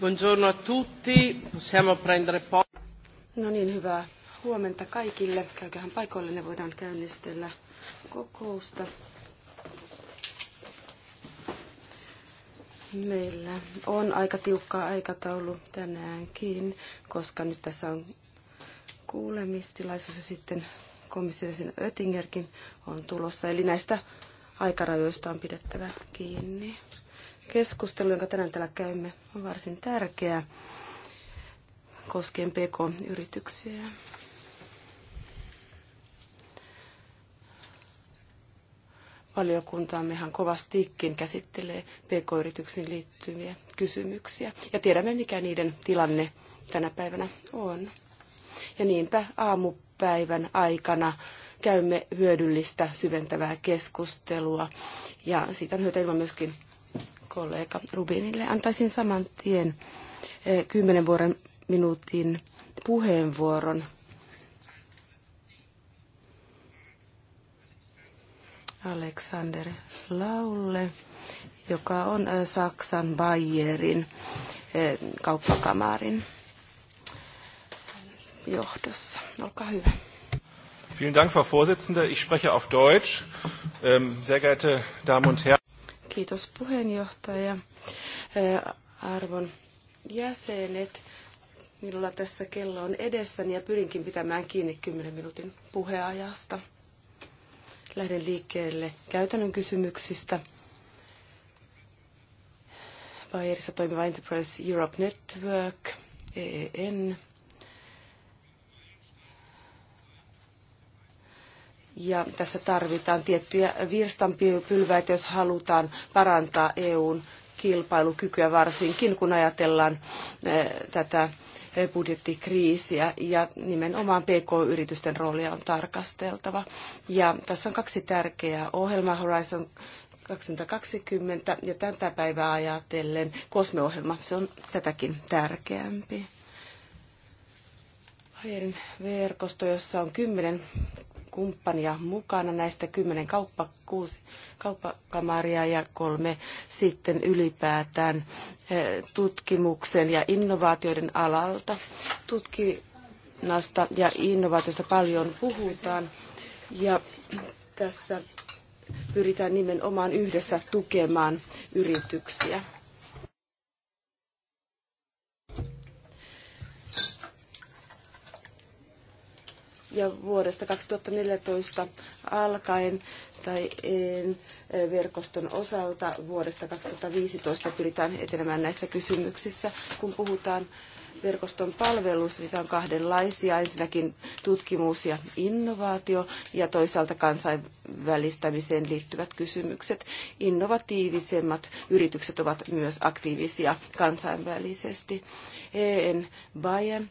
Buongiorno a tutti. Possiamo prendere po- No niin, hyvää huomenta kaikille. Käykähän paikoille, ne voidaan käynnistellä kokousta. Meillä on aika tiukka aikataulu tänäänkin, koska nyt tässä on kuulemistilaisuus ja sitten komission Oettingerkin on tulossa. Eli näistä aikarajoista on pidettävä kiinni keskustelu, jonka tänään täällä käymme, on varsin tärkeä koskien PK-yrityksiä. Valiokuntaammehan kovastikin käsittelee PK-yrityksiin liittyviä kysymyksiä ja tiedämme, mikä niiden tilanne tänä päivänä on. Ja niinpä aamupäivän aikana käymme hyödyllistä syventävää keskustelua ja siitä on hyötyä myöskin kollega Rubinille. Antaisin saman tien eh, kymmenen vuoden minuutin puheenvuoron. Alexander Laulle, joka on eh, Saksan Bayerin eh, kauppakamarin johdossa. Olkaa hyvä. Vielen Dank, Frau Vorsitzende. Ich spreche auf Deutsch. Ähm, sehr geehrte Damen und Herren. Kiitos puheenjohtaja. Arvon jäsenet, minulla tässä kello on edessäni ja pyrinkin pitämään kiinni 10 minuutin puheajasta. Lähden liikkeelle käytännön kysymyksistä. Bayerissa toimiva Enterprise Europe Network, EEN, Ja tässä tarvitaan tiettyjä virstanpylväitä, jos halutaan parantaa EUn kilpailukykyä, varsinkin kun ajatellaan eh, tätä budjettikriisiä ja nimenomaan PK-yritysten roolia on tarkasteltava. Ja tässä on kaksi tärkeää ohjelmaa Horizon 2020 ja tätä päivää ajatellen kosmeohjelma, se on tätäkin tärkeämpi. Airin verkosto, jossa on kymmenen kumppania mukana, näistä kymmenen kauppa, kuusi kauppakamaria ja kolme sitten ylipäätään eh, tutkimuksen ja innovaatioiden alalta. Tutkinnasta ja innovaatiosta paljon puhutaan ja tässä pyritään nimenomaan yhdessä tukemaan yrityksiä. ja vuodesta 2014 alkaen tai verkoston osalta vuodesta 2015 pyritään etenemään näissä kysymyksissä. Kun puhutaan verkoston palveluista, niitä on kahdenlaisia. Ensinnäkin tutkimus ja innovaatio ja toisaalta kansainvälistämiseen liittyvät kysymykset. Innovatiivisemmat yritykset ovat myös aktiivisia kansainvälisesti. EN Bayern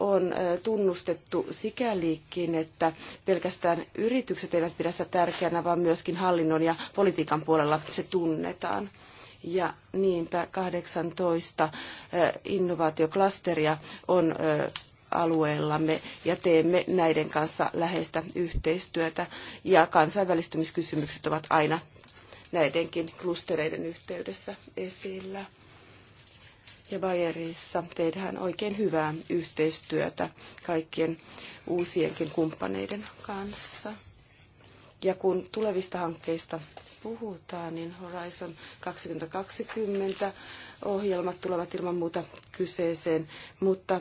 on tunnustettu sikälikin, että pelkästään yritykset eivät pidä sitä tärkeänä, vaan myöskin hallinnon ja politiikan puolella se tunnetaan. Ja niinpä 18 innovaatioklusteria on alueellamme ja teemme näiden kanssa läheistä yhteistyötä. Ja kansainvälistymiskysymykset ovat aina näidenkin klustereiden yhteydessä esillä ja Bayerissa tehdään oikein hyvää yhteistyötä kaikkien uusienkin kumppaneiden kanssa. Ja kun tulevista hankkeista puhutaan, niin Horizon 2020 ohjelmat tulevat ilman muuta kyseeseen, mutta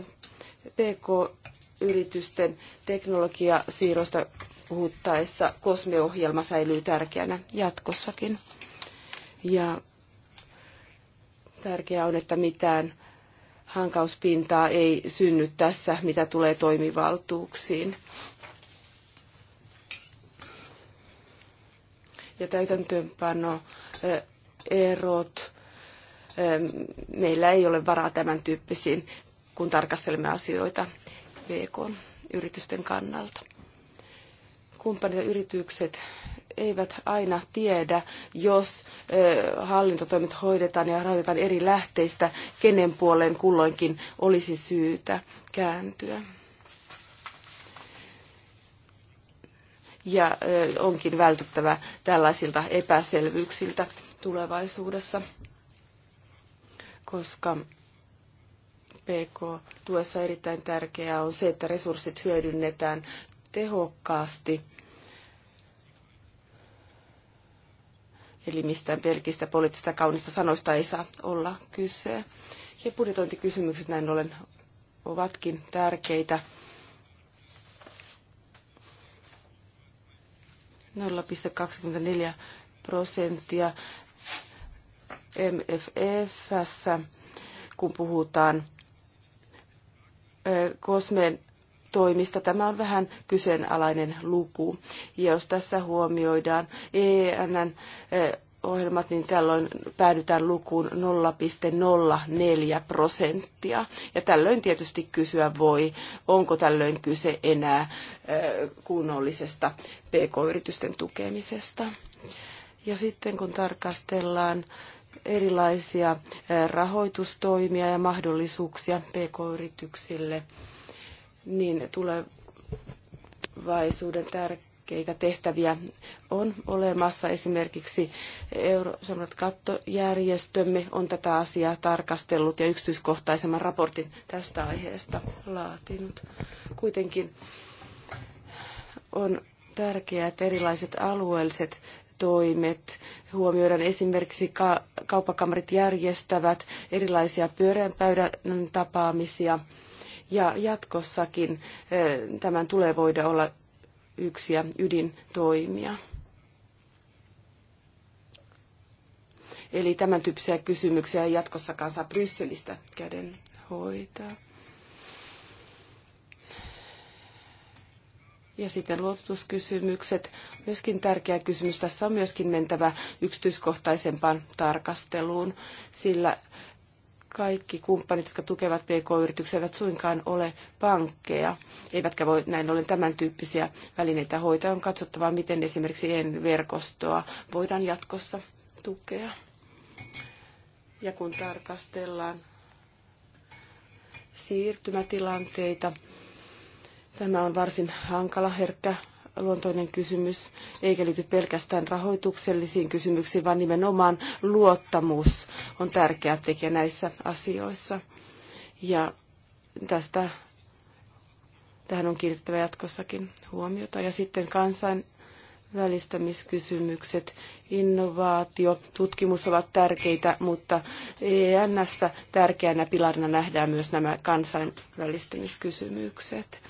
PK-yritysten teknologiasiirrosta puhuttaessa kosmeohjelma säilyy tärkeänä jatkossakin. Ja Tärkeää on, että mitään hankauspintaa ei synny tässä, mitä tulee toimivaltuuksiin. Ja täytäntöönpano erot. Meillä ei ole varaa tämän tyyppisiin, kun tarkastelemme asioita VK-yritysten kannalta. Kumppanit ja yritykset eivät aina tiedä, jos hallintotoimet hoidetaan ja rahoitetaan eri lähteistä, kenen puoleen kulloinkin olisi syytä kääntyä. Ja onkin vältyttävä tällaisilta epäselvyyksiltä tulevaisuudessa, koska PK-tuessa erittäin tärkeää on se, että resurssit hyödynnetään tehokkaasti Eli mistään pelkistä poliittista, kaunista sanoista ei saa olla kyse. Ja budjetointikysymykset näin ollen ovatkin tärkeitä. 0,24 prosenttia MFFssä, kun puhutaan kosmeen toimista. Tämä on vähän kyseenalainen luku. Ja jos tässä huomioidaan ENN eh, ohjelmat, niin tällöin päädytään lukuun 0,04 prosenttia. Ja tällöin tietysti kysyä voi, onko tällöin kyse enää eh, kunnollisesta pk-yritysten tukemisesta. Ja sitten kun tarkastellaan erilaisia eh, rahoitustoimia ja mahdollisuuksia pk-yrityksille, niin tulevaisuuden tärkeitä tehtäviä on olemassa. Esimerkiksi Eurosanat kattojärjestömme on tätä asiaa tarkastellut ja yksityiskohtaisemman raportin tästä aiheesta laatinut. Kuitenkin on tärkeää, että erilaiset alueelliset toimet. Huomioidaan esimerkiksi ka- kauppakamarit järjestävät erilaisia pyöreänpäivän tapaamisia ja jatkossakin eh, tämän tulee voida olla yksi ydintoimia. Eli tämän tyyppisiä kysymyksiä ei jatkossakaan saa Brysselistä käden hoitaa. Ja sitten luototuskysymykset. Myöskin tärkeä kysymys. Tässä on myöskin mentävä yksityiskohtaisempaan tarkasteluun, sillä kaikki kumppanit, jotka tukevat PK-yrityksiä, eivät suinkaan ole pankkeja, eivätkä voi näin ollen tämän tyyppisiä välineitä hoitaa. On katsottava, miten esimerkiksi EN-verkostoa voidaan jatkossa tukea. Ja kun tarkastellaan siirtymätilanteita, tämä on varsin hankala, herkkä luontoinen kysymys, eikä liity pelkästään rahoituksellisiin kysymyksiin, vaan nimenomaan luottamus on tärkeä tekijä näissä asioissa. Ja tästä tähän on kiinnittävä jatkossakin huomiota. Ja sitten kansainvälistämiskysymykset, innovaatio, tutkimus ovat tärkeitä, mutta ENS tärkeänä pilarina nähdään myös nämä kansainvälistämiskysymykset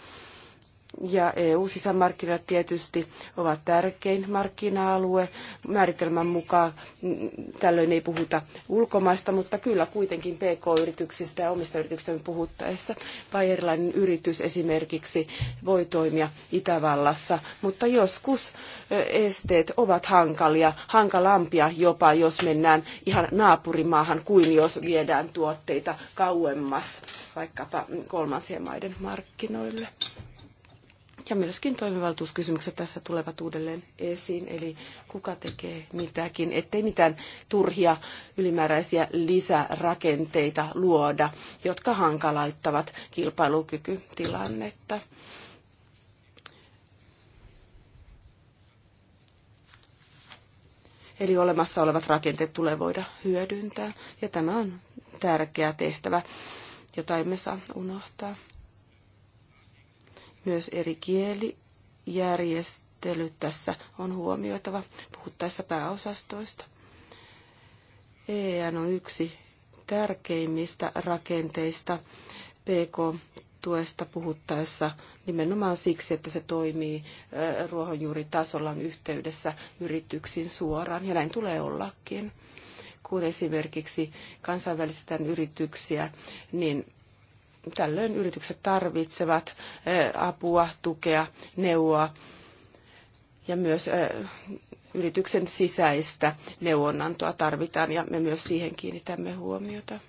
ja EU-sisämarkkinat tietysti ovat tärkein markkina-alue. Määritelmän mukaan tällöin ei puhuta ulkomaista, mutta kyllä kuitenkin PK-yrityksistä ja omista yrityksistä puhuttaessa. Tai erilainen yritys esimerkiksi voi toimia Itävallassa, mutta joskus esteet ovat hankalia, hankalampia jopa, jos mennään ihan naapurimaahan kuin jos viedään tuotteita kauemmas vaikkapa kolmansien maiden markkinoille. Ja myöskin toimivaltuuskysymykset tässä tulevat uudelleen esiin, eli kuka tekee mitäkin, ettei mitään turhia ylimääräisiä lisärakenteita luoda, jotka hankalaittavat kilpailukykytilannetta. Eli olemassa olevat rakenteet tulee voida hyödyntää, ja tämä on tärkeä tehtävä, jota emme saa unohtaa. Myös eri kielijärjestelyt tässä on huomioitava puhuttaessa pääosastoista. EN on yksi tärkeimmistä rakenteista PK-tuesta puhuttaessa nimenomaan siksi, että se toimii ruohonjuuritasolla yhteydessä yrityksiin suoraan, ja näin tulee ollakin kun esimerkiksi kansainvälistetään yrityksiä, niin Tällöin yritykset tarvitsevat apua, tukea, neuvoa ja myös yrityksen sisäistä neuvonantoa tarvitaan ja me myös siihen kiinnitämme huomiota.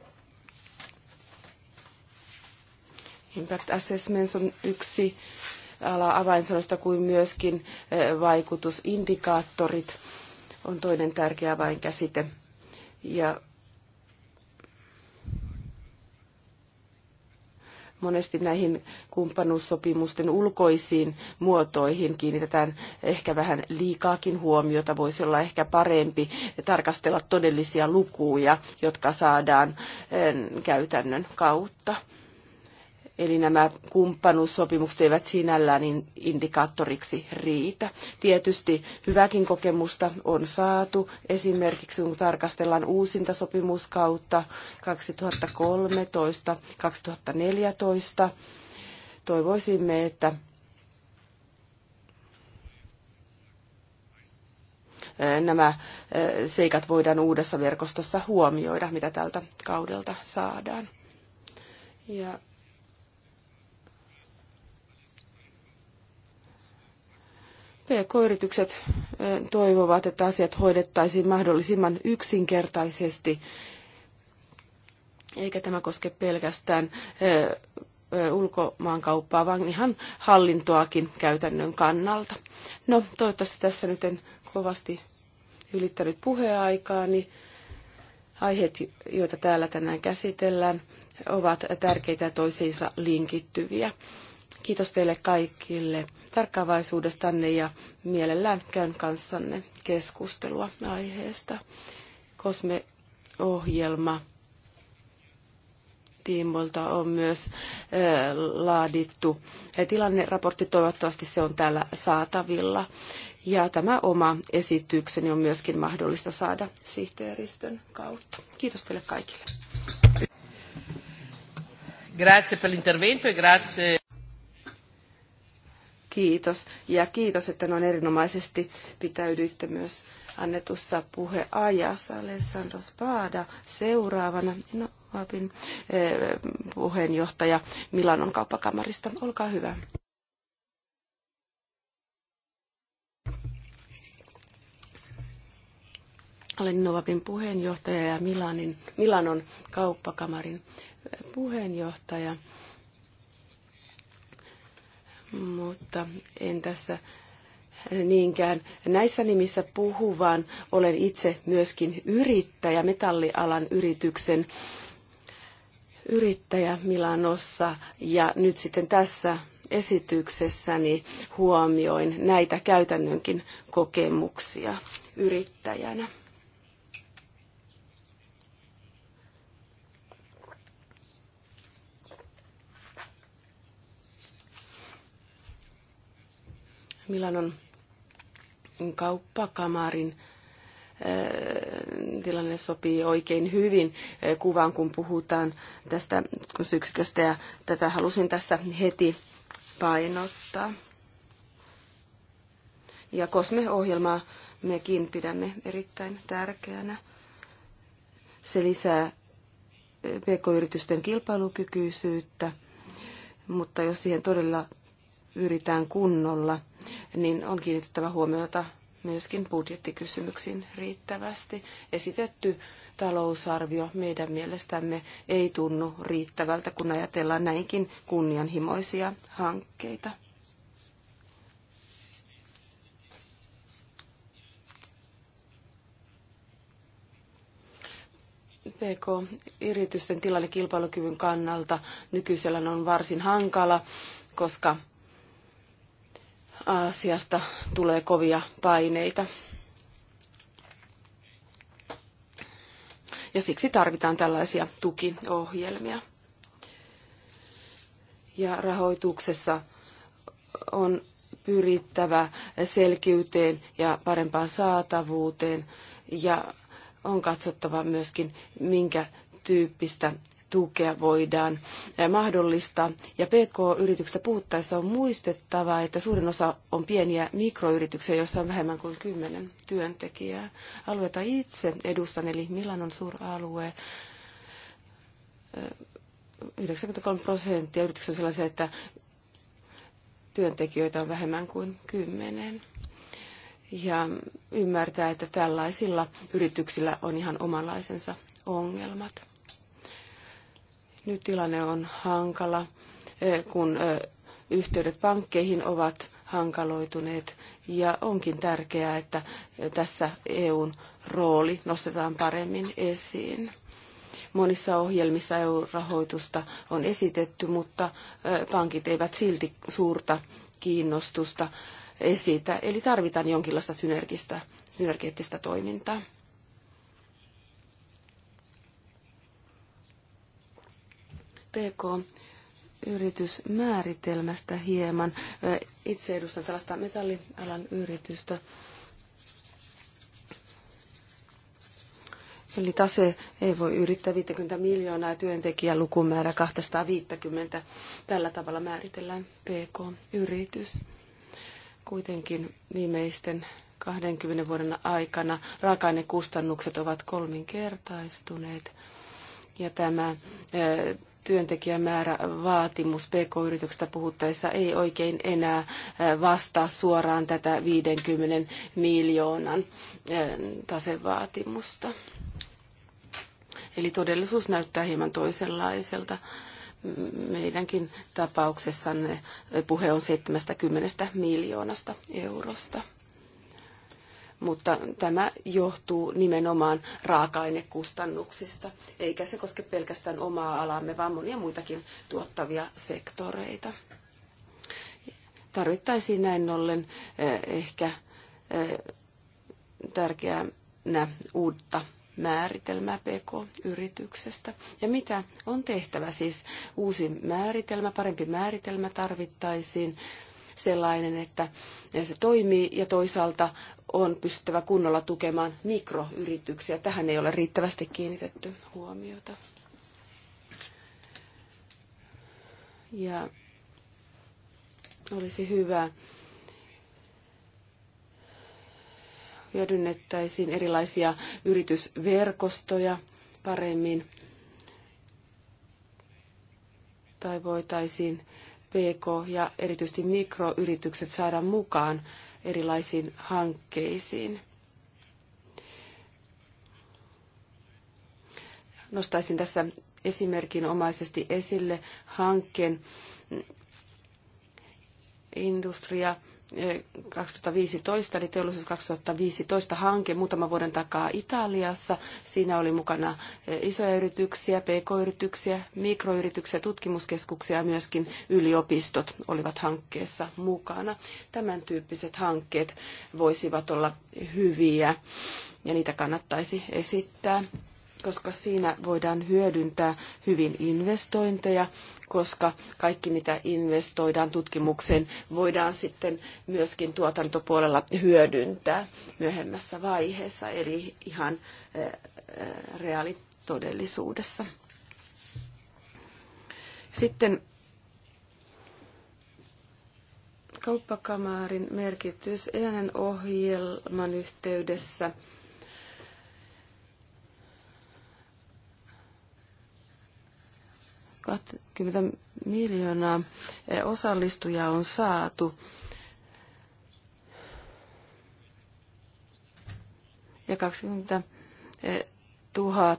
Impact Assessments on yksi ala avainsanoista kuin myöskin vaikutusindikaattorit on toinen tärkeä avainkäsite. Ja monesti näihin kumppanuussopimusten ulkoisiin muotoihin kiinnitetään ehkä vähän liikaakin huomiota. Voisi olla ehkä parempi tarkastella todellisia lukuja, jotka saadaan eh, käytännön kautta. Eli nämä kumppanuussopimukset eivät sinällään indikaattoriksi riitä. Tietysti hyväkin kokemusta on saatu. Esimerkiksi kun tarkastellaan uusinta sopimuskautta 2013-2014, toivoisimme, että nämä seikat voidaan uudessa verkostossa huomioida, mitä tältä kaudelta saadaan. Ja PK-yritykset toivovat, että asiat hoidettaisiin mahdollisimman yksinkertaisesti, eikä tämä koske pelkästään ulkomaankauppaa, vaan ihan hallintoakin käytännön kannalta. No, toivottavasti tässä nyt en kovasti ylittänyt puheaikaani. Aiheet, joita täällä tänään käsitellään, ovat tärkeitä toisiinsa linkittyviä. Kiitos teille kaikille tarkkaavaisuudestanne ja mielellään käyn kanssanne keskustelua aiheesta. Kosme-ohjelma tiimoilta on myös laadittu tilanneraportti. Toivottavasti se on täällä saatavilla. Ja tämä oma esitykseni on myöskin mahdollista saada sihteeristön kautta. Kiitos teille kaikille. Grazie per l'intervento e grazie kiitos. Ja kiitos, että noin erinomaisesti pitäydyitte myös annetussa puheajassa. Alessandro Spada seuraavana. No, eh, puheenjohtaja Milanon kauppakamarista. Olkaa hyvä. Olen Novapin puheenjohtaja ja Milanin, Milanon kauppakamarin puheenjohtaja mutta en tässä niinkään näissä nimissä puhu, vaan olen itse myöskin yrittäjä, metallialan yrityksen yrittäjä Milanossa ja nyt sitten tässä esityksessäni huomioin näitä käytännönkin kokemuksia yrittäjänä. Milanon kauppakamarin äh, tilanne sopii oikein hyvin äh, kuvaan, kun puhutaan tästä tutkimusyksiköstä ja tätä halusin tässä heti painottaa. Ja kosme ohjelmaa mekin pidämme erittäin tärkeänä. Se lisää äh, pk-yritysten kilpailukykyisyyttä, mutta jos siihen todella yritään kunnolla – niin on kiinnitettävä huomiota myöskin budjettikysymyksiin riittävästi. Esitetty talousarvio meidän mielestämme ei tunnu riittävältä, kun ajatellaan näinkin kunnianhimoisia hankkeita. PK-yritysten tilanne kilpailukyvyn kannalta nykyisellä on varsin hankala, koska asiasta tulee kovia paineita. Ja siksi tarvitaan tällaisia tukiohjelmia. Ja rahoituksessa on pyrittävä selkeyteen ja parempaan saatavuuteen ja on katsottava myöskin, minkä tyyppistä tukea voidaan mahdollistaa. Ja PK-yrityksistä puhuttaessa on muistettava, että suurin osa on pieniä mikroyrityksiä, joissa on vähemmän kuin kymmenen työntekijää. Alueita itse edustan, eli Milanon suuralue. 93 prosenttia yrityksistä on sellaisia, että työntekijöitä on vähemmän kuin kymmenen ja ymmärtää, että tällaisilla yrityksillä on ihan omanlaisensa ongelmat. Nyt tilanne on hankala, eh, kun eh, yhteydet pankkeihin ovat hankaloituneet ja onkin tärkeää, että eh, tässä EUn rooli nostetaan paremmin esiin. Monissa ohjelmissa EU-rahoitusta on esitetty, mutta pankit eivät silti suurta kiinnostusta esitä, eli tarvitaan jonkinlaista synergistä, synergeettistä toimintaa. PK-yritysmääritelmästä hieman. Itse edustan tällaista metallialan yritystä. Eli tase ei voi yrittää 50 miljoonaa työntekijän lukumäärä 250. Tällä tavalla määritellään PK-yritys. Kuitenkin viimeisten 20 vuoden aikana raaka-ainekustannukset ovat kolminkertaistuneet. Ja tämä Työntekijämäärävaatimus PK-yrityksestä puhuttaessa ei oikein enää vastaa suoraan tätä 50 miljoonan tasevaatimusta. Eli todellisuus näyttää hieman toisenlaiselta. Meidänkin tapauksessanne puhe on 70 miljoonasta eurosta mutta tämä johtuu nimenomaan raaka-ainekustannuksista, eikä se koske pelkästään omaa alaamme, vaan monia muitakin tuottavia sektoreita. Tarvittaisiin näin ollen eh, ehkä eh, tärkeänä uutta määritelmää PK-yrityksestä. Ja mitä on tehtävä siis? Uusi määritelmä, parempi määritelmä tarvittaisiin sellainen, että se toimii ja toisaalta on pystyttävä kunnolla tukemaan mikroyrityksiä. Tähän ei ole riittävästi kiinnitetty huomiota. Ja olisi hyvä, hyödynnettäisiin erilaisia yritysverkostoja paremmin tai voitaisiin PK- ja erityisesti mikroyritykset saada mukaan erilaisiin hankkeisiin. Nostaisin tässä esimerkinomaisesti esille hankkeen Industria 2015, eli teollisuus 2015 hanke muutaman vuoden takaa Italiassa. Siinä oli mukana eh, isoja yrityksiä, pk-yrityksiä, mikroyrityksiä, tutkimuskeskuksia ja myöskin yliopistot olivat hankkeessa mukana. Tämän tyyppiset hankkeet voisivat olla hyviä ja niitä kannattaisi esittää koska siinä voidaan hyödyntää hyvin investointeja, koska kaikki mitä investoidaan tutkimukseen voidaan sitten myöskin tuotantopuolella hyödyntää myöhemmässä vaiheessa, eli ihan eh, eh, reaalitodellisuudessa. Sitten kauppakamarin merkitys ENN ohjelman yhteydessä – 20 miljoonaa eh, osallistujaa on saatu. Ja 20 000 eh, eh,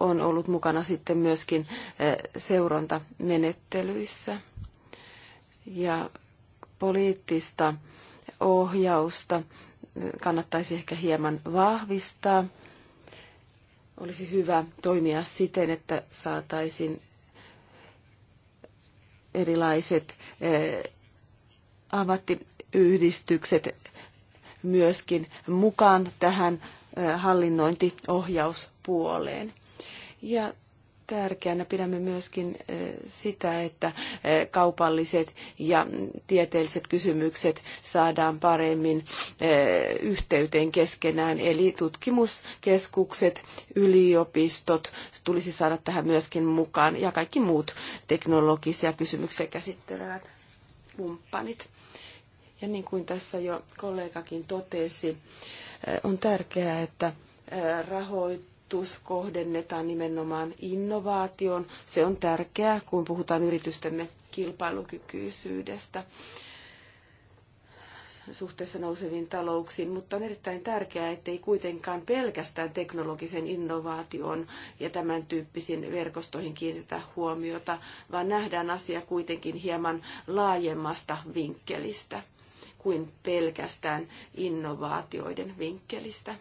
on ollut mukana sitten myöskin seurantamenettelyissä. Ja poliittista ohjausta kannattaisi ehkä hieman vahvistaa. Olisi hyvä toimia siten, että saataisiin erilaiset eh, ammattiyhdistykset myöskin mukaan tähän eh, hallinnointiohjauspuoleen. Ja tärkeänä pidämme myöskin eh, sitä, että eh, kaupalliset ja mm, tieteelliset kysymykset saadaan paremmin eh, yhteyteen keskenään. Eli tutkimuskeskukset, yliopistot tulisi saada tähän myöskin mukaan ja kaikki muut teknologisia kysymyksiä käsittelevät kumppanit. Ja niin kuin tässä jo kollegakin totesi, on tärkeää, että rahoit rahoitus kohdennetaan nimenomaan innovaatioon. Se on tärkeää, kun puhutaan yritystemme kilpailukykyisyydestä suhteessa nouseviin talouksiin, mutta on erittäin tärkeää, ettei kuitenkaan pelkästään teknologisen innovaation ja tämän tyyppisiin verkostoihin kiinnitä huomiota, vaan nähdään asia kuitenkin hieman laajemmasta vinkkelistä kuin pelkästään innovaatioiden vinkkelistä.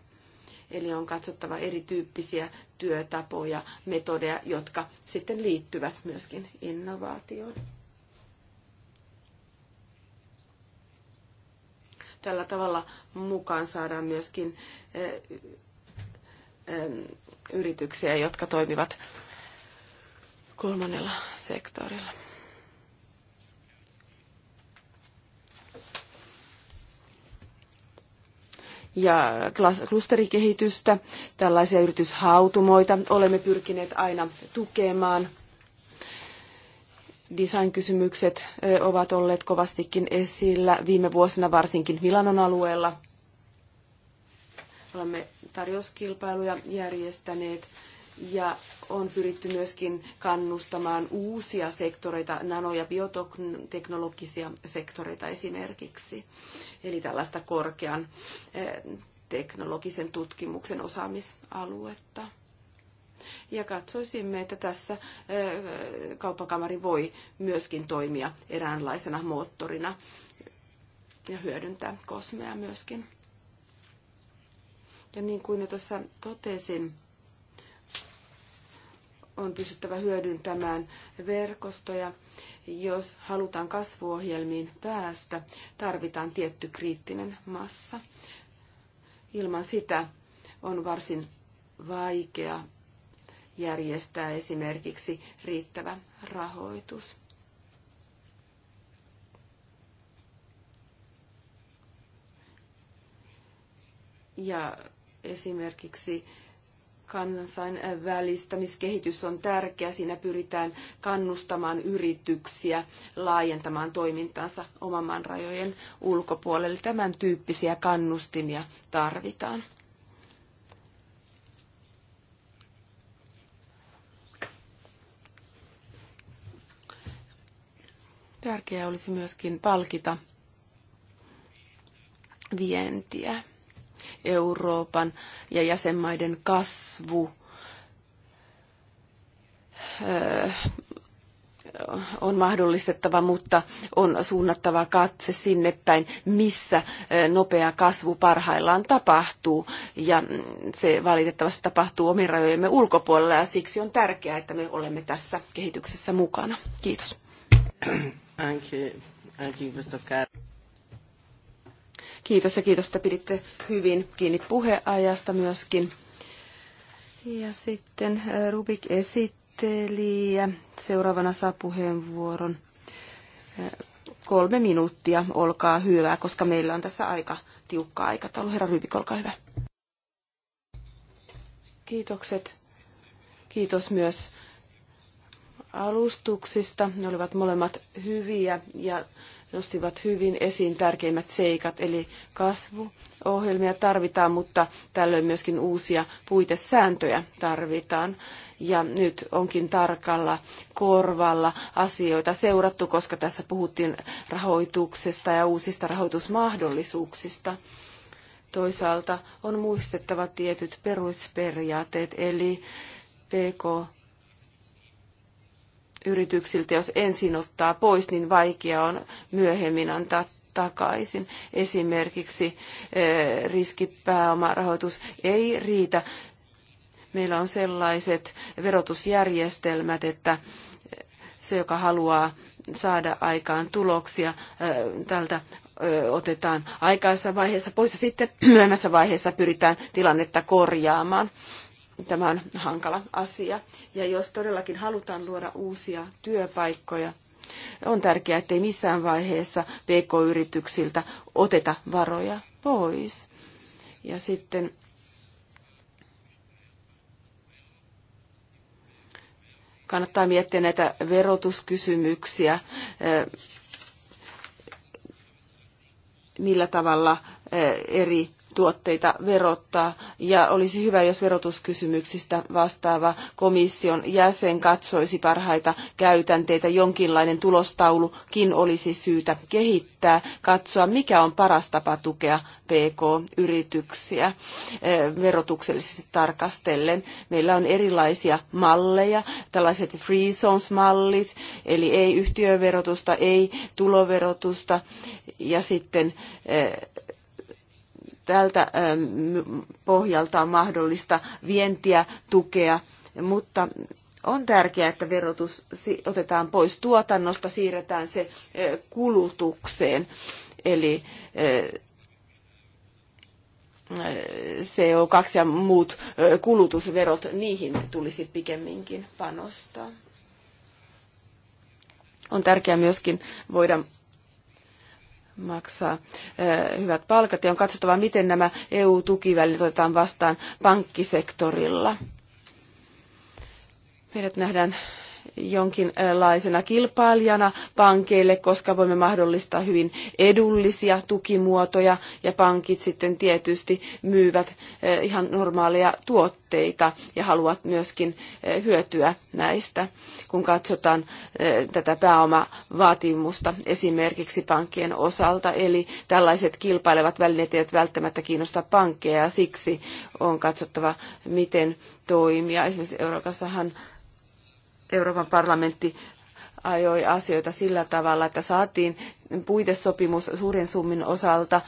Eli on katsottava erityyppisiä työtapoja, metodeja, jotka sitten liittyvät myöskin innovaatioon. Tällä tavalla mukaan saadaan myöskin eh, eh, yrityksiä, jotka toimivat kolmannella sektorilla. ja klusterikehitystä. Tällaisia yrityshautumoita olemme pyrkineet aina tukemaan. Design-kysymykset ovat olleet kovastikin esillä viime vuosina varsinkin Milanon alueella. Olemme tarjouskilpailuja järjestäneet ja on pyritty myöskin kannustamaan uusia sektoreita, nano- ja bioteknologisia sektoreita esimerkiksi, eli tällaista korkean eh, teknologisen tutkimuksen osaamisaluetta. Ja katsoisimme, että tässä eh, kauppakamari voi myöskin toimia eräänlaisena moottorina ja hyödyntää kosmea myöskin. Ja niin kuin jo tuossa totesin, on pystyttävä hyödyntämään verkostoja. Jos halutaan kasvuohjelmiin päästä, tarvitaan tietty kriittinen massa. Ilman sitä on varsin vaikea järjestää esimerkiksi riittävä rahoitus. Ja esimerkiksi kansainvälistämiskehitys on tärkeä. Siinä pyritään kannustamaan yrityksiä laajentamaan toimintansa oman maan rajojen ulkopuolelle. Tämän tyyppisiä kannustimia tarvitaan. Tärkeää olisi myöskin palkita vientiä. Euroopan ja jäsenmaiden kasvu öö, on mahdollistettava, mutta on suunnattava katse sinne päin, missä öö, nopea kasvu parhaillaan tapahtuu. Ja mm, se valitettavasti tapahtuu omien rajojemme ulkopuolella ja siksi on tärkeää, että me olemme tässä kehityksessä mukana. Kiitos. Kiitos ja kiitos, että piditte hyvin kiinni puheajasta myöskin. Ja sitten äh, Rubik esitteli ja seuraavana saa puheenvuoron. Äh, kolme minuuttia, olkaa hyvä, koska meillä on tässä aika tiukka aikataulu. Herra Rubik, olkaa hyvä. Kiitokset. Kiitos myös alustuksista. Ne olivat molemmat hyviä ja nostivat hyvin esiin tärkeimmät seikat, eli kasvuohjelmia tarvitaan, mutta tällöin myöskin uusia puitesääntöjä tarvitaan. Ja nyt onkin tarkalla korvalla asioita seurattu, koska tässä puhuttiin rahoituksesta ja uusista rahoitusmahdollisuuksista. Toisaalta on muistettava tietyt perusperiaatteet, eli PK yrityksiltä, jos ensin ottaa pois, niin vaikea on myöhemmin antaa takaisin. Esimerkiksi eh, riskipääomarahoitus ei riitä. Meillä on sellaiset verotusjärjestelmät, että eh, se, joka haluaa saada aikaan tuloksia eh, tältä otetaan aikaisessa vaiheessa pois ja sitten myöhemmässä vaiheessa pyritään tilannetta korjaamaan. Tämä on hankala asia. Ja jos todellakin halutaan luoda uusia työpaikkoja, on tärkeää, ettei missään vaiheessa pk-yrityksiltä oteta varoja pois. Ja sitten kannattaa miettiä näitä verotuskysymyksiä, eh, millä tavalla eh, eri tuotteita verottaa ja olisi hyvä, jos verotuskysymyksistä vastaava komission jäsen katsoisi parhaita käytänteitä. Jonkinlainen tulostaulukin olisi syytä kehittää, katsoa mikä on paras tapa tukea PK-yrityksiä eh, verotuksellisesti tarkastellen. Meillä on erilaisia malleja, tällaiset free zones-mallit, eli ei yhtiöverotusta, ei tuloverotusta ja sitten eh, Tältä pohjalta on mahdollista vientiä tukea, mutta on tärkeää, että verotus otetaan pois tuotannosta, siirretään se kulutukseen. Eli CO2 ja muut kulutusverot, niihin tulisi pikemminkin panostaa. On tärkeää myöskin voida maksaa eh, hyvät palkat ja on katsottava, miten nämä EU-tukivälineet otetaan vastaan pankkisektorilla. Meidät nähdään jonkinlaisena kilpailijana pankeille, koska voimme mahdollistaa hyvin edullisia tukimuotoja ja pankit sitten tietysti myyvät eh, ihan normaaleja tuotteita ja haluavat myöskin eh, hyötyä näistä. Kun katsotaan eh, tätä pääomavaatimusta esimerkiksi pankkien osalta, eli tällaiset kilpailevat välineet eivät välttämättä kiinnosta pankkeja ja siksi on katsottava, miten toimia. Esimerkiksi Euroopassahan Euroopan parlamentti ajoi asioita sillä tavalla, että saatiin puitesopimus suurin summin osalta.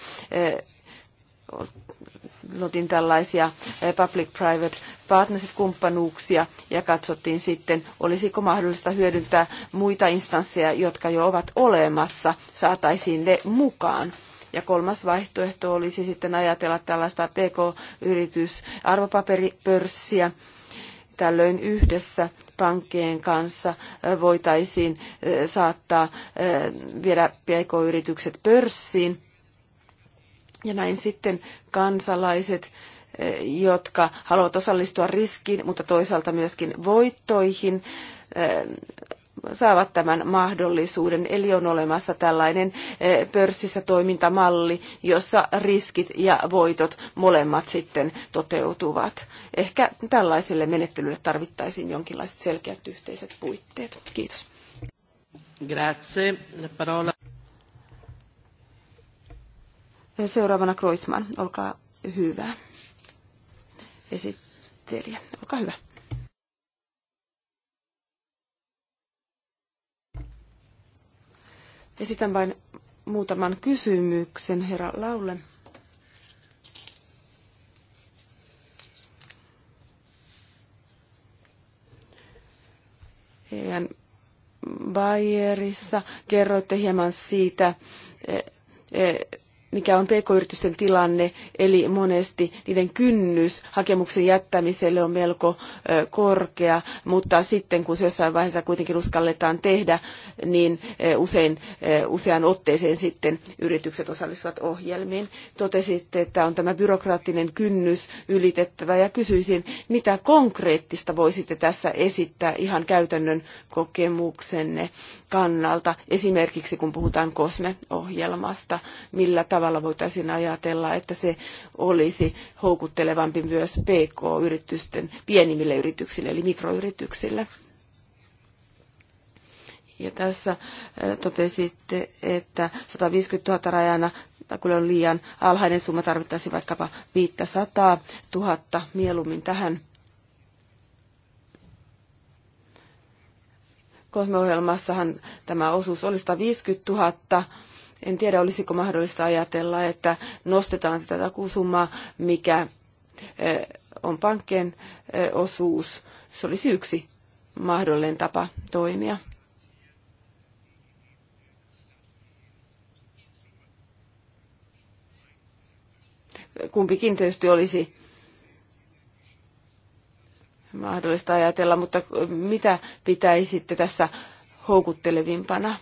Lotin eh, tällaisia eh, public-private partnership-kumppanuuksia ja katsottiin sitten, olisiko mahdollista hyödyntää muita instansseja, jotka jo ovat olemassa, saataisiin ne mukaan. Ja kolmas vaihtoehto olisi sitten ajatella tällaista PK-yritys arvopaperipörssiä, Tällöin yhdessä pankkien kanssa voitaisiin saattaa viedä pk-yritykset pörssiin. Ja näin sitten kansalaiset jotka haluavat osallistua riskiin, mutta toisaalta myöskin voittoihin, saavat tämän mahdollisuuden. Eli on olemassa tällainen eh, pörssissä toimintamalli, jossa riskit ja voitot molemmat sitten toteutuvat. Ehkä tällaiselle menettelylle tarvittaisiin jonkinlaiset selkeät yhteiset puitteet. Kiitos. Grazie. La parola. Seuraavana Kroisman, olkaa hyvä. Esittelijä, olkaa hyvä. Esitän vain muutaman kysymyksen herra Laulle. Heidän Bayerissa kerroitte hieman siitä, e, e, mikä on pk-yritysten tilanne, eli monesti niiden kynnys hakemuksen jättämiselle on melko korkea, mutta sitten kun se jossain vaiheessa kuitenkin uskalletaan tehdä, niin usein useaan otteeseen sitten yritykset osallistuvat ohjelmiin. Totesitte, että on tämä byrokraattinen kynnys ylitettävä ja kysyisin, mitä konkreettista voisitte tässä esittää ihan käytännön kokemuksenne kannalta, esimerkiksi kun puhutaan ohjelmasta, millä tavalla voitaisiin ajatella, että se olisi houkuttelevampi myös PK-yritysten pienimmille yrityksille, eli mikroyrityksille? Ja tässä äh, totesitte, että 150 000 rajana kyllä on liian alhainen summa, tarvittaisiin vaikkapa 500 000 mieluummin tähän Kosmo-ohjelmassahan tämä osuus oli 150 000 en tiedä, olisiko mahdollista ajatella, että nostetaan tätä takuusummaa, mikä on pankkien osuus. Se olisi yksi mahdollinen tapa toimia. Kumpikin tietysti olisi mahdollista ajatella, mutta mitä pitäisitte tässä houkuttelevimpana?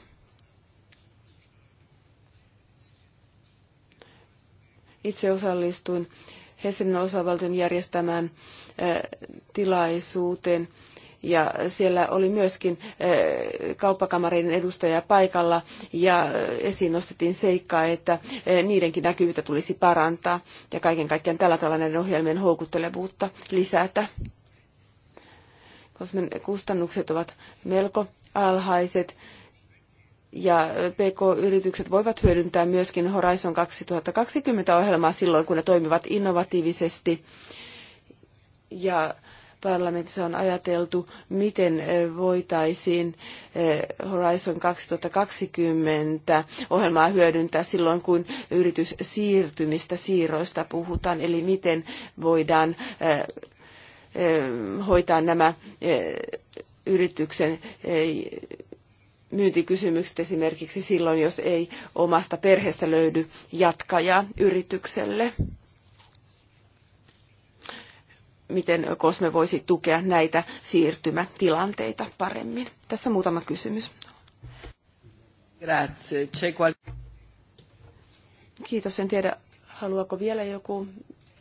Itse osallistuin Hessenin osavaltion järjestämään tilaisuuteen ja siellä oli myöskin kauppakamarin edustaja paikalla ja esiin nostettiin seikkaa, että niidenkin näkyvyyttä tulisi parantaa ja kaiken kaikkiaan tällä tavalla näiden ohjelmien houkuttelevuutta lisätä. Koska kustannukset ovat melko alhaiset ja PK-yritykset voivat hyödyntää myöskin Horizon 2020-ohjelmaa silloin, kun ne toimivat innovatiivisesti. Ja parlamentissa on ajateltu, miten voitaisiin Horizon 2020 ohjelmaa hyödyntää silloin, kun yrityssiirtymistä siirroista puhutaan, eli miten voidaan hoitaa nämä yrityksen myyntikysymykset esimerkiksi silloin, jos ei omasta perheestä löydy jatkajaa yritykselle. Miten Kosme voisi tukea näitä siirtymätilanteita paremmin? Tässä muutama kysymys. Grazie. Kiitos. En tiedä, haluaako vielä joku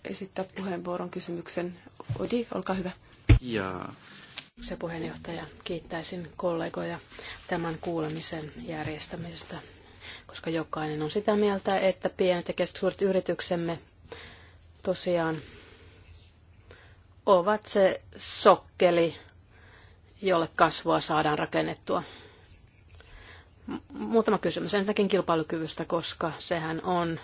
esittää puheenvuoron kysymyksen. Odi, olkaa hyvä. Jaa. Se puheenjohtaja, kiittäisin kollegoja tämän kuulemisen järjestämisestä, koska jokainen on sitä mieltä, että pienet ja keskisuuret yrityksemme tosiaan ovat se sokkeli, jolle kasvua saadaan rakennettua. Muutama kysymys ensinnäkin kilpailukyvystä, koska sehän on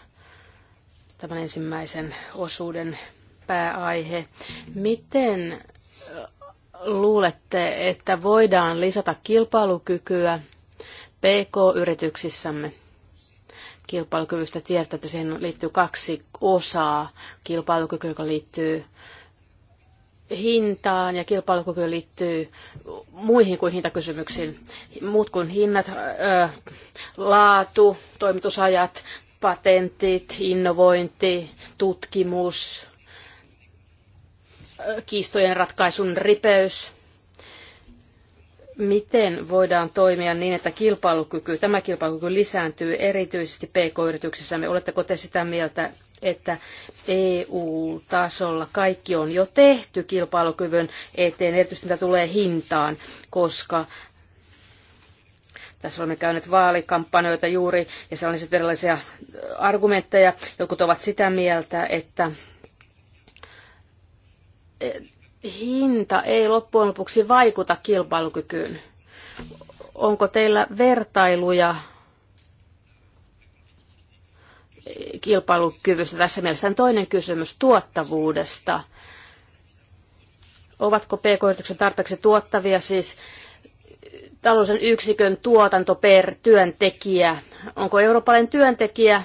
tämän ensimmäisen osuuden pääaihe. Miten luulette, että voidaan lisätä kilpailukykyä PK-yrityksissämme? Kilpailukyvystä tiedät, että siihen liittyy kaksi osaa. Kilpailukyky, joka liittyy hintaan ja kilpailukyky liittyy muihin kuin hintakysymyksiin. Muut kuin hinnat, ö, laatu, toimitusajat, patentit, innovointi, tutkimus, kiistojen ratkaisun ripeys. Miten voidaan toimia niin, että kilpailukyky, tämä kilpailukyky lisääntyy erityisesti PK-yrityksissämme? Oletteko te sitä mieltä, että EU-tasolla kaikki on jo tehty kilpailukyvyn eteen, erityisesti mitä tulee hintaan, koska tässä olemme käyneet vaalikampanjoita juuri, ja siellä on erilaisia argumentteja. Jotkut ovat sitä mieltä, että hinta ei loppujen lopuksi vaikuta kilpailukykyyn. Onko teillä vertailuja kilpailukyvystä? Tässä mielessä toinen kysymys tuottavuudesta. Ovatko pk-yritykset tarpeeksi tuottavia siis taloudellisen yksikön tuotanto per työntekijä? Onko eurooppalainen työntekijä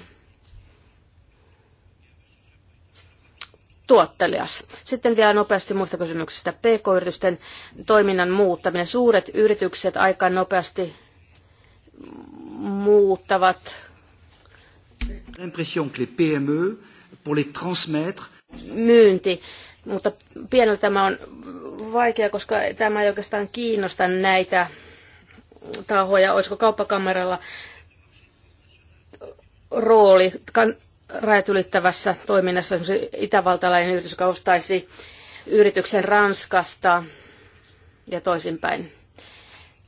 tuottelias. Sitten vielä nopeasti muista kysymyksistä. PK-yritysten toiminnan muuttaminen. Suuret yritykset aika nopeasti muuttavat. L'impression que les PME, pour les transmettre... Myynti. Mutta pienellä tämä on vaikea, koska tämä ei oikeastaan kiinnosta näitä tahoja. Olisiko kauppakameralla rooli rajat ylittävässä toiminnassa itävaltalainen yritys, joka ostaisi yrityksen Ranskasta ja toisinpäin.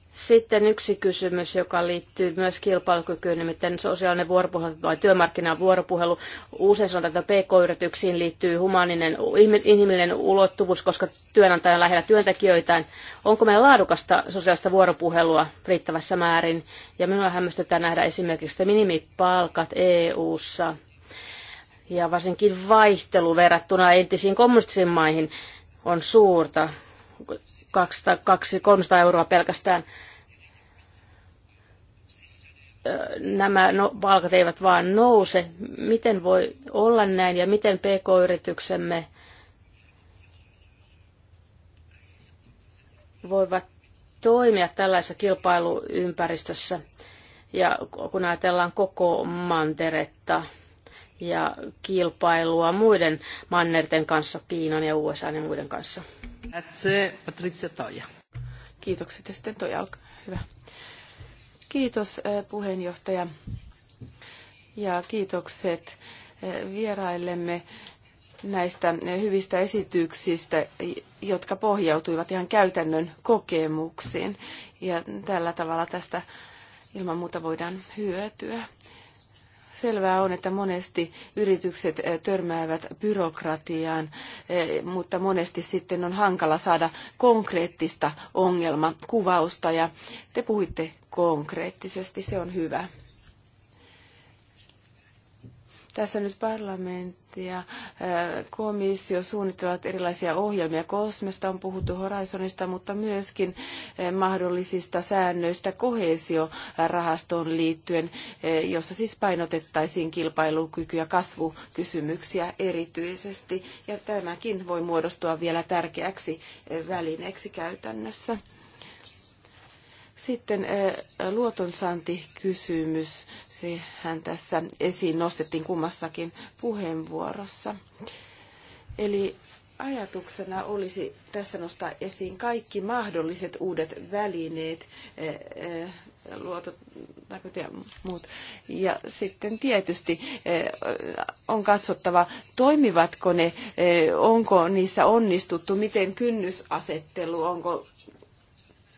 Sitten yksi kysymys, joka liittyy myös kilpailukykyyn, nimittäin sosiaalinen vuoropuhelu tai työmarkkinan vuoropuhelu. Usein sanotaan, että PK-yrityksiin liittyy humaninen, inhimillinen ulottuvuus, koska työnantajan lähellä työntekijöitään. Onko meillä laadukasta sosiaalista vuoropuhelua riittävässä määrin? Ja minua hämmästyttää nähdä esimerkiksi minimipalkat EU-ssa ja varsinkin vaihtelu verrattuna entisiin kommunistisiin maihin on suurta, 200-300 euroa pelkästään. Nämä no, palkat eivät vaan nouse. Miten voi olla näin ja miten pk-yrityksemme voivat toimia tällaisessa kilpailuympäristössä ja kun ajatellaan koko manteretta? ja kilpailua muiden mannerten kanssa, Kiinan ja USA ja muiden kanssa. Grazie, Patricia Toja. Kiitokset ja sitten Toja, hyvä. Kiitos eh, puheenjohtaja ja kiitokset eh, vieraillemme näistä eh, hyvistä esityksistä, jotka pohjautuivat ihan käytännön kokemuksiin. Ja tällä tavalla tästä ilman muuta voidaan hyötyä. Selvää on, että monesti yritykset eh, törmäävät byrokratiaan, eh, mutta monesti sitten on hankala saada konkreettista ongelmakuvausta ja te puhuitte konkreettisesti, se on hyvä. Tässä nyt parlamentti ja komissio suunnittelevat erilaisia ohjelmia. Kosmesta on puhuttu Horizonista, mutta myöskin mahdollisista säännöistä kohesiorahastoon liittyen, jossa siis painotettaisiin kilpailukyky- ja kasvukysymyksiä erityisesti. Ja tämäkin voi muodostua vielä tärkeäksi välineeksi käytännössä. Sitten luotonsaantikysymys, sehän tässä esiin nostettiin kummassakin puheenvuorossa. Eli ajatuksena olisi tässä nostaa esiin kaikki mahdolliset uudet välineet, luotot tai muut. Ja sitten tietysti on katsottava, toimivatko ne, onko niissä onnistuttu, miten kynnysasettelu, onko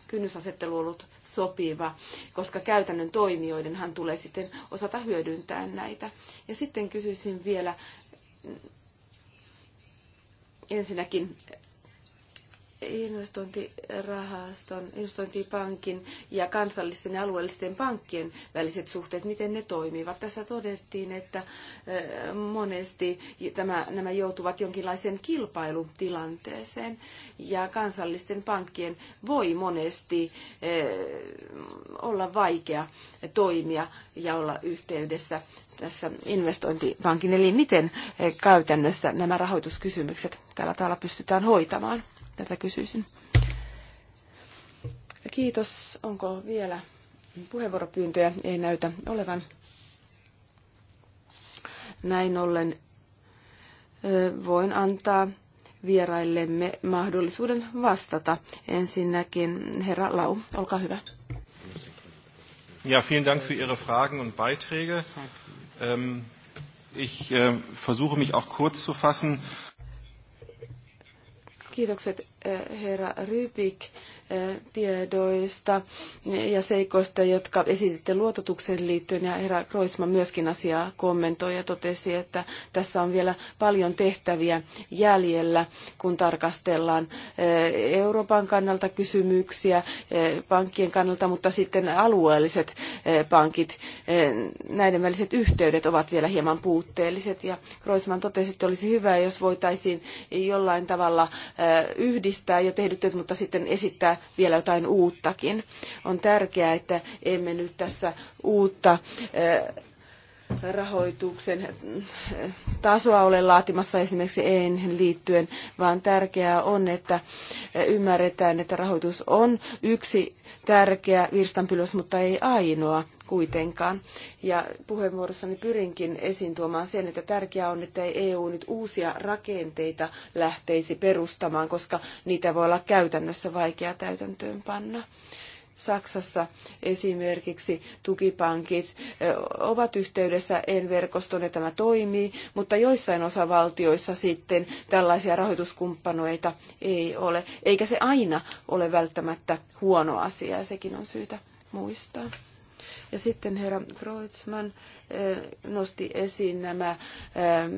kynnysasettelu ollut sopiva, koska käytännön toimijoidenhan tulee sitten osata hyödyntää näitä. Ja sitten kysyisin vielä ensinnäkin investointirahaston, investointipankin ja kansallisten ja alueellisten pankkien väliset suhteet, miten ne toimivat. Tässä todettiin, että eh, monesti tämä, nämä joutuvat jonkinlaiseen kilpailutilanteeseen ja kansallisten pankkien voi monesti eh, olla vaikea toimia ja olla yhteydessä tässä investointipankin. Eli miten eh, käytännössä nämä rahoituskysymykset tällä tavalla pystytään hoitamaan? Tätä kysyisin. Kiitos. Onko vielä puheenvuoropyyntöjä? Ei näytä olevan. Näin ollen voin antaa vieraillemme mahdollisuuden vastata. Ensinnäkin herra Lau, olkaa hyvä. Ja, vielen Dank für Ihre Fragen und Beiträge. Ähm, ich äh, versuche mich auch kurz zu fassen. Kiitokset eh, herra Rybik tiedoista ja seikoista, jotka esititte luototukseen liittyen. Ja herra Kroisman myöskin asiaa kommentoi ja totesi, että tässä on vielä paljon tehtäviä jäljellä, kun tarkastellaan eh, Euroopan kannalta kysymyksiä, eh, pankkien kannalta, mutta sitten alueelliset eh, pankit, näiden väliset yhteydet ovat vielä hieman puutteelliset. Ja Kroisman totesi, että olisi hyvä, jos voitaisiin jollain tavalla yhdistää jo tehdyt työt, mutta sitten esittää vielä jotain uuttakin. On tärkeää, että emme nyt tässä uutta eh, rahoituksen eh, tasoa ole laatimassa esimerkiksi en liittyen, vaan tärkeää on, että eh, ymmärretään, että rahoitus on yksi tärkeä virstanpylös, mutta ei ainoa kuitenkaan. Ja puheenvuorossani pyrinkin esiin tuomaan sen, että tärkeää on, että ei EU nyt uusia rakenteita lähteisi perustamaan, koska niitä voi olla käytännössä vaikea täytäntöönpanna. Saksassa esimerkiksi tukipankit ovat yhteydessä EN-verkostoon ja tämä toimii, mutta joissain osavaltioissa sitten tällaisia rahoituskumppanoita ei ole. Eikä se aina ole välttämättä huono asia ja sekin on syytä muistaa. Ja sitten herra Kreutzmann eh, nosti esiin nämä eh,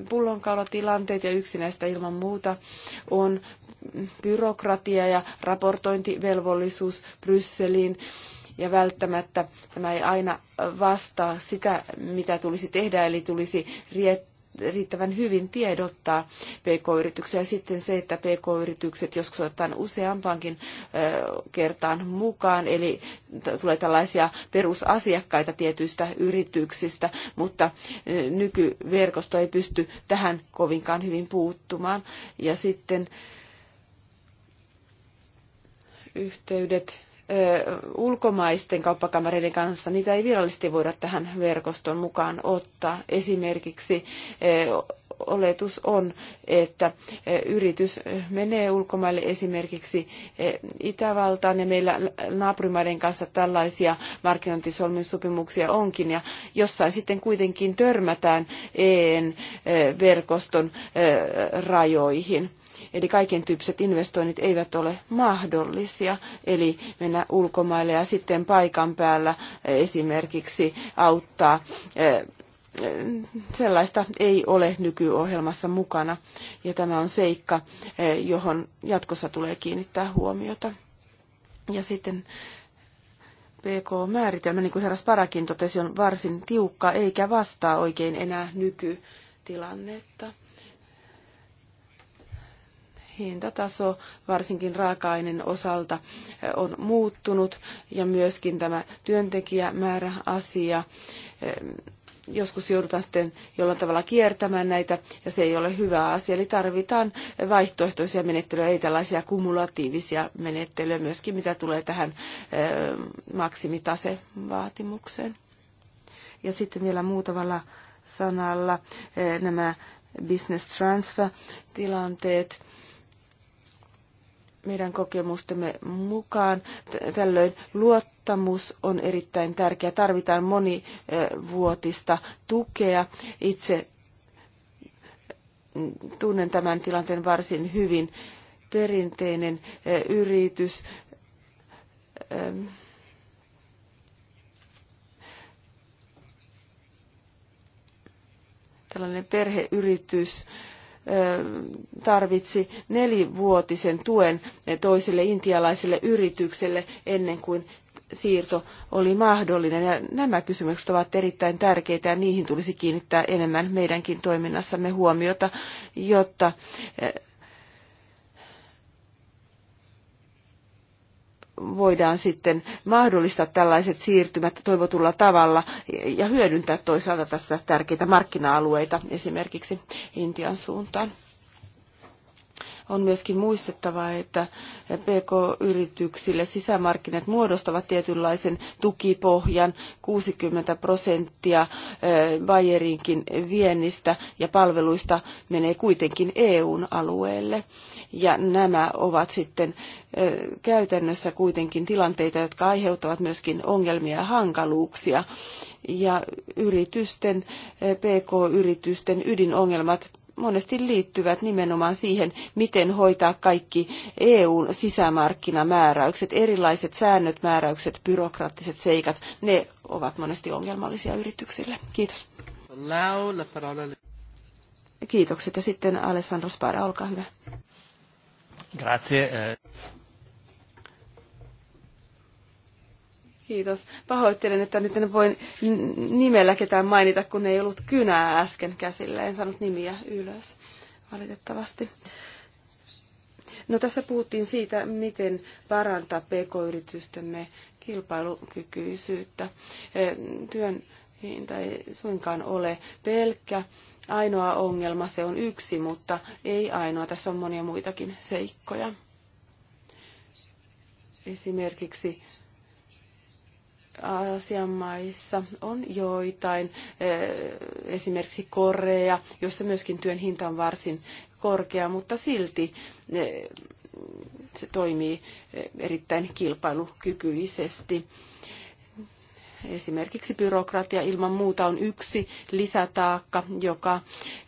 pullonkaulatilanteet ja yksi näistä ilman muuta on byrokratia ja raportointivelvollisuus Brysseliin ja välttämättä tämä ei aina vastaa sitä, mitä tulisi tehdä, eli tulisi riittävän hyvin tiedottaa pk-yrityksiä. Sitten se, että pk-yritykset joskus otetaan useampaankin kertaan mukaan, eli tulee tällaisia perusasiakkaita tietyistä yrityksistä, mutta nykyverkosto ei pysty tähän kovinkaan hyvin puuttumaan. Ja sitten yhteydet ulkomaisten kauppakamareiden kanssa, niitä ei virallisesti voida tähän verkoston mukaan ottaa. Esimerkiksi oletus on, että yritys menee ulkomaille esimerkiksi Itävaltaan ja meillä naapurimaiden kanssa tällaisia markkinointisolmisopimuksia onkin ja jossain sitten kuitenkin törmätään EN-verkoston rajoihin. Eli kaiken tyyppiset investoinnit eivät ole mahdollisia, eli mennä ulkomaille ja sitten paikan päällä esimerkiksi auttaa eh, eh, sellaista ei ole nykyohjelmassa mukana, ja tämä on seikka, eh, johon jatkossa tulee kiinnittää huomiota. Ja sitten PK-määritelmä, niin kuin herra Sparakin totesi, on varsin tiukka eikä vastaa oikein enää nykytilannetta hintataso varsinkin raaka-aineen osalta eh, on muuttunut ja myöskin tämä työntekijämäärä asia eh, joskus joudutaan sitten jollain tavalla kiertämään näitä, ja se ei ole hyvä asia. Eli tarvitaan vaihtoehtoisia menettelyjä, ei tällaisia kumulatiivisia menettelyjä myöskin, mitä tulee tähän eh, maksimitasevaatimukseen. Ja sitten vielä muutamalla sanalla nämä business transfer-tilanteet meidän kokemustemme mukaan. Tällöin luottamus on erittäin tärkeä. Tarvitaan monivuotista tukea. Itse mm, tunnen tämän tilanteen varsin hyvin. Perinteinen yritys tällainen perheyritys tarvitsi nelivuotisen tuen toiselle intialaiselle yritykselle ennen kuin siirto oli mahdollinen. Ja nämä kysymykset ovat erittäin tärkeitä ja niihin tulisi kiinnittää enemmän meidänkin toiminnassamme huomiota, jotta voidaan sitten mahdollistaa tällaiset siirtymät toivotulla tavalla ja hyödyntää toisaalta tässä tärkeitä markkina-alueita esimerkiksi Intian suuntaan. On myöskin muistettava, että PK-yrityksille sisämarkkinat muodostavat tietynlaisen tukipohjan 60 prosenttia eh, Bayerinkin viennistä ja palveluista menee kuitenkin EUn alueelle. Ja nämä ovat sitten eh, käytännössä kuitenkin tilanteita, jotka aiheuttavat myöskin ongelmia ja hankaluuksia. Ja yritysten, eh, PK-yritysten ydinongelmat monesti liittyvät nimenomaan siihen, miten hoitaa kaikki EUn sisämarkkinamääräykset, erilaiset säännöt, määräykset, byrokraattiset seikat. Ne ovat monesti ongelmallisia yrityksille. Kiitos. Kiitokset ja sitten Alessandro Spara, olkaa hyvä. Grazie. Eh. Kiitos. Pahoittelen, että nyt en voi nimellä ketään mainita, kun ei ollut kynää äsken käsillä. En saanut nimiä ylös, valitettavasti. No tässä puhuttiin siitä, miten parantaa pk-yritystemme kilpailukykyisyyttä. E, työn hinta ei suinkaan ole pelkkä ainoa ongelma, se on yksi, mutta ei ainoa. Tässä on monia muitakin seikkoja. Esimerkiksi Aasian maissa on joitain, eh, esimerkiksi Korea, jossa myöskin työn hinta on varsin korkea, mutta silti eh, se toimii eh, erittäin kilpailukykyisesti. Esimerkiksi byrokratia ilman muuta on yksi lisätaakka, joka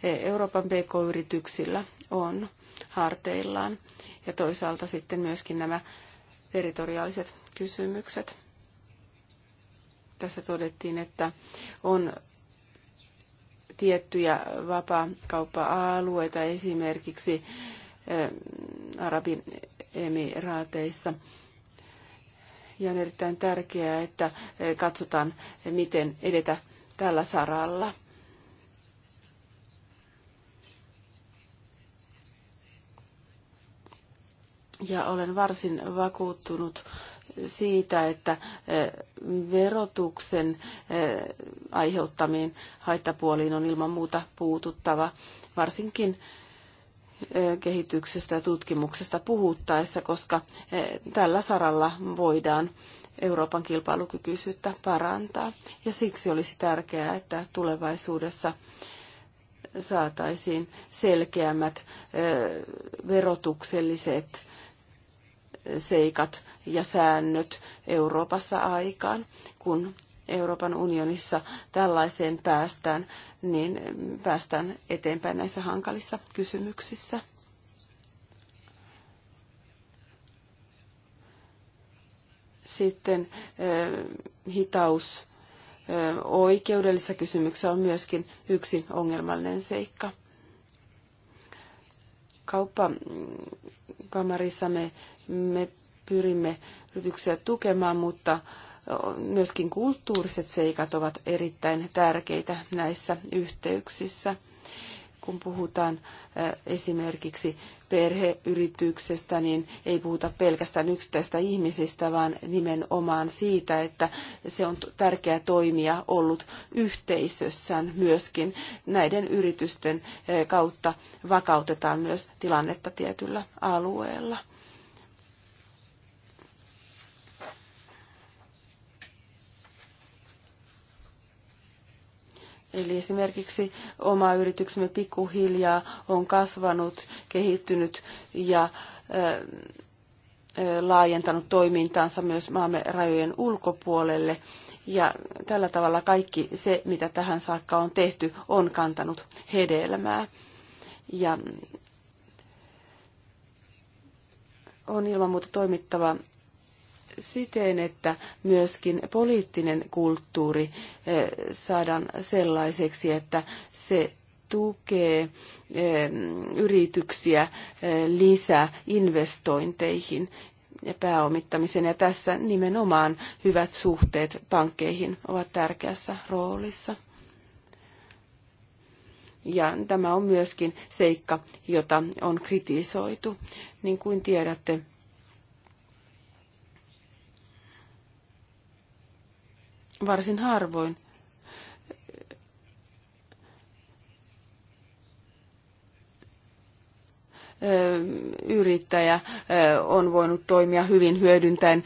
Euroopan pk-yrityksillä on harteillaan. Ja toisaalta sitten myöskin nämä territoriaaliset kysymykset. Tässä todettiin, että on tiettyjä vapaakauppa-alueita esimerkiksi eh, Arabiemiraateissa. Ja on erittäin tärkeää, että eh, katsotaan, miten edetä tällä saralla. Ja olen varsin vakuuttunut siitä, että verotuksen aiheuttamiin haittapuoliin on ilman muuta puututtava, varsinkin kehityksestä ja tutkimuksesta puhuttaessa, koska tällä saralla voidaan Euroopan kilpailukykyisyyttä parantaa. Ja siksi olisi tärkeää, että tulevaisuudessa saataisiin selkeämmät verotukselliset seikat ja säännöt Euroopassa aikaan. Kun Euroopan unionissa tällaiseen päästään, niin päästään eteenpäin näissä hankalissa kysymyksissä. Sitten eh, hitaus eh, oikeudellisessa kysymyksessä on myöskin yksi ongelmallinen seikka. Kauppakamarissa me, me pyrimme yrityksiä tukemaan, mutta myöskin kulttuuriset seikat ovat erittäin tärkeitä näissä yhteyksissä. Kun puhutaan esimerkiksi perheyrityksestä, niin ei puhuta pelkästään yksittäistä ihmisistä, vaan nimenomaan siitä, että se on tärkeä toimija ollut yhteisössään myöskin. Näiden yritysten kautta vakautetaan myös tilannetta tietyllä alueella. Eli esimerkiksi oma yrityksemme pikkuhiljaa on kasvanut, kehittynyt ja laajentanut toimintaansa myös maamme rajojen ulkopuolelle. Ja tällä tavalla kaikki se, mitä tähän saakka on tehty, on kantanut hedelmää. Ja on ilman muuta toimittava siten, että myöskin poliittinen kulttuuri eh, saadaan sellaiseksi, että se tukee eh, yrityksiä eh, lisää investointeihin ja pääomittamisen. Ja tässä nimenomaan hyvät suhteet pankkeihin ovat tärkeässä roolissa. Ja tämä on myöskin seikka, jota on kritisoitu. Niin kuin tiedätte, varsin harvoin. yrittäjä on voinut toimia hyvin hyödyntäen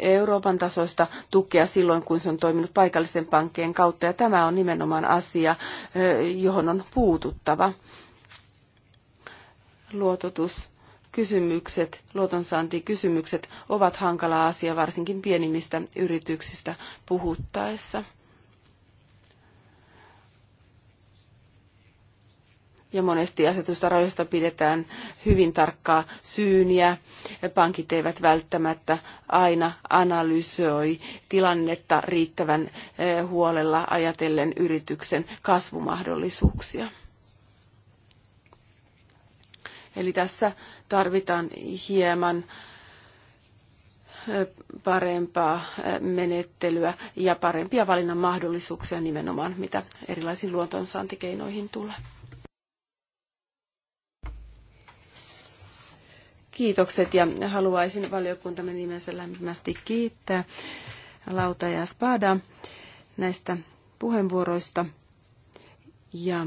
Euroopan tasoista tukea silloin, kun se on toiminut paikallisen pankkien kautta. Ja tämä on nimenomaan asia, johon on puututtava. Luototus kysymykset, luotonsaantikysymykset ovat hankala asia varsinkin pienimmistä yrityksistä puhuttaessa. Ja monesti asetusta rajoista pidetään hyvin tarkkaa syyniä. Pankit eivät välttämättä aina analysoi tilannetta riittävän eh, huolella ajatellen yrityksen kasvumahdollisuuksia. Eli tässä tarvitaan hieman parempaa menettelyä ja parempia valinnan mahdollisuuksia nimenomaan, mitä erilaisiin luontonsaantikeinoihin tulee. Kiitokset ja haluaisin valiokuntamme nimensä lämpimästi kiittää Lauta ja Spada näistä puheenvuoroista. Ja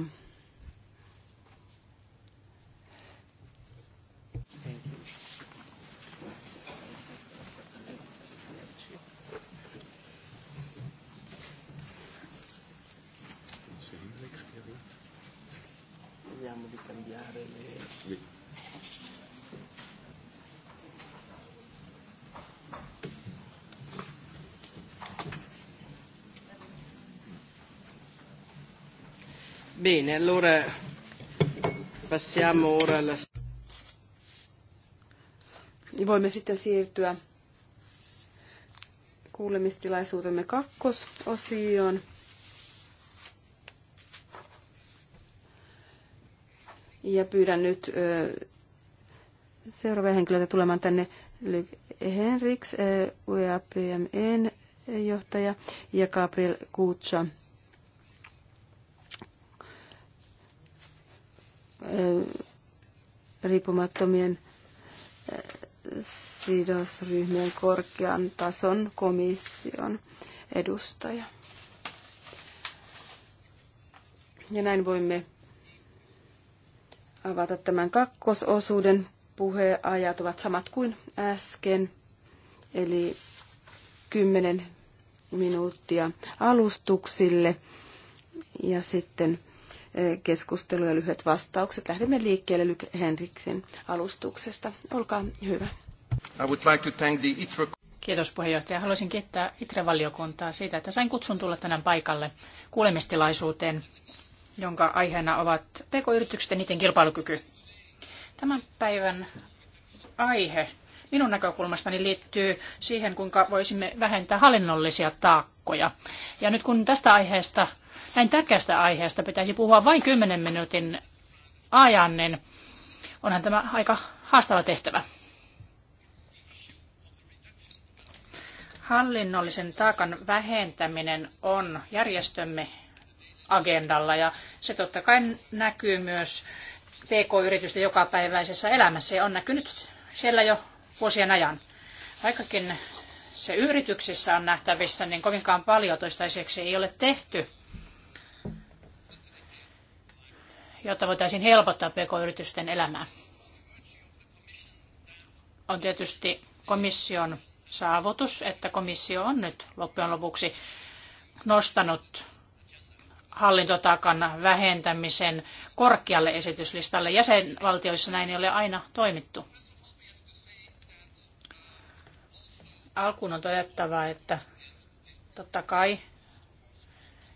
Bene, allora passiamo ora alla... Niin voimme sitten siirtyä kuulemistilaisuutemme kakkososioon. Ja pyydän nyt ö, seuraavia henkilöitä tulemaan tänne. Luke Henriks, UEAPMN johtaja, ja Gabriel Kutsa, riippumattomien sidosryhmien korkean tason komission edustaja. Ja näin voimme avata tämän kakkososuuden. Puheajat ovat samat kuin äsken, eli 10 minuuttia alustuksille ja sitten keskustelu ja lyhyet vastaukset. Lähdemme liikkeelle Lyk Henriksen alustuksesta. Olkaa hyvä. I would like to thank the ITRA... Kiitos puheenjohtaja. Haluaisin kiittää ITRE-valiokuntaa siitä, että sain kutsun tulla tänään paikalle kuulemistilaisuuteen, jonka aiheena ovat pk-yritykset ja niiden kilpailukyky. Tämän päivän aihe minun näkökulmastani liittyy siihen, kuinka voisimme vähentää hallinnollisia taakkoja. Ja nyt kun tästä aiheesta, näin tärkeästä aiheesta pitäisi puhua vain 10 minuutin ajan, niin onhan tämä aika haastava tehtävä. Hallinnollisen taakan vähentäminen on järjestömme agendalla ja se totta kai näkyy myös PK-yritysten jokapäiväisessä elämässä ja on näkynyt siellä jo vuosien ajan. Vaikkakin se yrityksissä on nähtävissä, niin kovinkaan paljon toistaiseksi ei ole tehty, jotta voitaisiin helpottaa pk-yritysten elämää. On tietysti komission saavutus, että komissio on nyt loppujen lopuksi nostanut hallintotakan vähentämisen korkealle esityslistalle. Jäsenvaltioissa näin ei ole aina toimittu. Alkuun on todettava, että totta kai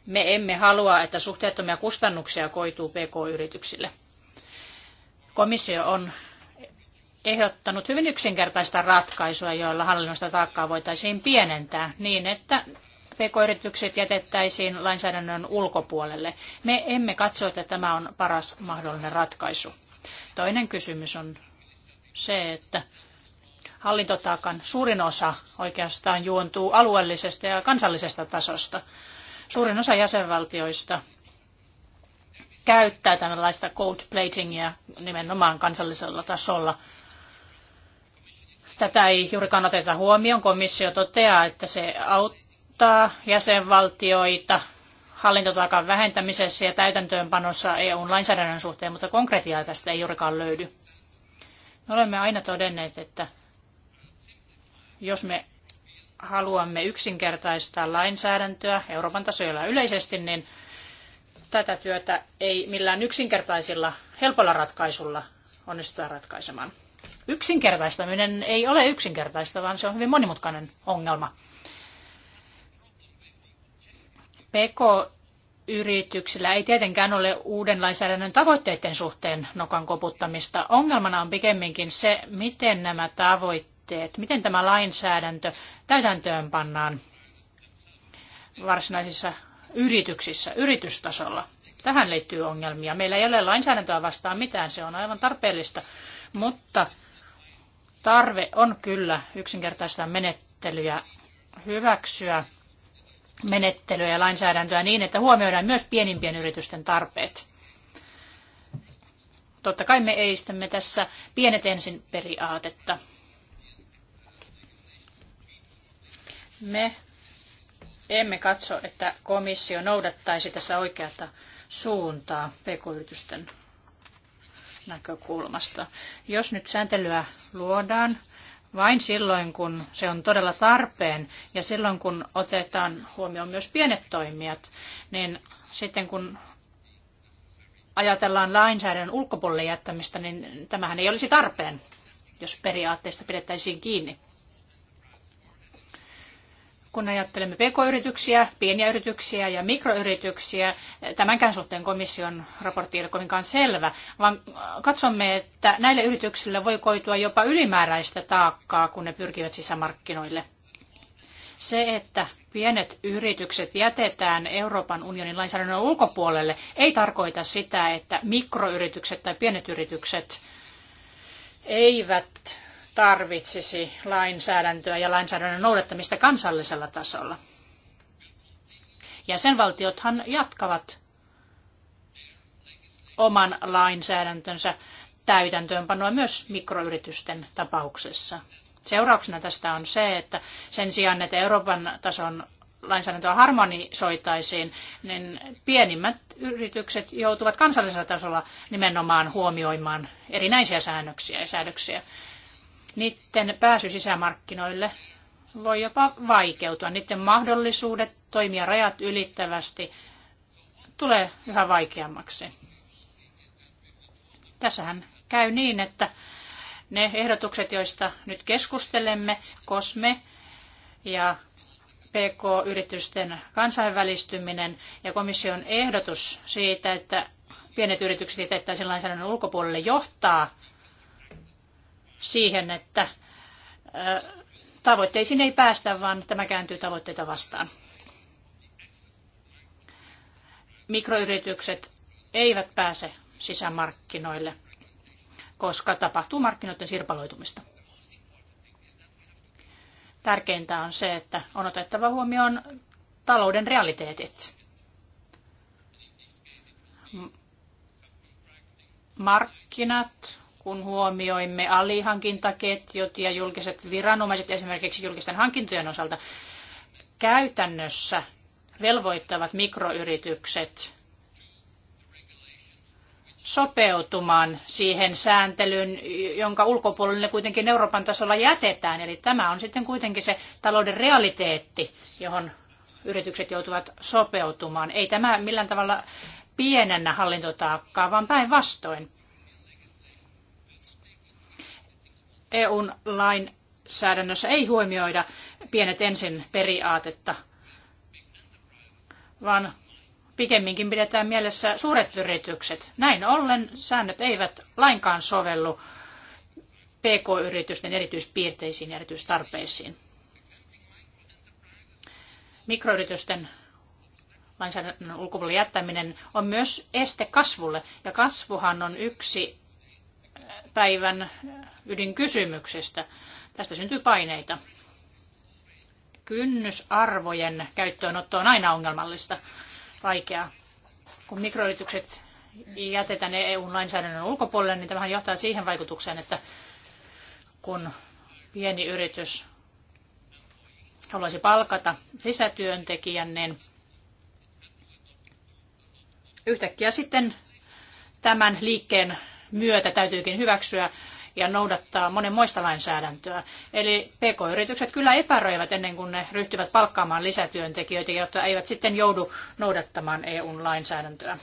me emme halua, että suhteettomia kustannuksia koituu PK-yrityksille. Komissio on ehdottanut hyvin yksinkertaista ratkaisua, joilla hallinnosta taakkaa voitaisiin pienentää niin, että PK-yritykset jätettäisiin lainsäädännön ulkopuolelle. Me emme katso, että tämä on paras mahdollinen ratkaisu. Toinen kysymys on se, että hallintotaakan suurin osa oikeastaan juontuu alueellisesta ja kansallisesta tasosta. Suurin osa jäsenvaltioista käyttää tällaista code platingia nimenomaan kansallisella tasolla. Tätä ei juurikaan oteta huomioon. Komissio toteaa, että se auttaa jäsenvaltioita hallintotaakan vähentämisessä ja täytäntöönpanossa EUn lainsäädännön suhteen, mutta konkretiaa tästä ei juurikaan löydy. Me olemme aina todenneet, että jos me haluamme yksinkertaistaa lainsäädäntöä Euroopan tasolla yleisesti, niin tätä työtä ei millään yksinkertaisilla, helpolla ratkaisulla onnistuta ratkaisemaan. Yksinkertaistaminen ei ole yksinkertaista, vaan se on hyvin monimutkainen ongelma. PK-yrityksillä ei tietenkään ole uuden lainsäädännön tavoitteiden suhteen nokan koputtamista. Ongelmana on pikemminkin se, miten nämä tavoitteet puitteet, miten tämä lainsäädäntö täytäntöön pannaan varsinaisissa yrityksissä, yritystasolla. Tähän liittyy ongelmia. Meillä ei ole lainsäädäntöä vastaan mitään, se on aivan tarpeellista, mutta tarve on kyllä yksinkertaistaa menettelyä hyväksyä menettelyä ja lainsäädäntöä niin, että huomioidaan myös pienimpien yritysten tarpeet. Totta kai me edistämme tässä pienet ensin periaatetta. Me emme katso, että komissio noudattaisi tässä oikeata suuntaa pk-yritysten näkökulmasta. Jos nyt sääntelyä luodaan vain silloin, kun se on todella tarpeen ja silloin, kun otetaan huomioon myös pienet toimijat, niin sitten kun ajatellaan lainsäädännön ulkopuolelle jättämistä, niin tämähän ei olisi tarpeen, jos periaatteesta pidettäisiin kiinni kun ajattelemme pk-yrityksiä, pieniä yrityksiä ja mikroyrityksiä, tämänkään suhteen komission raportti ei ole kovinkaan selvä, vaan katsomme, että näille yrityksille voi koitua jopa ylimääräistä taakkaa, kun ne pyrkivät sisämarkkinoille. Se, että pienet yritykset jätetään Euroopan unionin lainsäädännön ulkopuolelle, ei tarkoita sitä, että mikroyritykset tai pienet yritykset eivät tarvitsisi lainsäädäntöä ja lainsäädännön noudattamista kansallisella tasolla. Jäsenvaltiothan jatkavat oman lainsäädäntönsä täytäntöönpanoa myös mikroyritysten tapauksessa. Seurauksena tästä on se, että sen sijaan, että Euroopan tason lainsäädäntöä harmonisoitaisiin, niin pienimmät yritykset joutuvat kansallisella tasolla nimenomaan huomioimaan erinäisiä säännöksiä ja säädöksiä niiden pääsy sisämarkkinoille voi jopa vaikeutua. Niiden mahdollisuudet toimia rajat ylittävästi tulee yhä vaikeammaksi. Tässähän käy niin, että ne ehdotukset, joista nyt keskustelemme, COSME ja PK-yritysten kansainvälistyminen ja komission ehdotus siitä, että pienet yritykset jätettäisiin lainsäädännön ulkopuolelle, johtaa siihen, että tavoitteisiin ei päästä, vaan tämä kääntyy tavoitteita vastaan. Mikroyritykset eivät pääse sisämarkkinoille, koska tapahtuu markkinoiden sirpaloitumista. Tärkeintä on se, että on otettava huomioon talouden realiteetit. Markkinat kun huomioimme alihankintaketjut ja julkiset viranomaiset esimerkiksi julkisten hankintojen osalta, käytännössä velvoittavat mikroyritykset sopeutumaan siihen sääntelyyn, jonka ulkopuolelle kuitenkin Euroopan tasolla jätetään. Eli tämä on sitten kuitenkin se talouden realiteetti, johon yritykset joutuvat sopeutumaan. Ei tämä millään tavalla pienennä hallintotaakkaa, vaan päinvastoin. EUn lainsäädännössä ei huomioida pienet ensin periaatetta, vaan pikemminkin pidetään mielessä suuret yritykset. Näin ollen säännöt eivät lainkaan sovellu PK-yritysten erityispiirteisiin ja erityistarpeisiin. Mikroyritysten lainsäädännön ulkopuolelle jättäminen on myös este kasvulle, ja kasvuhan on yksi päivän ydinkysymyksestä. Tästä syntyy paineita. Kynnysarvojen käyttöönotto on aina ongelmallista, vaikeaa. Kun mikroyritykset jätetään EU-lainsäädännön ulkopuolelle, niin tämähän johtaa siihen vaikutukseen, että kun pieni yritys haluaisi palkata lisätyöntekijän, niin yhtäkkiä sitten tämän liikkeen myötä täytyykin hyväksyä ja noudattaa monenmoista lainsäädäntöä. Eli PK-yritykset kyllä epäröivät ennen kuin ne ryhtyvät palkkaamaan lisätyöntekijöitä, jotta eivät sitten joudu noudattamaan EUn lainsäädäntöä.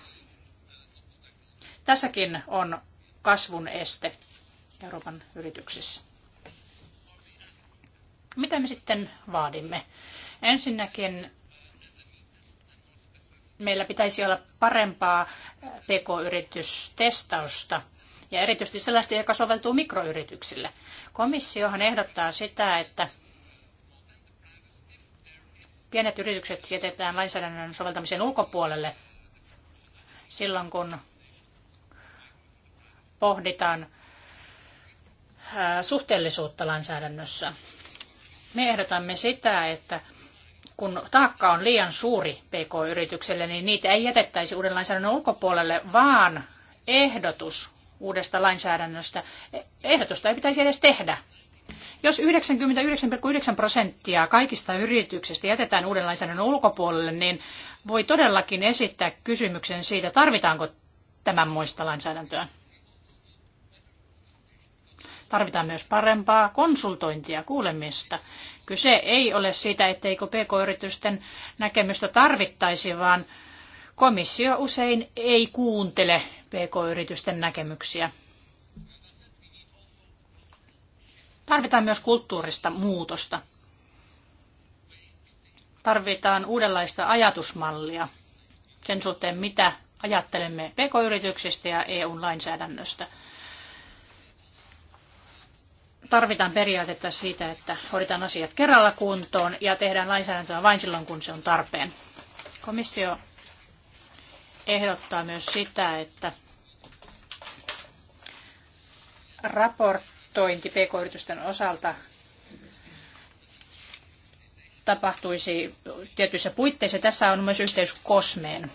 Tässäkin on kasvun este Euroopan yrityksissä. Mitä me sitten vaadimme? Ensinnäkin meillä pitäisi olla parempaa äh, pk-yritystestausta ja erityisesti sellaista, joka soveltuu mikroyrityksille. Komissiohan ehdottaa sitä, että pienet yritykset jätetään lainsäädännön soveltamisen ulkopuolelle silloin, kun pohditaan äh, suhteellisuutta lainsäädännössä. Me ehdotamme sitä, että kun taakka on liian suuri PK-yritykselle, niin niitä ei jätettäisi uuden lainsäädännön ulkopuolelle, vaan ehdotus uudesta lainsäädännöstä, ehdotusta ei pitäisi edes tehdä. Jos 99,9 prosenttia kaikista yrityksistä jätetään uuden lainsäädännön ulkopuolelle, niin voi todellakin esittää kysymyksen siitä, tarvitaanko tämän muista lainsäädäntöä. Tarvitaan myös parempaa konsultointia, kuulemista. Kyse ei ole siitä, etteikö pk-yritysten näkemystä tarvittaisi, vaan komissio usein ei kuuntele pk-yritysten näkemyksiä. Tarvitaan myös kulttuurista muutosta. Tarvitaan uudenlaista ajatusmallia sen suhteen, mitä ajattelemme pk-yrityksistä ja eu lainsäädännöstä – tarvitaan periaatetta siitä, että hoidetaan asiat kerralla kuntoon ja tehdään lainsäädäntöä vain silloin, kun se on tarpeen. Komissio ehdottaa myös sitä, että raportointi pk-yritysten osalta tapahtuisi tietyissä puitteissa. Tässä on myös yhteys kosmeen.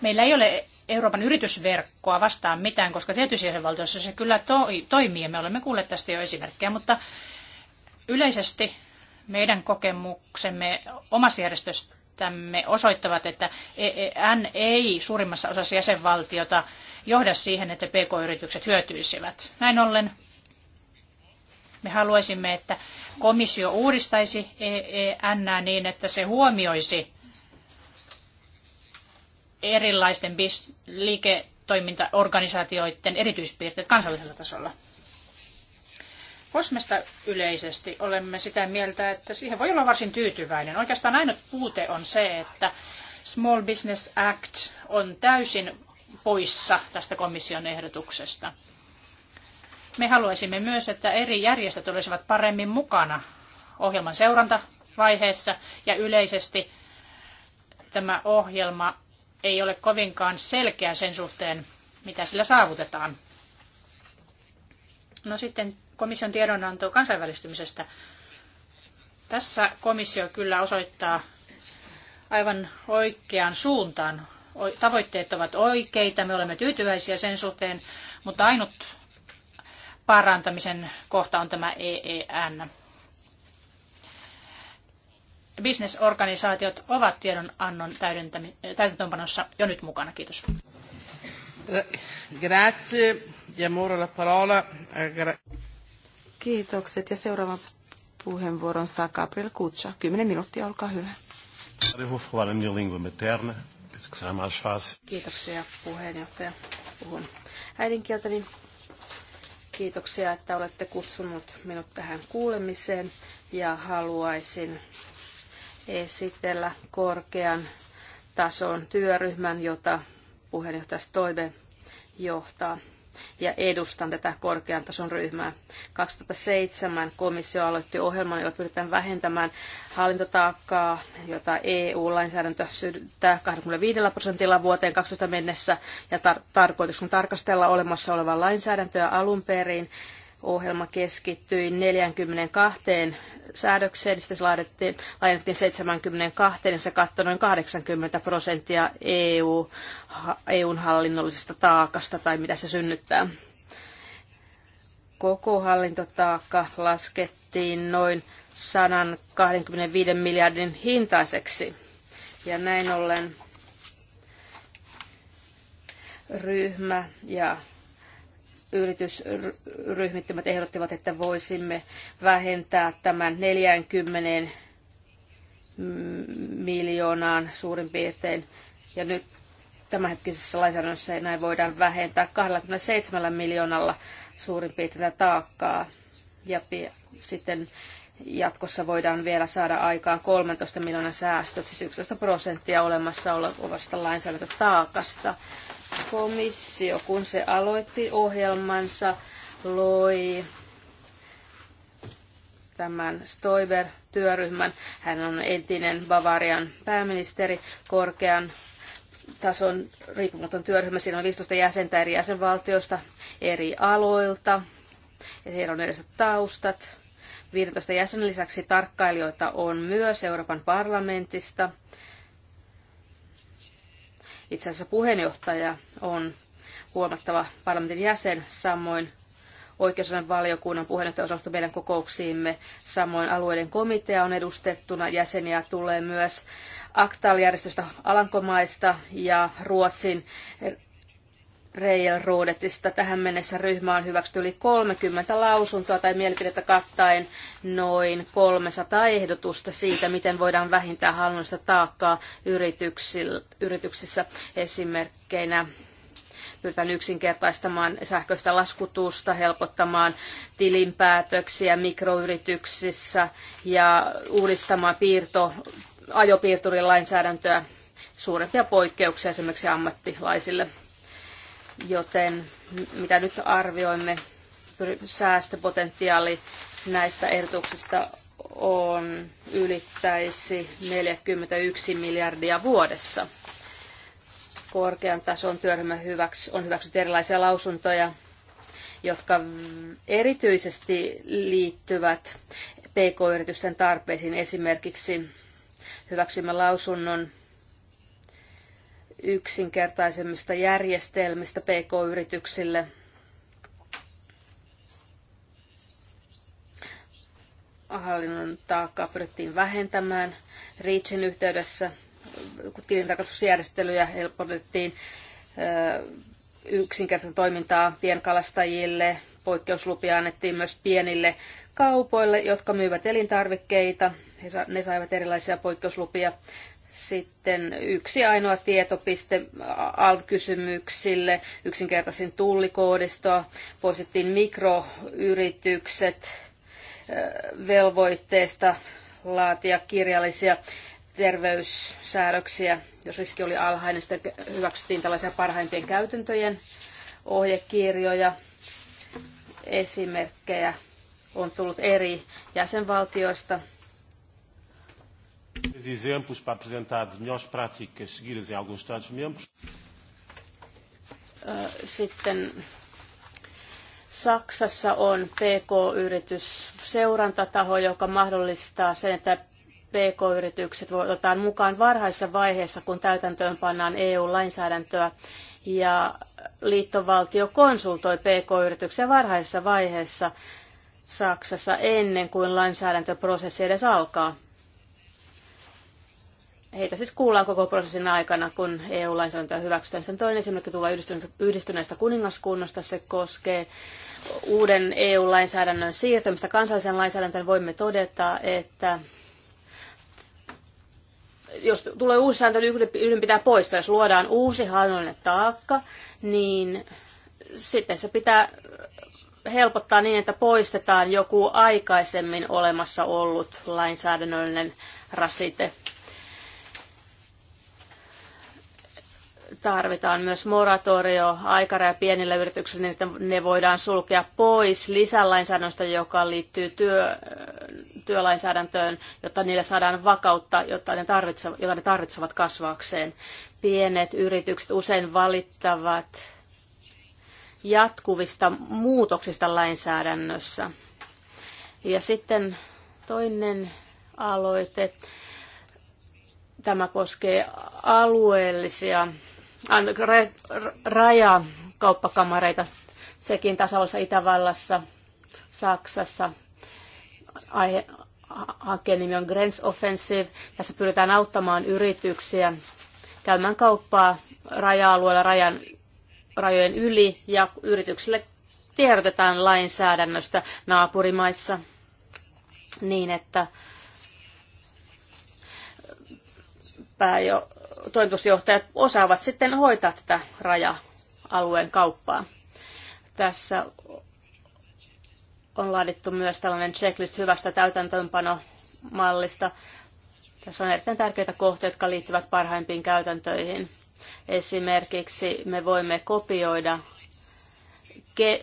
Meillä ei ole Euroopan yritysverkkoa vastaan mitään, koska tietyissä jäsenvaltioissa se kyllä toi, toimii ja me olemme kuulleet tästä jo esimerkkejä, mutta yleisesti meidän kokemuksemme omassa järjestöstämme osoittavat, että EEN ei suurimmassa osassa jäsenvaltiota johda siihen, että pk-yritykset hyötyisivät. Näin ollen me haluaisimme, että komissio uudistaisi EEN niin, että se huomioisi erilaisten bis- liiketoimintaorganisaatioiden erityispiirteet kansallisella tasolla? Kosmesta yleisesti olemme sitä mieltä, että siihen voi olla varsin tyytyväinen. Oikeastaan ainut puute on se, että Small Business Act on täysin poissa tästä komission ehdotuksesta. Me haluaisimme myös, että eri järjestöt olisivat paremmin mukana ohjelman seurantavaiheessa ja yleisesti tämä ohjelma ei ole kovinkaan selkeä sen suhteen, mitä sillä saavutetaan. No sitten komission tiedonanto kansainvälistymisestä. Tässä komissio kyllä osoittaa aivan oikeaan suuntaan. Tavoitteet ovat oikeita, me olemme tyytyväisiä sen suhteen, mutta ainut parantamisen kohta on tämä EEN bisnesorganisaatiot ovat tiedonannon täytäntöönpanossa jo nyt mukana. Kiitos. Grazie. Diamo la parola. Kiitokset. Ja seuraava puheenvuoron saa Gabriel Kutsa. Kymmenen minuuttia, olkaa hyvä. Kiitoksia puheenjohtaja. Puhun äidinkieltäni. Kiitoksia, että olette kutsunut minut tähän kuulemiseen ja haluaisin esitellä korkean tason työryhmän, jota puheenjohtaja Stoive johtaa ja edustan tätä korkean tason ryhmää. 2007 komissio aloitti ohjelman, jolla pyritään vähentämään hallintotaakkaa, jota EU-lainsäädäntö syyttää 25 prosentilla vuoteen 2000 mennessä, ja tar- tarkoitus on tarkastella olemassa olevaa lainsäädäntöä alun perin ohjelma keskittyi 42 säädökseen, sitten se laadettiin, laajennettiin 72, ja se kattoi noin 80 prosenttia EU, EUn hallinnollisesta taakasta tai mitä se synnyttää. Koko hallintotaakka laskettiin noin 125 miljardin hintaiseksi. Ja näin ollen ryhmä ja yritysryhmittymät ehdottivat, että voisimme vähentää tämän 40 miljoonaan suurin piirtein. Ja nyt tämänhetkisessä lainsäädännössä näin voidaan vähentää 27 miljoonalla suurin piirtein taakkaa. Ja sitten jatkossa voidaan vielä saada aikaan 13 miljoonan säästöt, siis 11 prosenttia olemassa olevasta lainsäädäntötaakasta. Komissio, kun se aloitti ohjelmansa, loi tämän Stoiber-työryhmän. Hän on entinen Bavarian pääministeri, korkean tason riippumaton työryhmä. Siinä on 15 jäsentä eri jäsenvaltioista eri aloilta. Ja heillä on erilaiset taustat 15 jäsenen lisäksi tarkkailijoita on myös Euroopan parlamentista. Itse asiassa puheenjohtaja on huomattava parlamentin jäsen, samoin oikeusalan valiokunnan puheenjohtaja osallistuu meidän kokouksiimme. Samoin alueiden komitea on edustettuna. Jäseniä tulee myös Aktal-järjestöstä Alankomaista ja Ruotsin Railroadetista. Tähän mennessä ryhmä on hyväksytty yli 30 lausuntoa tai mielipidettä kattaen noin 300 ehdotusta siitä, miten voidaan vähintää hallinnollista taakkaa yrityksissä esimerkkeinä pyritään yksinkertaistamaan sähköistä laskutusta, helpottamaan tilinpäätöksiä mikroyrityksissä ja uudistamaan piirto, ajopiirturin lainsäädäntöä suurempia poikkeuksia esimerkiksi ammattilaisille. Joten mitä nyt arvioimme, säästöpotentiaali näistä ehdotuksista on ylittäisi 41 miljardia vuodessa. Korkean tason työryhmä hyväks, on hyväksynyt erilaisia lausuntoja, jotka erityisesti liittyvät PK-yritysten tarpeisiin. Esimerkiksi hyväksymme lausunnon yksinkertaisemmista järjestelmistä PK-yrityksille. Hallinnon taakkaa pyrittiin vähentämään. Reachin yhteydessä tilintarkastusjärjestelyjä helpotettiin yksinkertaista toimintaa pienkalastajille. Poikkeuslupia annettiin myös pienille kaupoille, jotka myyvät elintarvikkeita. Ne saivat erilaisia poikkeuslupia. Sitten yksi ainoa tietopiste ALV-kysymyksille, yksinkertaisin tullikoodistoa, poistettiin mikroyritykset velvoitteesta laatia kirjallisia terveyssäädöksiä, jos riski oli alhainen. Sitten hyväksyttiin tällaisia parhaimpien käytäntöjen ohjekirjoja, esimerkkejä on tullut eri jäsenvaltioista – exemplos para apresentar de melhores práticas seguidas em alguns Estados-membros. Sitten Saksassa on PK-yritys seurantataho, joka mahdollistaa sen, että PK-yritykset otetaan mukaan varhaisessa vaiheessa, kun täytäntöön pannaan EU-lainsäädäntöä. Ja liittovaltio konsultoi PK-yrityksiä varhaisessa vaiheessa Saksassa ennen kuin lainsäädäntöprosessi edes alkaa. Heitä siis kuullaan koko prosessin aikana, kun EU-lainsäädäntöä hyväksytään. Sen toinen esimerkki tulee yhdistyneestä kuningaskunnasta. Se koskee uuden EU-lainsäädännön siirtymistä kansalliseen lainsäädäntöön. Voimme todeta, että jos tulee uusi sääntö, niin yhden pitää poistaa. Jos luodaan uusi hallinnollinen taakka, niin sitten se pitää helpottaa niin, että poistetaan joku aikaisemmin olemassa ollut lainsäädännöllinen rasite. tarvitaan myös moratorio aikaraja pienille yrityksille, niin että ne voidaan sulkea pois lisälainsäädännöstä, joka liittyy työ, työlainsäädäntöön, jotta niille saadaan vakautta, jotta ne, tarvitsevat, jota ne tarvitsevat kasvaakseen. Pienet yritykset usein valittavat jatkuvista muutoksista lainsäädännössä. Ja sitten toinen aloite tämä koskee alueellisia rajakauppakamareita sekin tasavallassa Itävallassa, Saksassa. Aihe, hankkeen nimi on Grens Offensive. Tässä pyritään auttamaan yrityksiä käymään kauppaa raja-alueella rajan, rajojen yli ja yrityksille tiedotetaan lainsäädännöstä naapurimaissa niin, että pääjo, toimitusjohtajat osaavat sitten hoitaa tätä raja-alueen kauppaa. Tässä on laadittu myös tällainen checklist hyvästä täytäntöönpanomallista. Tässä on erittäin tärkeitä kohteita, jotka liittyvät parhaimpiin käytäntöihin. Esimerkiksi me voimme kopioida ke-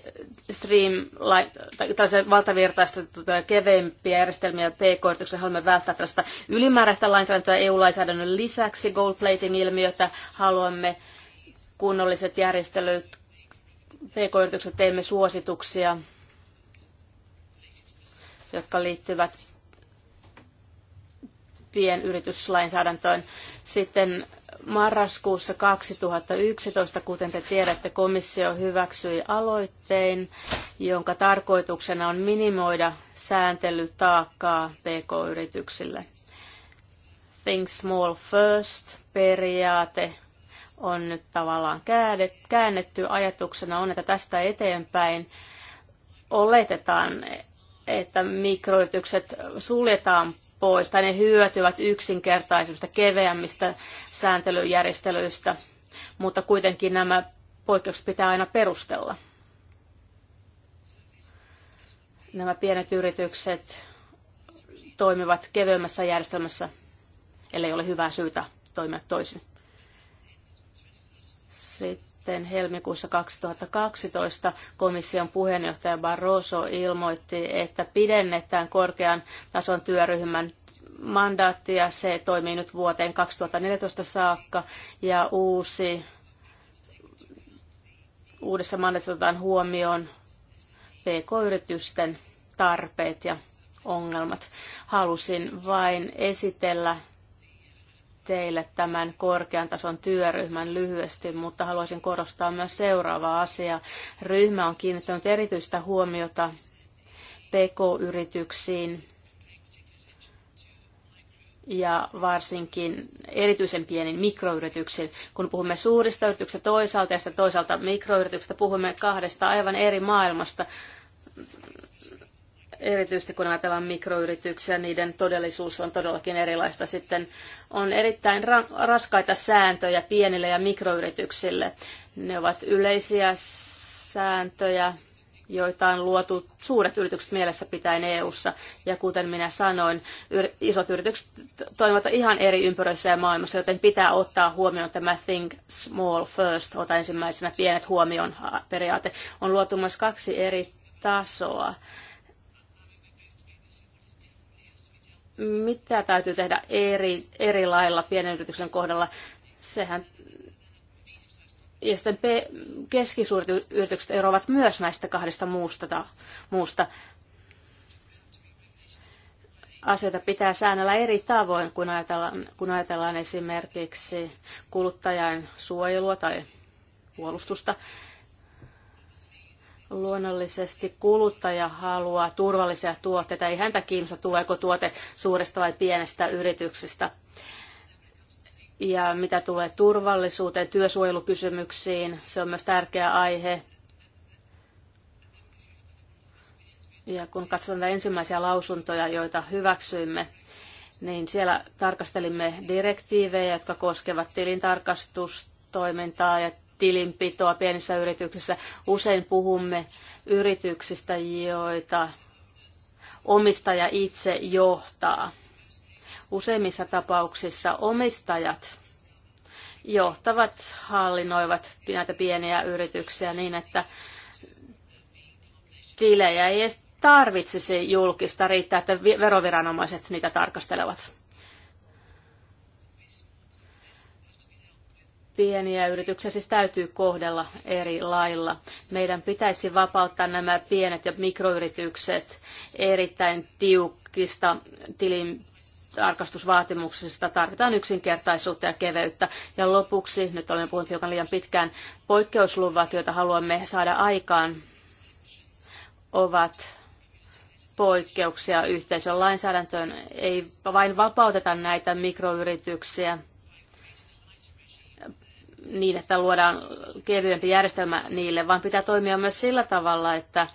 stream, tai valtavirtaista valtavirtaistettuja keveimpiä järjestelmiä PK-yrityksille haluamme välttää tällaista ylimääräistä lainsäädäntöä EU-lainsäädännön lisäksi gold plating-ilmiötä haluamme kunnolliset järjestelyt PK-yritykset teemme suosituksia, jotka liittyvät pienyrityslainsäädäntöön. Sitten marraskuussa 2011, kuten te tiedätte, komissio hyväksyi aloitteen, jonka tarkoituksena on minimoida sääntelytaakkaa pk-yrityksille. Think small first periaate on nyt tavallaan käännetty. Ajatuksena on, että tästä eteenpäin oletetaan, että mikroyritykset suljetaan pois, tai ne hyötyvät yksinkertaisista, keveämmistä sääntelyjärjestelyistä, mutta kuitenkin nämä poikkeukset pitää aina perustella. Nämä pienet yritykset toimivat kevyemmässä järjestelmässä, ellei ole hyvää syytä toimia toisin. Sitten sitten helmikuussa 2012 komission puheenjohtaja Barroso ilmoitti, että pidennetään korkean tason työryhmän mandaattia. Se toimii nyt vuoteen 2014 saakka ja uusi, uudessa mandaatissa otetaan huomioon PK-yritysten tarpeet ja ongelmat. Halusin vain esitellä teille tämän korkean tason työryhmän lyhyesti, mutta haluaisin korostaa myös seuraavaa asiaa. Ryhmä on kiinnittänyt erityistä huomiota PK-yrityksiin ja varsinkin erityisen pienin mikroyrityksiin. Kun puhumme suurista yrityksistä toisaalta ja toisaalta mikroyrityksistä, puhumme kahdesta aivan eri maailmasta erityisesti kun ajatellaan mikroyrityksiä, niiden todellisuus on todellakin erilaista. Sitten on erittäin raskaita sääntöjä pienille ja mikroyrityksille. Ne ovat yleisiä sääntöjä, joita on luotu suuret yritykset mielessä pitäen EU-ssa. Ja kuten minä sanoin, isot yritykset toimivat ihan eri ympyröissä ja maailmassa, joten pitää ottaa huomioon tämä think small first, ota ensimmäisenä pienet huomioon periaate. On luotu myös kaksi eri tasoa mitä täytyy tehdä eri, eri lailla pienen yrityksen kohdalla? Sehän ja sitten P- keskisuuret yritykset eroavat myös näistä kahdesta muusta. Ta- muusta. Asioita pitää säännellä eri tavoin, kun ajatellaan, kun ajatellaan esimerkiksi kuluttajan suojelua tai puolustusta luonnollisesti kuluttaja haluaa turvallisia tuotteita. Ei häntä kiinnosta, tuleeko tuote suuresta vai pienestä yrityksestä. Ja mitä tulee turvallisuuteen, työsuojelukysymyksiin, se on myös tärkeä aihe. Ja kun katsotaan ensimmäisiä lausuntoja, joita hyväksyimme, niin siellä tarkastelimme direktiivejä, jotka koskevat tilintarkastustoimintaa ja tilinpitoa pienissä yrityksissä. Usein puhumme yrityksistä, joita omistaja itse johtaa. Useimmissa tapauksissa omistajat johtavat, hallinnoivat näitä pieniä yrityksiä niin, että tilejä ei edes tarvitsisi julkista, riittää, että veroviranomaiset niitä tarkastelevat. pieniä yrityksiä siis täytyy kohdella eri lailla. Meidän pitäisi vapauttaa nämä pienet ja mikroyritykset erittäin tiukista tilin tarkastusvaatimuksista tarvitaan yksinkertaisuutta ja keveyttä. Ja lopuksi, nyt olen puhunut hiukan liian pitkään, poikkeusluvat, joita haluamme saada aikaan, ovat poikkeuksia yhteisön lainsäädäntöön. Ei vain vapauteta näitä mikroyrityksiä – niin, että luodaan kevyempi järjestelmä niille, vaan pitää toimia myös sillä tavalla, että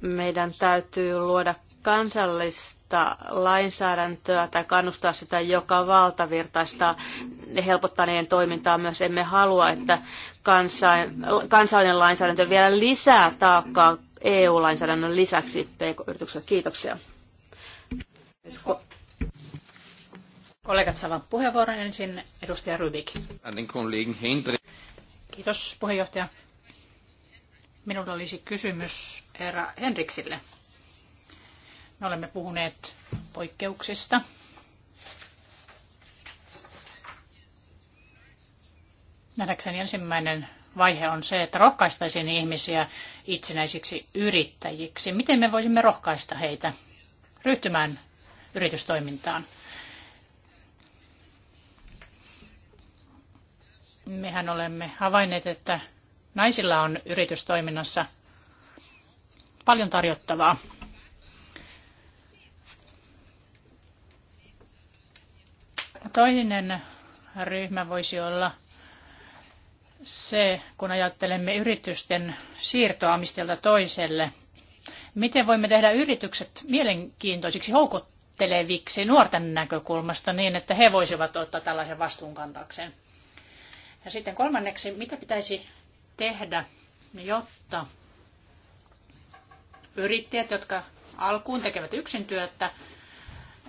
meidän täytyy luoda kansallista lainsäädäntöä tai kannustaa sitä joka valtavirtaista helpottaa niiden toimintaa myös. Emme halua, että kansallinen lainsäädäntö vielä lisää taakkaa EU-lainsäädännön lisäksi pk yrityksille Kiitoksia. Kollegat saavat puheenvuoron ensin. Edustaja Rybik. Kiitos puheenjohtaja. Minulla olisi kysymys herra Henriksille. Me olemme puhuneet poikkeuksista. Nähdäkseni ensimmäinen vaihe on se, että rohkaistaisiin ihmisiä itsenäisiksi yrittäjiksi. Miten me voisimme rohkaista heitä ryhtymään yritystoimintaan? Mehän olemme havainneet, että naisilla on yritystoiminnassa paljon tarjottavaa. Toinen ryhmä voisi olla se, kun ajattelemme yritysten siirtoa omistajalta toiselle. Miten voimme tehdä yritykset mielenkiintoisiksi, houkutteleviksi nuorten näkökulmasta niin, että he voisivat ottaa tällaisen vastuun kantakseen? Ja sitten kolmanneksi, mitä pitäisi tehdä, jotta yrittäjät, jotka alkuun tekevät yksin työtä,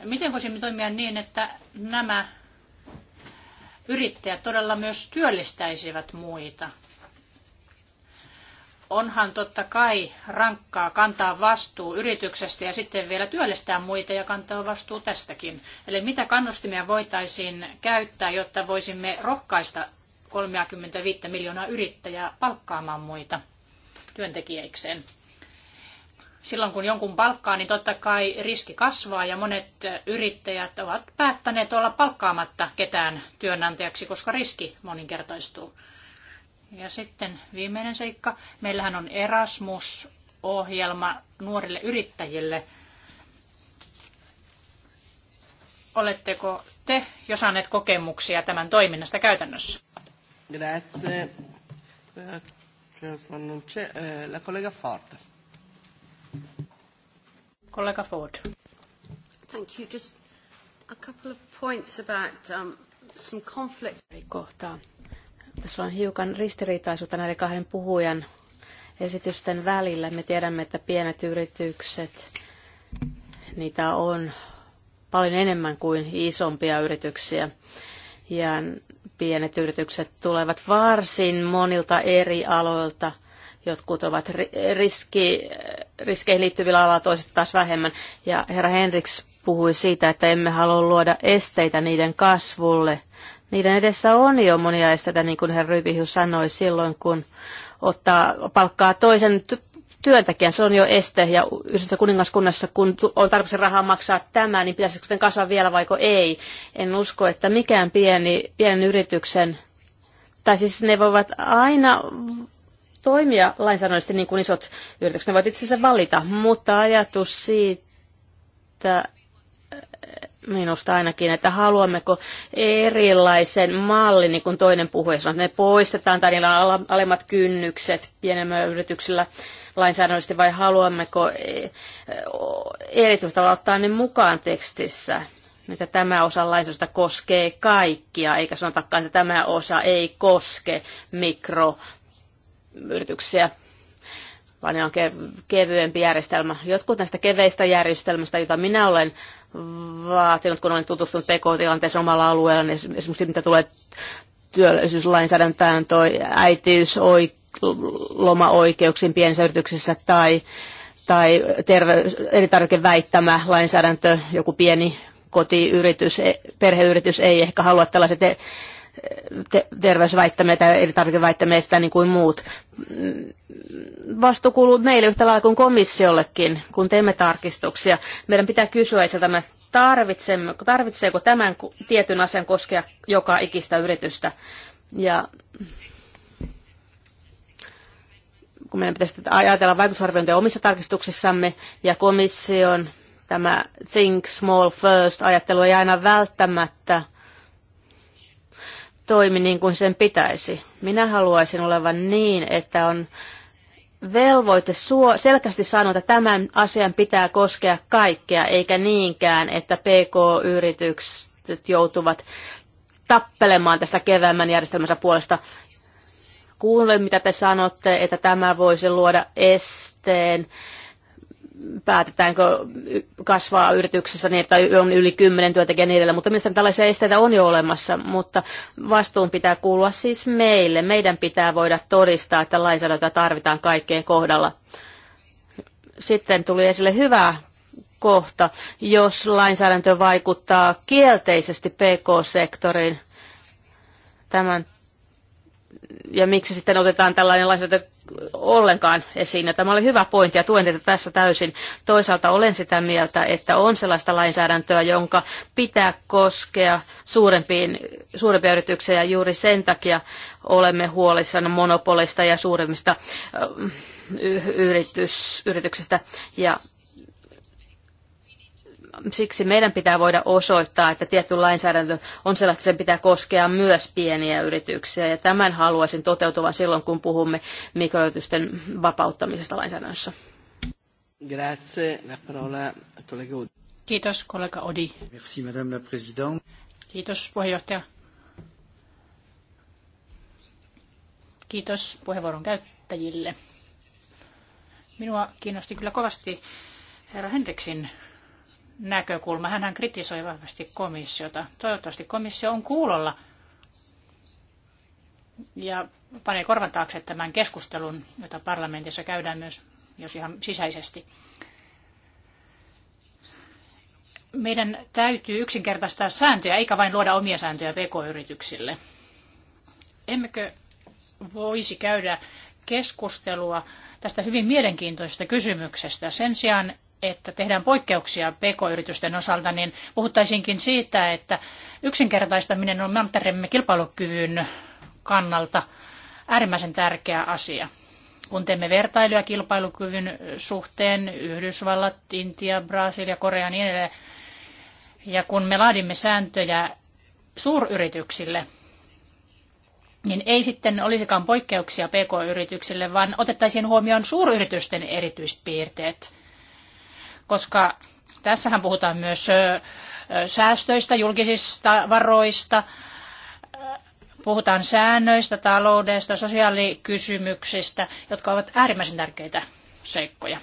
miten voisimme toimia niin, että nämä yrittäjät todella myös työllistäisivät muita? Onhan totta kai rankkaa kantaa vastuu yrityksestä ja sitten vielä työllistää muita ja kantaa vastuu tästäkin. Eli mitä kannustimia voitaisiin käyttää, jotta voisimme rohkaista 35 miljoonaa yrittäjää palkkaamaan muita työntekijäikseen. Silloin kun jonkun palkkaa, niin totta kai riski kasvaa ja monet yrittäjät ovat päättäneet olla palkkaamatta ketään työnantajaksi, koska riski moninkertaistuu. Ja sitten viimeinen seikka. Meillähän on Erasmus-ohjelma nuorille yrittäjille. Oletteko te jo saaneet kokemuksia tämän toiminnasta käytännössä? Grazie. Eh, eh, la collega Ford. Collega Ford. Thank you. Just a couple of points about um, some conflict. Kohta. Tässä on hiukan ristiriitaisuutta näiden kahden puhujan esitysten välillä. Me tiedämme, että pienet yritykset, niitä on paljon enemmän kuin isompia yrityksiä. Ja pienet yritykset tulevat varsin monilta eri aloilta. Jotkut ovat riski, riskeihin liittyvillä alalla, toiset taas vähemmän. Ja herra Henriks puhui siitä, että emme halua luoda esteitä niiden kasvulle. Niiden edessä on jo monia esteitä, niin kuin herra Rybihius sanoi silloin, kun ottaa palkkaa toisen työntekijän. Se on jo este ja yhdessä kuningaskunnassa, kun on tarpeeksi rahaa maksaa tämä, niin pitäisikö sitten kasvaa vielä vaiko ei. En usko, että mikään pieni, pienen yrityksen, tai siis ne voivat aina toimia lainsäädännöllisesti niin kuin isot yritykset. Ne voivat itse asiassa valita, mutta ajatus siitä, eh, minusta ainakin, että haluammeko erilaisen mallin, niin kuin toinen puhuja sanoi, että ne poistetaan tai niillä on alemmat kynnykset pienemmillä yrityksillä lainsäädännöllisesti vai haluammeko eh, eh, erityisesti ottaa ne mukaan tekstissä? että tämä osa lainsäädännöstä koskee kaikkia, eikä sanotakaan, että tämä osa ei koske mikroyrityksiä, vaan ne on kevyempi järjestelmä. Jotkut näistä keveistä järjestelmistä, joita minä olen vaatinut, kun olen tutustunut PK-tilanteeseen omalla alueella, niin esimerkiksi mitä tulee työllisyyslainsäädäntöön, toi äitiysoikeus, lomaoikeuksiin pienissä yrityksissä tai, tai terveys, elintarvikeväittämä lainsäädäntö, joku pieni kotiyritys, e, perheyritys ei ehkä halua tällaiset te, te, terveysväittämiä tai elintarvikeväittämiä sitä niin kuin muut. Mm, Vastu kuuluu meille yhtä lailla kuin komissiollekin, kun teemme tarkistuksia. Meidän pitää kysyä itseltämme, tarvitseeko tämän tietyn asian koskea joka ikistä yritystä. Ja kun meidän pitäisi ajatella vaikutusarviointia omissa tarkistuksissamme ja komission tämä think small first ajattelu ei aina välttämättä toimi niin kuin sen pitäisi. Minä haluaisin olevan niin, että on velvoite suo, selkeästi sanoa, että tämän asian pitää koskea kaikkea, eikä niinkään, että PK-yritykset joutuvat tappelemaan tästä keväämmän järjestelmänsä puolesta kuulen, mitä te sanotte, että tämä voisi luoda esteen päätetäänkö kasvaa yrityksessä niin, että on yli kymmenen työntekijää niin edelleen, mutta mielestäni tällaisia esteitä on jo olemassa, mutta vastuun pitää kuulua siis meille. Meidän pitää voida todistaa, että lainsäädäntöä tarvitaan kaikkeen kohdalla. Sitten tuli esille hyvä kohta, jos lainsäädäntö vaikuttaa kielteisesti PK-sektoriin. Tämän ja miksi sitten otetaan tällainen lainsäädäntö ollenkaan esiin. Ja tämä oli hyvä pointti ja tuen tätä tässä täysin. Toisaalta olen sitä mieltä, että on sellaista lainsäädäntöä, jonka pitää koskea suurempiin, suurempia yrityksiä ja juuri sen takia olemme huolissaan monopolista ja suuremmista yrityksistä. Ja siksi meidän pitää voida osoittaa, että tietty lainsäädäntö on sellaista, että sen pitää koskea myös pieniä yrityksiä. Ja tämän haluaisin toteutuvan silloin, kun puhumme mikroyritysten vapauttamisesta lainsäädännössä. Grazie. La Kiitos, kollega Odi. Merci, madame la présidente. Kiitos, puheenjohtaja. Kiitos puheenvuoron käyttäjille. Minua kiinnosti kyllä kovasti herra Henriksin näkökulma. Hänhän kritisoi vahvasti komissiota. Toivottavasti komissio on kuulolla ja panee korvan taakse tämän keskustelun, jota parlamentissa käydään myös, jos ihan sisäisesti. Meidän täytyy yksinkertaistaa sääntöjä, eikä vain luoda omia sääntöjä pk-yrityksille. Emmekö voisi käydä keskustelua tästä hyvin mielenkiintoisesta kysymyksestä sen sijaan, että tehdään poikkeuksia pk-yritysten osalta, niin puhuttaisinkin siitä, että yksinkertaistaminen on mantereemme kilpailukyvyn kannalta äärimmäisen tärkeä asia. Kun teemme vertailuja kilpailukyvyn suhteen, Yhdysvallat, Intia, Brasilia, Korea ja niin edelleen, ja kun me laadimme sääntöjä suuryrityksille, niin ei sitten olisikaan poikkeuksia pk-yrityksille, vaan otettaisiin huomioon suuryritysten erityispiirteet – koska tässähän puhutaan myös säästöistä, julkisista varoista, puhutaan säännöistä, taloudesta, sosiaalikysymyksistä, jotka ovat äärimmäisen tärkeitä seikkoja.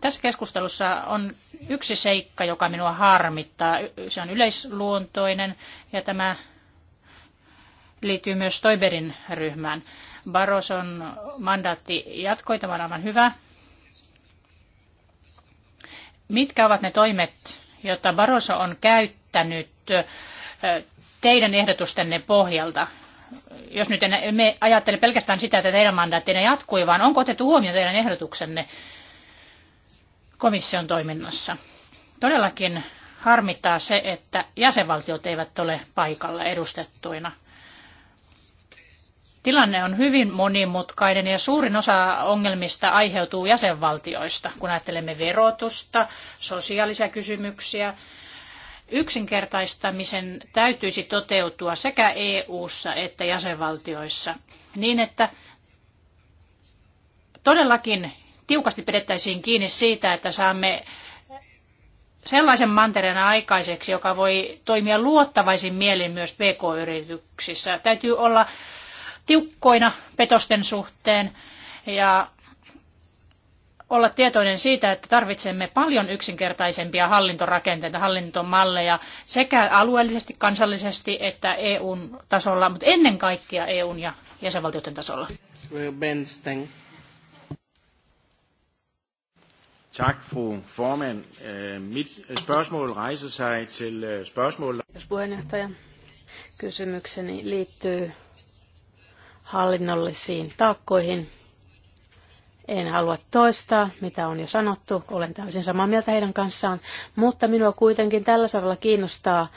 Tässä keskustelussa on yksi seikka, joka minua harmittaa. Se on yleisluontoinen ja tämä liittyy myös Toiberin ryhmään. Baroson mandaatti jatkoi, tämän on aivan hyvä Mitkä ovat ne toimet, joita Barroso on käyttänyt teidän ehdotustenne pohjalta? Jos nyt emme ajattele pelkästään sitä, että teidän mandaattinen jatkui, vaan onko otettu huomioon teidän ehdotuksenne komission toiminnassa? Todellakin harmittaa se, että jäsenvaltiot eivät ole paikalla edustettuina – Tilanne on hyvin monimutkainen ja suurin osa ongelmista aiheutuu jäsenvaltioista, kun ajattelemme verotusta, sosiaalisia kysymyksiä. Yksinkertaistamisen täytyisi toteutua sekä EU-ssa että jäsenvaltioissa niin, että todellakin tiukasti pidettäisiin kiinni siitä, että saamme sellaisen mantereen aikaiseksi, joka voi toimia luottavaisin mielin myös pk-yrityksissä. Täytyy olla tiukkoina petosten suhteen ja olla tietoinen siitä, että tarvitsemme paljon yksinkertaisempia hallintorakenteita, hallintomalleja sekä alueellisesti, kansallisesti että EUn tasolla, mutta ennen kaikkea EUn ja jäsenvaltioiden tasolla. Tak, fru formand. Øh, mit spørgsmål rejser sig til øh, spørgsmål... Kiitos puheenjohtaja. Kysymykseni liittyy hallinnollisiin taakkoihin. En halua toistaa, mitä on jo sanottu, olen täysin samaa mieltä heidän kanssaan, mutta minua kuitenkin tällä saralla kiinnostaa,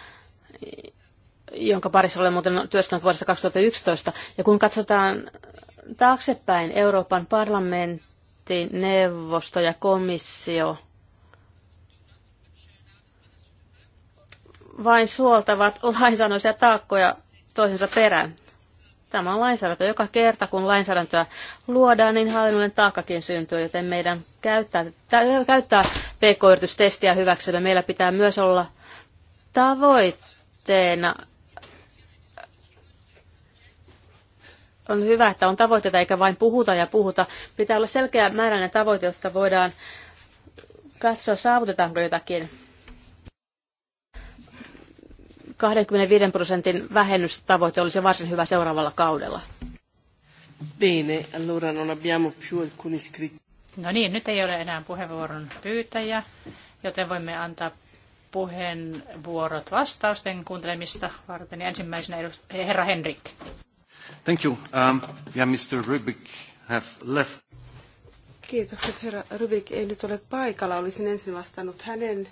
jonka parissa olen muuten työskennellyt vuodesta 2011, ja kun katsotaan taaksepäin Euroopan parlamentti, neuvosto ja komissio vain suoltavat lainsäädännöllisiä taakkoja toisensa perään. Tämä on lainsäädäntö. Joka kerta, kun lainsäädäntöä luodaan, niin hallinnollinen taakkakin syntyy, joten meidän käyttää, käyttää pk-yritystestiä hyväksemme. Meillä pitää myös olla tavoitteena on hyvä, että on tavoitteita eikä vain puhuta ja puhuta. Pitää olla selkeä määräinen tavoite, jotta voidaan katsoa, saavutetaanko jotakin. 25 prosentin vähennystavoite olisi varsin hyvä seuraavalla kaudella. Bene, allora non abbiamo più alcuni scritti. No niin, nyt ei ole enää puheenvuoron pyytäjä, joten voimme antaa puheenvuorot vastausten kuuntelemista varten. Ensimmäisenä herra Henrik. Thank you. Um, yeah, Mr. Rubik has left. Kiitokset, herra Rubik ei nyt ole paikalla. Olisin ensin vastannut hänen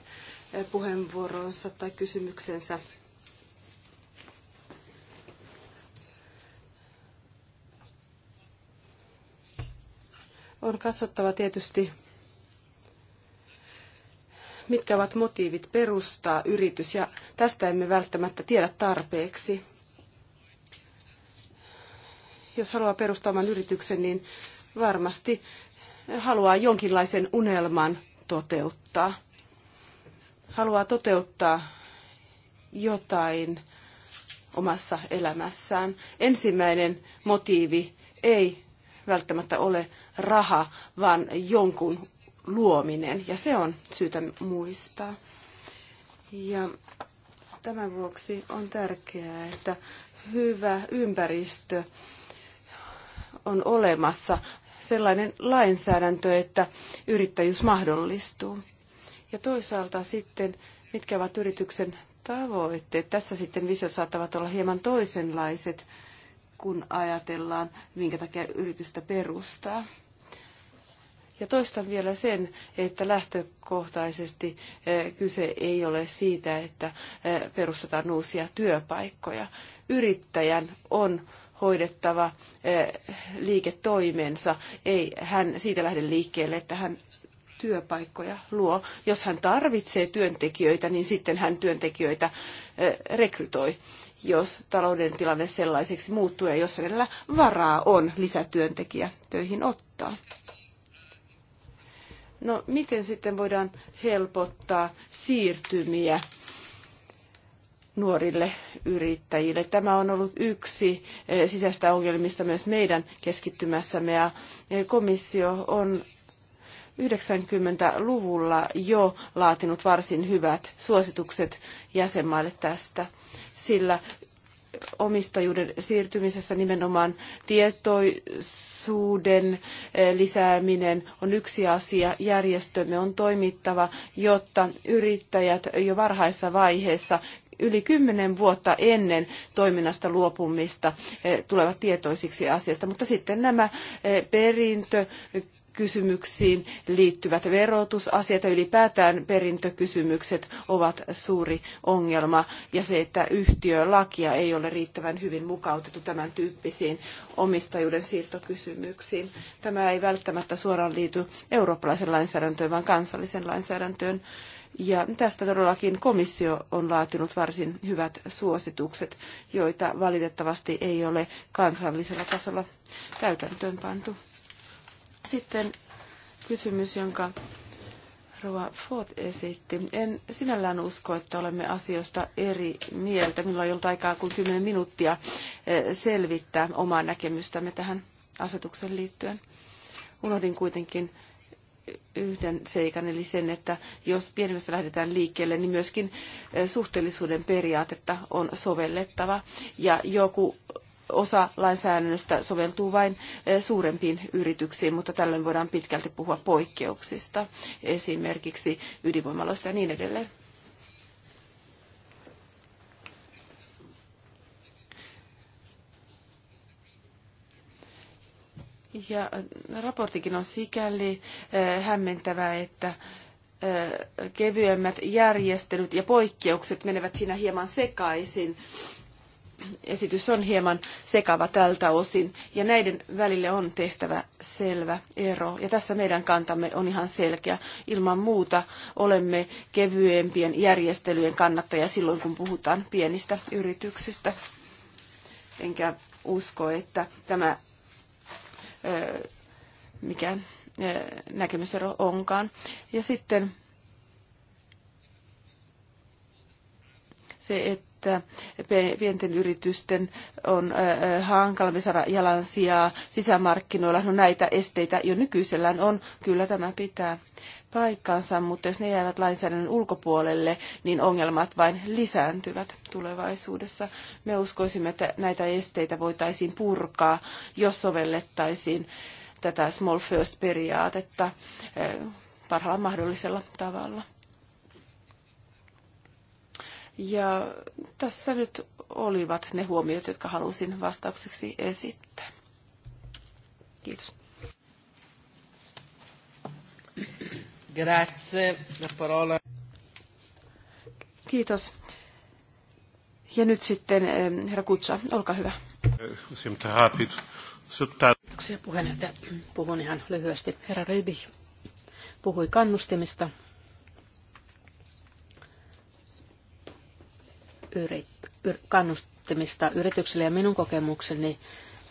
eh, puheenvuoronsa tai kysymyksensä. On katsottava tietysti, mitkä ovat motiivit perustaa yritys, ja tästä emme välttämättä tiedä tarpeeksi. Jos haluaa perustaa oman yrityksen, niin varmasti haluaa jonkinlaisen unelman toteuttaa. Haluaa toteuttaa jotain omassa elämässään. Ensimmäinen motiivi ei välttämättä ole raha, vaan jonkun luominen, ja se on syytä muistaa. Ja tämän vuoksi on tärkeää, että hyvä ympäristö on olemassa sellainen lainsäädäntö, että yrittäjyys mahdollistuu. Ja toisaalta sitten, mitkä ovat yrityksen tavoitteet. Tässä sitten visiot saattavat olla hieman toisenlaiset kun ajatellaan, minkä takia yritystä perustaa. Ja toistan vielä sen, että lähtökohtaisesti eh, kyse ei ole siitä, että eh, perustetaan uusia työpaikkoja. Yrittäjän on hoidettava eh, liiketoimensa. Ei hän siitä lähde liikkeelle, että hän työpaikkoja luo. Jos hän tarvitsee työntekijöitä, niin sitten hän työntekijöitä rekrytoi jos talouden tilanne sellaiseksi muuttuu ja jos hänellä varaa on lisätyöntekijä töihin ottaa. No miten sitten voidaan helpottaa siirtymiä nuorille yrittäjille? Tämä on ollut yksi eh, sisäistä ongelmista myös meidän keskittymässämme ja eh, komissio on 90-luvulla jo laatinut varsin hyvät suositukset jäsenmaille tästä, sillä omistajuuden siirtymisessä nimenomaan tietoisuuden eh, lisääminen on yksi asia. Järjestömme on toimittava, jotta yrittäjät jo varhaisessa vaiheessa yli kymmenen vuotta ennen toiminnasta luopumista eh, tulevat tietoisiksi asiasta. Mutta sitten nämä eh, perintö, kysymyksiin liittyvät verotusasiat ja ylipäätään perintökysymykset ovat suuri ongelma ja se, että yhtiölakia ei ole riittävän hyvin mukautettu tämän tyyppisiin omistajuuden siirtokysymyksiin. Tämä ei välttämättä suoraan liity eurooppalaisen lainsäädäntöön, vaan kansalliseen lainsäädäntöön. Ja tästä todellakin komissio on laatinut varsin hyvät suositukset, joita valitettavasti ei ole kansallisella tasolla täytäntöön pantu. Sitten kysymys, jonka Rova Ford esitti. En sinällään usko, että olemme asioista eri mieltä. Minulla ei ollut aikaa kuin 10 minuuttia eh, selvittää omaa näkemystämme tähän asetukseen liittyen. Unohdin kuitenkin yhden seikan, eli sen, että jos pienemmästä lähdetään liikkeelle, niin myöskin eh, suhteellisuuden periaatetta on sovellettava. Ja joku osa lainsäädännöstä soveltuu vain eh, suurempiin yrityksiin, mutta tällöin voidaan pitkälti puhua poikkeuksista, esimerkiksi ydinvoimaloista ja niin edelleen. Ja eh, raporttikin on sikäli eh, hämmentävä, että kevyemmät järjestelyt ja poikkeukset menevät siinä hieman sekaisin esitys on hieman sekava tältä osin, ja näiden välille on tehtävä selvä ero. Ja tässä meidän kantamme on ihan selkeä. Ilman muuta olemme kevyempien järjestelyjen kannattaja silloin, kun puhutaan pienistä yrityksistä. Enkä usko, että tämä ö, mikä ö, näkemysero onkaan. Ja sitten se, että että pienten yritysten on hankalampi saada jalansijaa sisämarkkinoilla. No näitä esteitä jo nykyisellään on, kyllä tämä pitää paikkansa, mutta jos ne jäävät lainsäädännön ulkopuolelle, niin ongelmat vain lisääntyvät tulevaisuudessa. Me uskoisimme, että näitä esteitä voitaisiin purkaa, jos sovellettaisiin tätä small first-periaatetta parhaalla mahdollisella tavalla. Ja tässä nyt olivat ne huomiot, jotka halusin vastaukseksi esittää. Kiitos. Grazie. La parola. Kiitos. Ja nyt sitten eh, herra Kutsa, olkaa hyvä. Kiitoksia puheenjohtaja. Puhun ihan lyhyesti. Herra Ryby puhui kannustimista yrit, yr, kannustamista yrityksille ja minun kokemukseni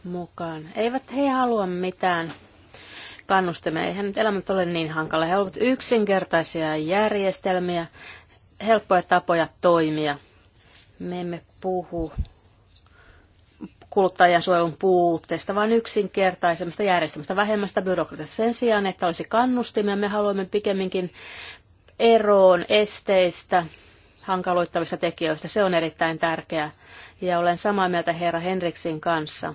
mukaan. Eivät he halua mitään kannustamia. Eihän nyt elämät ole niin hankala. He ovat yksinkertaisia järjestelmiä, helppoja tapoja toimia. Me emme puhu kuluttajan suojelun puutteesta, vaan yksinkertaisemmasta järjestelmästä, vähemmästä byrokratiasta. Sen sijaan, että olisi kannustimia, me haluamme pikemminkin eroon esteistä, hankaloittavista tekijöistä. Se on erittäin tärkeää. Ja olen samaa mieltä herra Henriksin kanssa.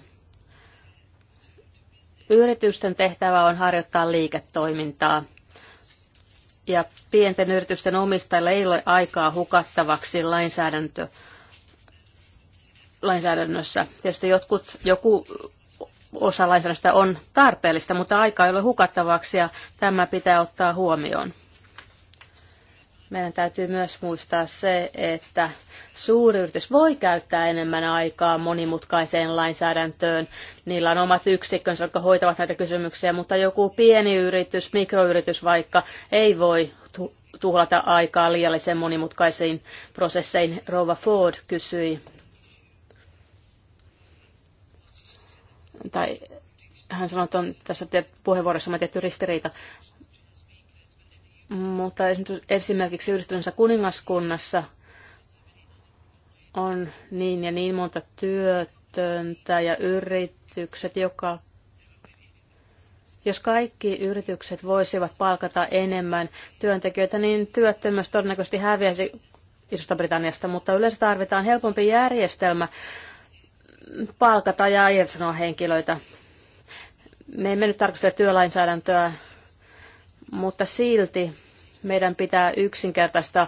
Yritysten tehtävä on harjoittaa liiketoimintaa. Ja pienten yritysten omistajilla ei ole aikaa hukattavaksi lainsäädäntö, lainsäädännössä. Tietysti jotkut, joku osa lainsäädännöstä on tarpeellista, mutta aika ei ole hukattavaksi ja tämä pitää ottaa huomioon meidän täytyy myös muistaa se, että suuri yritys voi käyttää enemmän aikaa monimutkaiseen lainsäädäntöön. Niillä on omat yksikkönsä, jotka hoitavat näitä kysymyksiä, mutta joku pieni yritys, mikroyritys vaikka, ei voi tuhlata aikaa liiallisen monimutkaisiin prosesseihin. Rova Ford kysyi, tai hän sanoi, että on tässä puheenvuorossa on tietty ristiriita. Mutta esimerkiksi yhdistyneessä kuningaskunnassa on niin ja niin monta työtöntä ja yritykset, joka jos kaikki yritykset voisivat palkata enemmän työntekijöitä, niin työttömyys todennäköisesti häviäisi Isosta Britanniasta, mutta yleensä tarvitaan helpompi järjestelmä palkata ja irtisanoa henkilöitä. Me emme nyt tarkastele työlainsäädäntöä mutta silti meidän pitää yksinkertaista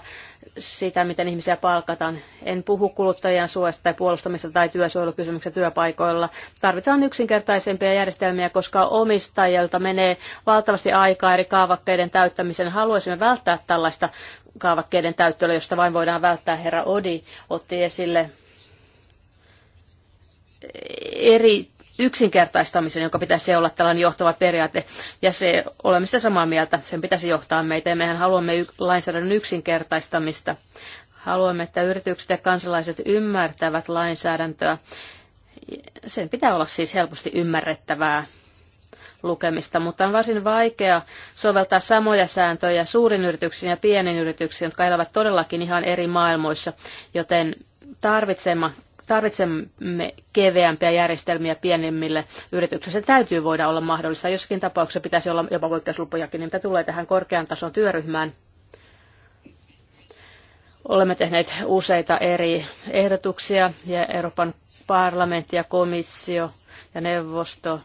sitä, miten ihmisiä palkataan. En puhu kuluttajien suojasta tai puolustamista tai työsuojelukysymyksistä työpaikoilla. Tarvitaan yksinkertaisempia järjestelmiä, koska omistajilta menee valtavasti aikaa eri kaavakkeiden täyttämiseen. Haluaisimme välttää tällaista kaavakkeiden täyttöä, josta vain voidaan välttää. Herra Odi otti esille eri yksinkertaistamisen, jonka pitäisi olla tällainen johtava periaate. Ja se, olemme sitä samaa mieltä, sen pitäisi johtaa meitä ja mehän haluamme y- lainsäädännön yksinkertaistamista. Haluamme, että yritykset ja kansalaiset ymmärtävät lainsäädäntöä. Sen pitää olla siis helposti ymmärrettävää lukemista, mutta on varsin vaikea soveltaa samoja sääntöjä suurin yrityksiin ja pienin yrityksiin, jotka elävät todellakin ihan eri maailmoissa, joten tarvitsemme tarvitsemme keveämpiä järjestelmiä pienemmille yrityksille. Se täytyy voida olla mahdollista. Jossakin tapauksessa pitäisi olla jopa poikkeuslupojakin, niin mitä tulee tähän korkean tason työryhmään. Olemme tehneet useita eri ehdotuksia ja Euroopan parlamentti ja komissio ja neuvosto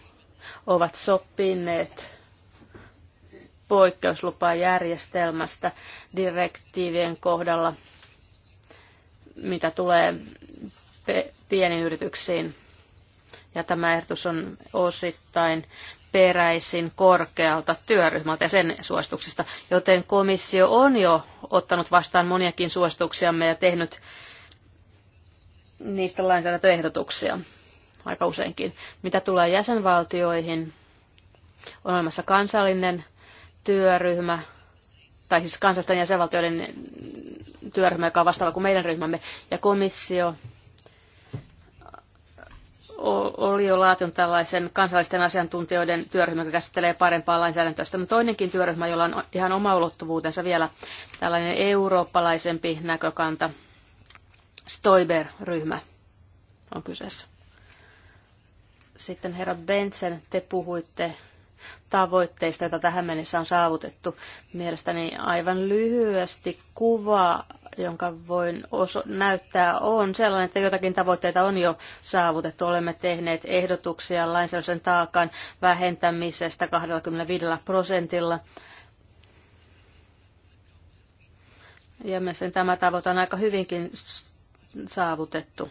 ovat sopineet poikkeuslupajärjestelmästä direktiivien kohdalla, mitä tulee pieniin yrityksiin. Ja tämä ehdotus on osittain peräisin korkealta työryhmältä ja sen suosituksista, joten komissio on jo ottanut vastaan moniakin suosituksiamme ja tehnyt niistä lainsäädäntöehdotuksia aika useinkin. Mitä tulee jäsenvaltioihin, on olemassa kansallinen työryhmä, tai siis kansallisten jäsenvaltioiden työryhmä, joka on vastaava kuin meidän ryhmämme, ja komissio oli jo laatinut tällaisen kansallisten asiantuntijoiden työryhmä, joka käsittelee parempaa lainsäädäntöä. mutta toinenkin työryhmä, jolla on ihan oma ulottuvuutensa vielä tällainen eurooppalaisempi näkökanta. Stoiber-ryhmä on kyseessä. Sitten herra Bentsen, te puhuitte tavoitteista, joita tähän mennessä on saavutettu. Mielestäni aivan lyhyesti kuva jonka voin oso- näyttää, on sellainen, että jotakin tavoitteita on jo saavutettu. Olemme tehneet ehdotuksia lainsäädännön taakan vähentämisestä 25 prosentilla. Ja mielestäni tämä tavoite on aika hyvinkin saavutettu.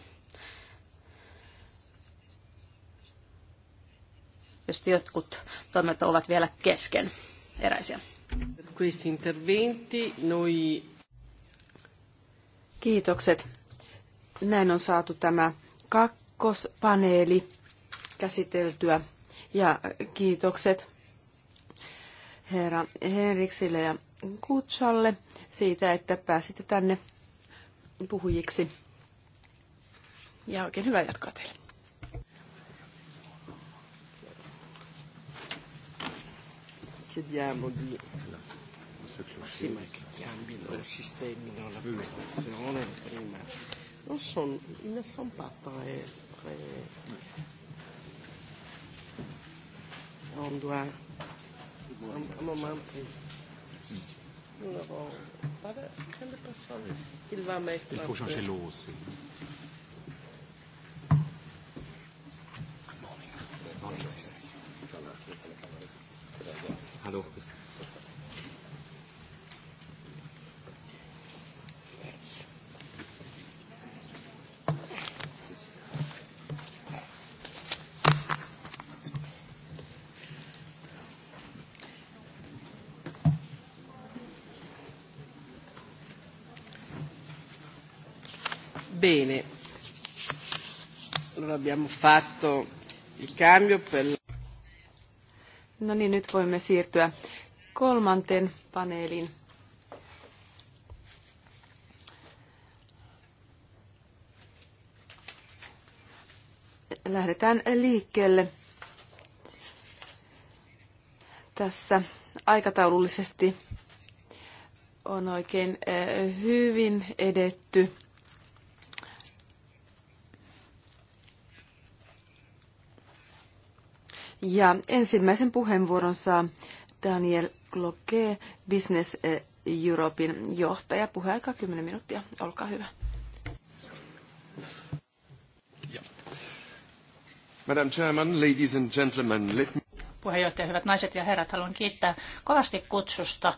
Jos jotkut toimet ovat vielä kesken eräisiä. Questi interventi noi Kiitokset. Näin on saatu tämä kakkospaneeli käsiteltyä ja kiitokset herra Henriksille ja Kutsalle siitä, että pääsitte tänne puhujiksi. Ja oikein hyvää jatkoa teille. Chiediamo di Sì, ma che cambiano eh. i sistemi, no? la mm. posizione prima. Non sono, ils ne sont pas très, très... On doit un, un moment plus. Loro, guarda, quelle persone il va mettere... Il faut changer l'eau aussi. Hallo, Bene, allora abbiamo fatto il cambio per... No niin, nyt voimme siirtyä kolmanteen paneeliin. Lähdetään liikkeelle tässä aikataulullisesti on oikein eh, hyvin edetty. Ja ensimmäisen puheenvuoron saa Daniel Gloke, Business eh, Europein johtaja. Puheaika 10 minuuttia. Olkaa hyvä. Madam Chairman, ladies and gentlemen, let me... Puheenjohtaja, hyvät naiset ja herrat, haluan kiittää kovasti kutsusta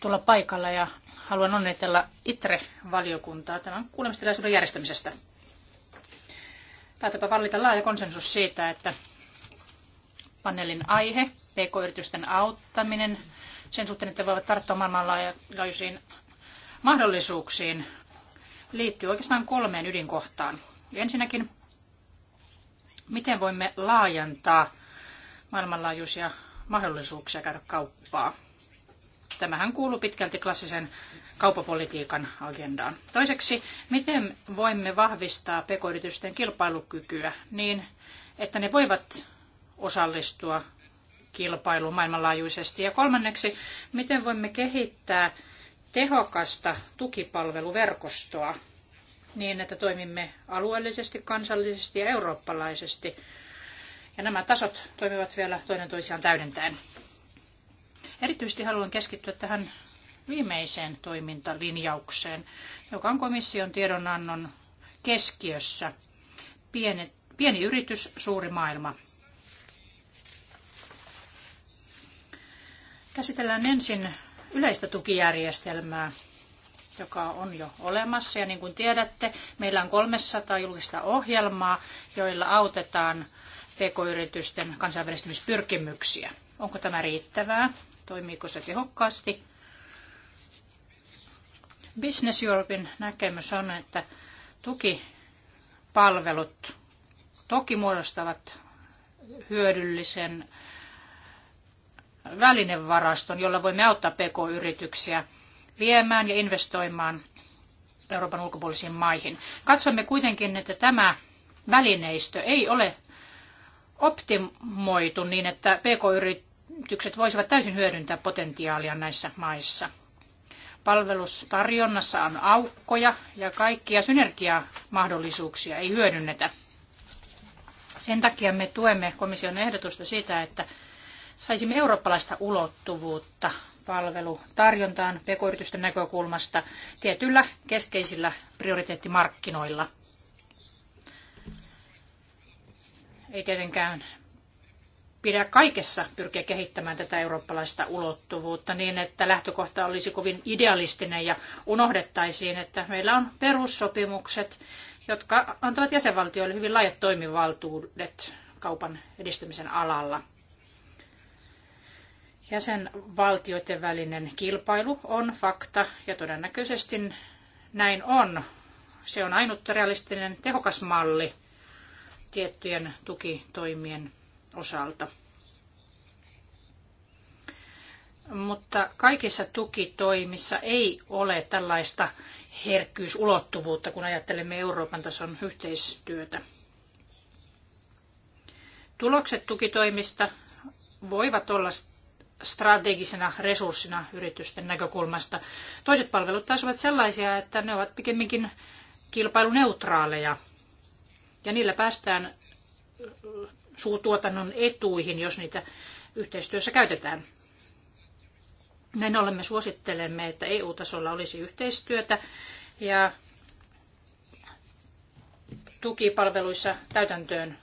tulla paikalla ja haluan onnitella ITRE-valiokuntaa tämän kuulemistilaisuuden järjestämisestä. Taitapa vallita laaja konsensus siitä, että paneelin aihe, pk-yritysten auttaminen, sen suhteen, että voivat tarttua maailmanlaajuisiin mahdollisuuksiin, liittyy oikeastaan kolmeen ydinkohtaan. Ensinnäkin, miten voimme laajentaa maailmanlaajuisia mahdollisuuksia käydä kauppaa. Tämähän kuuluu pitkälti klassisen kaupapolitiikan agendaan. Toiseksi, miten voimme vahvistaa pk-yritysten kilpailukykyä niin, että ne voivat osallistua kilpailuun maailmanlaajuisesti? Ja kolmanneksi, miten voimme kehittää tehokasta tukipalveluverkostoa niin, että toimimme alueellisesti, kansallisesti ja eurooppalaisesti? Ja nämä tasot toimivat vielä toinen toisiaan täydentäen. Erityisesti haluan keskittyä tähän viimeiseen toimintalinjaukseen, joka on komission tiedonannon keskiössä. Pieni, pieni yritys, suuri maailma. Käsitellään ensin yleistä tukijärjestelmää, joka on jo olemassa. Ja niin kuin tiedätte, meillä on 300 julkista ohjelmaa, joilla autetaan pk-yritysten kansainvälistymispyrkimyksiä. Onko tämä riittävää? Toimiiko se tehokkaasti? Business Europein näkemys on, että tukipalvelut toki muodostavat hyödyllisen välinevaraston, jolla voimme auttaa PK-yrityksiä viemään ja investoimaan Euroopan ulkopuolisiin maihin. Katsomme kuitenkin, että tämä välineistö ei ole optimoitu niin, että PK-yritykset voisivat täysin hyödyntää potentiaalia näissä maissa. Palvelustarjonnassa on aukkoja ja kaikkia synergiamahdollisuuksia ei hyödynnetä. Sen takia me tuemme komission ehdotusta siitä, että saisimme eurooppalaista ulottuvuutta palvelutarjontaan pk-yritysten näkökulmasta tietyillä keskeisillä prioriteettimarkkinoilla. Ei tietenkään pidä kaikessa pyrkiä kehittämään tätä eurooppalaista ulottuvuutta niin, että lähtökohta olisi kovin idealistinen ja unohdettaisiin, että meillä on perussopimukset, jotka antavat jäsenvaltioille hyvin laajat toimivaltuudet kaupan edistämisen alalla – Jäsenvaltioiden välinen kilpailu on fakta ja todennäköisesti näin on. Se on ainut realistinen tehokas malli tiettyjen tukitoimien osalta. Mutta kaikissa tukitoimissa ei ole tällaista herkkyysulottuvuutta, kun ajattelemme Euroopan tason yhteistyötä. Tulokset tukitoimista voivat olla strategisena resurssina yritysten näkökulmasta. Toiset palvelut taas ovat sellaisia, että ne ovat pikemminkin kilpailuneutraaleja ja niillä päästään suurtuotannon etuihin, jos niitä yhteistyössä käytetään. Näin ollen me suosittelemme, että EU-tasolla olisi yhteistyötä ja tukipalveluissa täytäntöön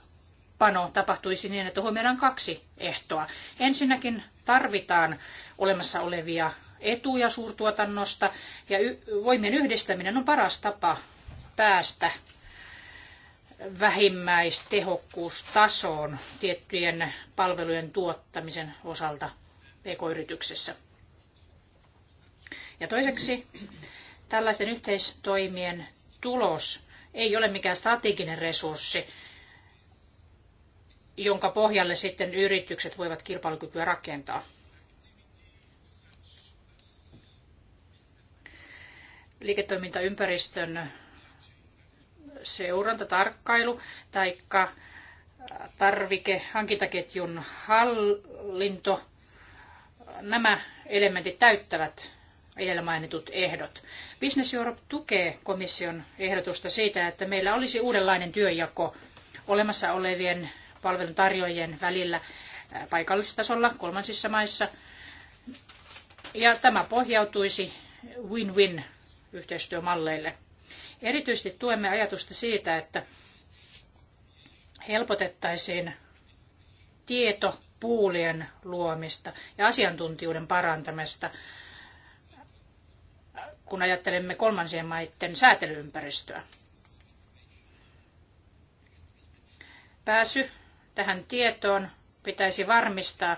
pano tapahtuisi niin, että huomioidaan kaksi ehtoa. Ensinnäkin tarvitaan olemassa olevia etuja suurtuotannosta ja voimien yhdistäminen on paras tapa päästä vähimmäistehokkuustasoon tiettyjen palvelujen tuottamisen osalta pk-yrityksessä. Ja toiseksi tällaisten yhteistoimien tulos ei ole mikään strateginen resurssi, jonka pohjalle sitten yritykset voivat kilpailukykyä rakentaa. Liiketoimintaympäristön seuranta, tarkkailu tai äh, tarvike, hankintaketjun hallinto, nämä elementit täyttävät edellä mainitut ehdot. Business Europe tukee komission ehdotusta siitä, että meillä olisi uudenlainen työjako olemassa olevien palveluntarjoajien välillä paikallistasolla kolmansissa maissa. Ja tämä pohjautuisi win-win yhteistyömalleille. Erityisesti tuemme ajatusta siitä, että helpotettaisiin tietopuulien luomista ja asiantuntijuuden parantamista, kun ajattelemme kolmansien maiden säätelyympäristöä. Pääsy tähän tietoon pitäisi varmistaa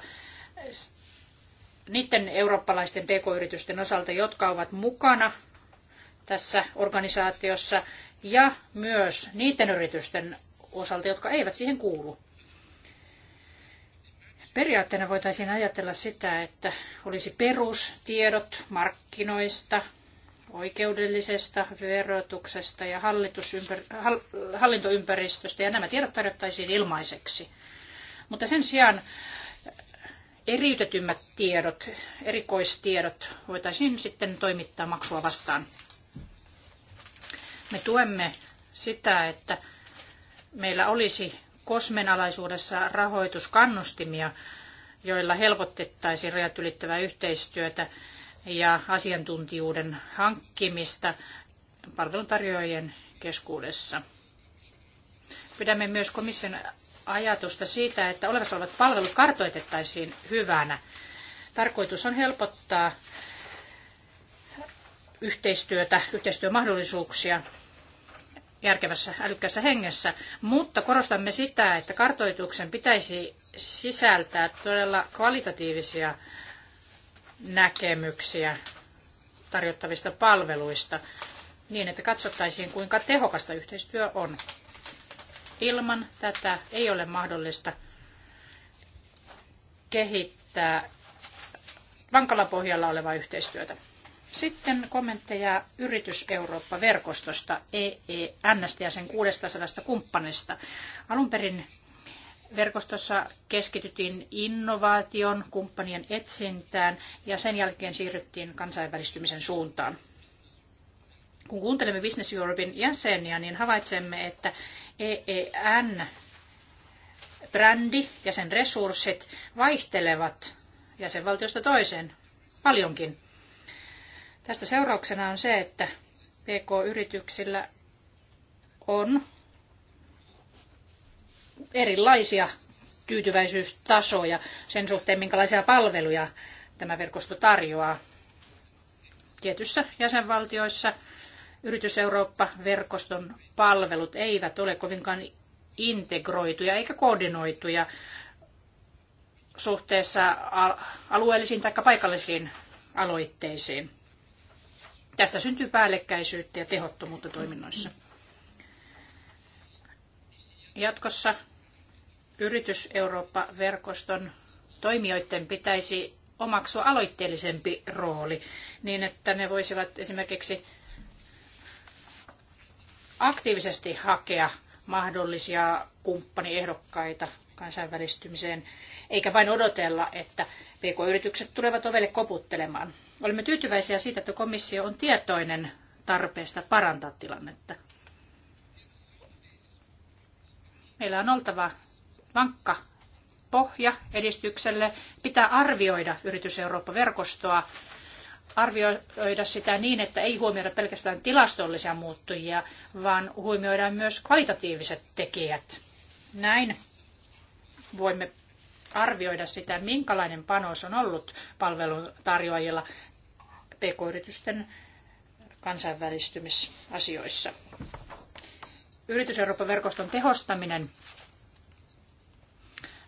niiden eurooppalaisten pk-yritysten osalta, jotka ovat mukana tässä organisaatiossa ja myös niiden yritysten osalta, jotka eivät siihen kuulu. Periaatteena voitaisiin ajatella sitä, että olisi perustiedot markkinoista, oikeudellisesta verotuksesta ja hallintoympäristöstä, ja nämä tiedot tarjottaisiin ilmaiseksi. Mutta sen sijaan eriytetymmät tiedot, erikoistiedot voitaisiin sitten toimittaa maksua vastaan. Me tuemme sitä, että meillä olisi kosmenalaisuudessa rahoituskannustimia, joilla helpotettaisiin rajat ylittävää yhteistyötä ja asiantuntijuuden hankkimista palveluntarjoajien keskuudessa. Pidämme myös komission ajatusta siitä, että olemassa olevat palvelut kartoitettaisiin hyvänä. Tarkoitus on helpottaa yhteistyötä, yhteistyömahdollisuuksia järkevässä älykkässä hengessä, mutta korostamme sitä, että kartoituksen pitäisi sisältää todella kvalitatiivisia näkemyksiä tarjottavista palveluista niin, että katsottaisiin kuinka tehokasta yhteistyö on. Ilman tätä ei ole mahdollista kehittää vankalla pohjalla olevaa yhteistyötä. Sitten kommentteja Yritys Eurooppa-verkostosta EEN ja sen 600 kumppanista. Alun perin Verkostossa keskityttiin innovaation, kumppanien etsintään ja sen jälkeen siirryttiin kansainvälistymisen suuntaan. Kun kuuntelemme Business Europein jäseniä, niin havaitsemme, että EEN brändi ja sen resurssit vaihtelevat jäsenvaltiosta toiseen paljonkin. Tästä seurauksena on se, että PK-yrityksillä on erilaisia tyytyväisyystasoja sen suhteen, minkälaisia palveluja tämä verkosto tarjoaa. Tietyssä jäsenvaltioissa Yritys Eurooppa-verkoston palvelut eivät ole kovinkaan integroituja eikä koordinoituja suhteessa alueellisiin tai paikallisiin aloitteisiin. Tästä syntyy päällekkäisyyttä ja tehottomuutta toiminnoissa. Jatkossa Yritys Eurooppa-verkoston toimijoiden pitäisi omaksua aloitteellisempi rooli, niin että ne voisivat esimerkiksi aktiivisesti hakea mahdollisia kumppaniehdokkaita kansainvälistymiseen, eikä vain odotella, että PK-yritykset tulevat ovelle koputtelemaan. Olemme tyytyväisiä siitä, että komissio on tietoinen tarpeesta parantaa tilannetta. Meillä on oltava vankka pohja edistykselle. Pitää arvioida Yritys Eurooppa-verkostoa, arvioida sitä niin, että ei huomioida pelkästään tilastollisia muuttujia, vaan huomioidaan myös kvalitatiiviset tekijät. Näin voimme arvioida sitä, minkälainen panos on ollut palveluntarjoajilla pk-yritysten kansainvälistymisasioissa. Yritys Euroopan verkoston tehostaminen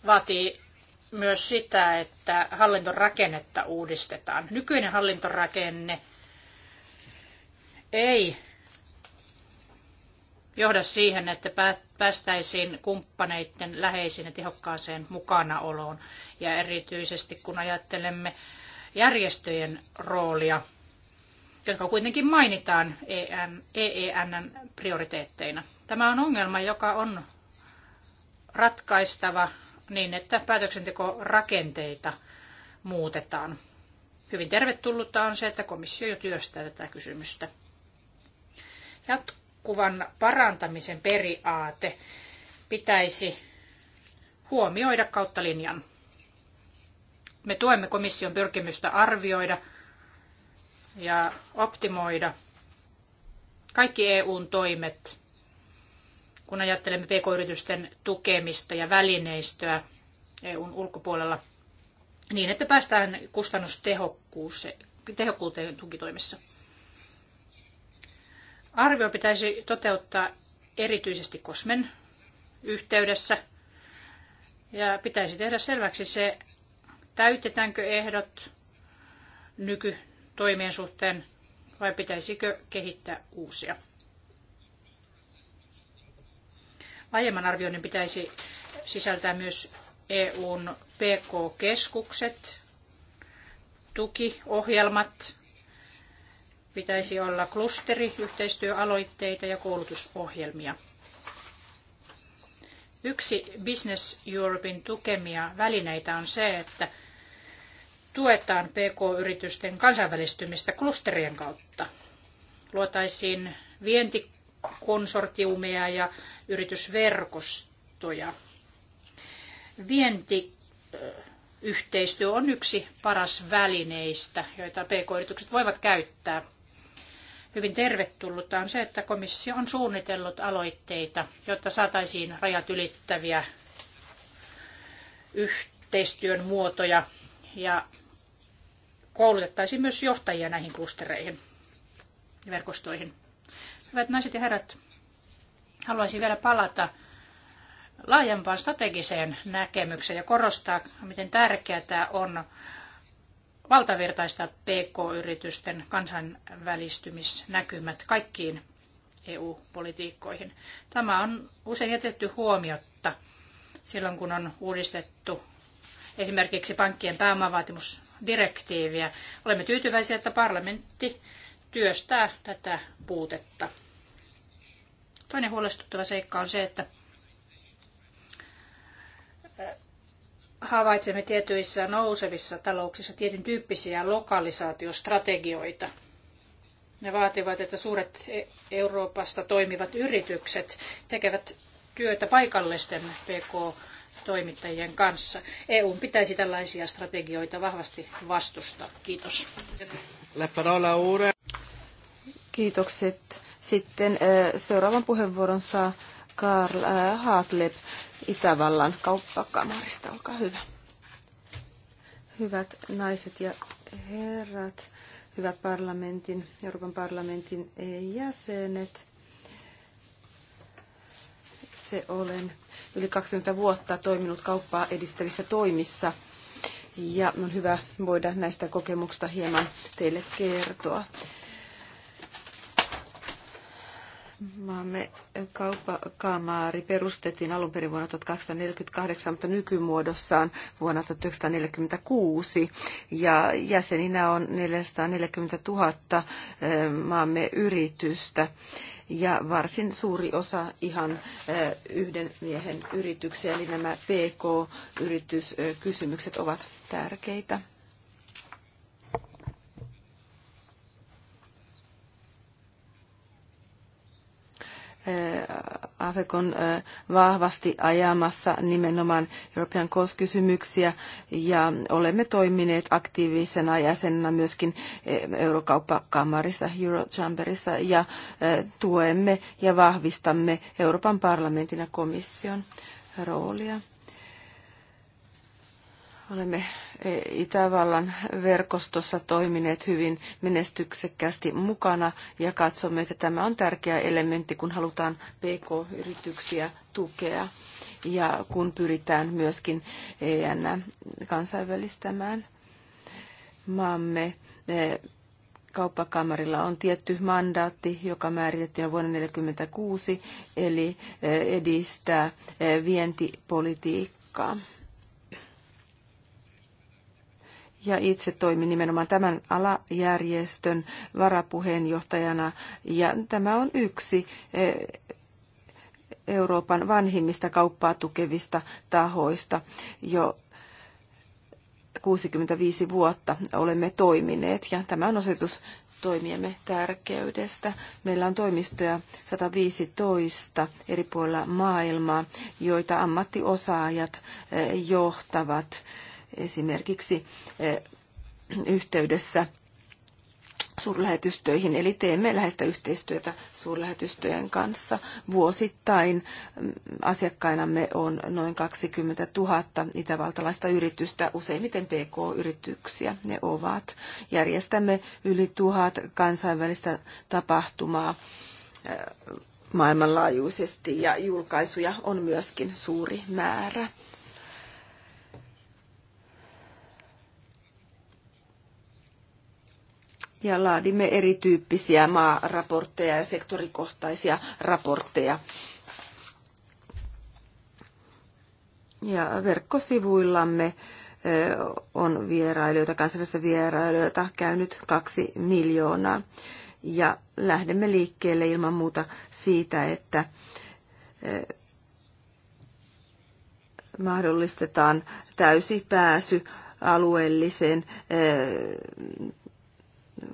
vaatii myös sitä, että hallintorakennetta uudistetaan. Nykyinen hallintorakenne ei johda siihen, että päästäisiin kumppaneiden läheisiin ja tehokkaaseen mukanaoloon. Ja erityisesti kun ajattelemme järjestöjen roolia, jotka kuitenkin mainitaan EEN e e prioriteetteina. Tämä on ongelma, joka on ratkaistava niin, että päätöksentekorakenteita muutetaan. Hyvin tervetullutta on se, että komissio jo työstää tätä kysymystä. Jatkuvan parantamisen periaate pitäisi huomioida kautta linjan. Me tuemme komission pyrkimystä arvioida ja optimoida kaikki EUn toimet kun ajattelemme pk-yritysten tukemista ja välineistöä EUn ulkopuolella, niin että päästään kustannustehokkuuteen tukitoimissa. Arvio pitäisi toteuttaa erityisesti kosmen yhteydessä ja pitäisi tehdä selväksi se, täytetäänkö ehdot nykytoimien suhteen vai pitäisikö kehittää uusia. Laajemman arvioinnin pitäisi sisältää myös EUn PK-keskukset, tukiohjelmat, pitäisi olla klusteri, yhteistyöaloitteita ja koulutusohjelmia. Yksi Business Europein tukemia välineitä on se, että tuetaan PK-yritysten kansainvälistymistä klusterien kautta. Luotaisiin vientikonsortiumeja ja yritysverkostoja. Vientiyhteistyö on yksi paras välineistä, joita pk-yritykset voivat käyttää. Hyvin tervetullutta on se, että komissio on suunnitellut aloitteita, jotta saataisiin rajat ylittäviä yhteistyön muotoja ja koulutettaisiin myös johtajia näihin klustereihin ja verkostoihin. Hyvät naiset ja herrat, Haluaisin vielä palata laajempaan strategiseen näkemykseen ja korostaa, miten tärkeää on valtavirtaista PK-yritysten kansainvälistymisnäkymät kaikkiin EU-politiikkoihin. Tämä on usein jätetty huomiotta silloin, kun on uudistettu esimerkiksi pankkien pääomavaatimusdirektiiviä. Olemme tyytyväisiä, että parlamentti työstää tätä puutetta. Toinen huolestuttava seikka on se, että havaitsemme tietyissä nousevissa talouksissa tietyn tyyppisiä lokalisaatiostrategioita. Ne vaativat, että suuret e- Euroopasta toimivat yritykset tekevät työtä paikallisten PK-toimittajien kanssa. EU pitäisi tällaisia strategioita vahvasti vastustaa. Kiitos. Kiitokset. Sitten seuraavan puheenvuoron saa Karl Haatleb Itävallan kauppakamarista. Olkaa hyvä. Hyvät naiset ja herrat, hyvät parlamentin, Euroopan parlamentin jäsenet. Se olen yli 20 vuotta toiminut kauppaa edistävissä toimissa ja on hyvä voida näistä kokemuksista hieman teille kertoa. Maamme kauppakamaari perustettiin alun perin vuonna 1848, mutta nykymuodossaan vuonna 1946. Ja jäseninä on 440 000 eh, maamme yritystä ja varsin suuri osa ihan eh, yhden miehen yrityksiä, eli nämä PK-yrityskysymykset ovat tärkeitä. AFEKon vahvasti ajamassa nimenomaan European COS-kysymyksiä ja olemme toimineet aktiivisena jäsenenä myöskin Eurokauppakamarissa, Eurochamberissa ja tuemme ja vahvistamme Euroopan parlamentin ja komission roolia. Olemme e, Itävallan verkostossa toimineet hyvin menestyksekkäästi mukana ja katsomme, että tämä on tärkeä elementti, kun halutaan PK-yrityksiä tukea ja kun pyritään myöskin EN kansainvälistämään maamme e, kauppakamarilla on tietty mandaatti, joka määritettiin jo vuonna 1946, eli e, edistää vientipolitiikkaa ja itse toimin nimenomaan tämän alajärjestön varapuheenjohtajana ja tämä on yksi e, Euroopan vanhimmista kauppaa tukevista tahoista jo 65 vuotta olemme toimineet ja tämä on osoitus toimiemme tärkeydestä. Meillä on toimistoja 115 eri puolilla maailmaa, joita ammattiosaajat e, johtavat esimerkiksi eh, yhteydessä suurlähetystöihin, eli teemme läheistä yhteistyötä suurlähetystöjen kanssa. Vuosittain mm, asiakkainamme on noin 20 000 itävaltalaista yritystä, useimmiten PK-yrityksiä ne ovat. Järjestämme yli tuhat kansainvälistä tapahtumaa eh, maailmanlaajuisesti ja julkaisuja on myöskin suuri määrä. ja laadimme erityyppisiä maaraportteja ja sektorikohtaisia raportteja. Ja verkkosivuillamme on vierailijoita, kansainvälisiä vierailijoita käynyt kaksi miljoonaa. Ja lähdemme liikkeelle ilman muuta siitä, että mahdollistetaan täysi pääsy alueelliseen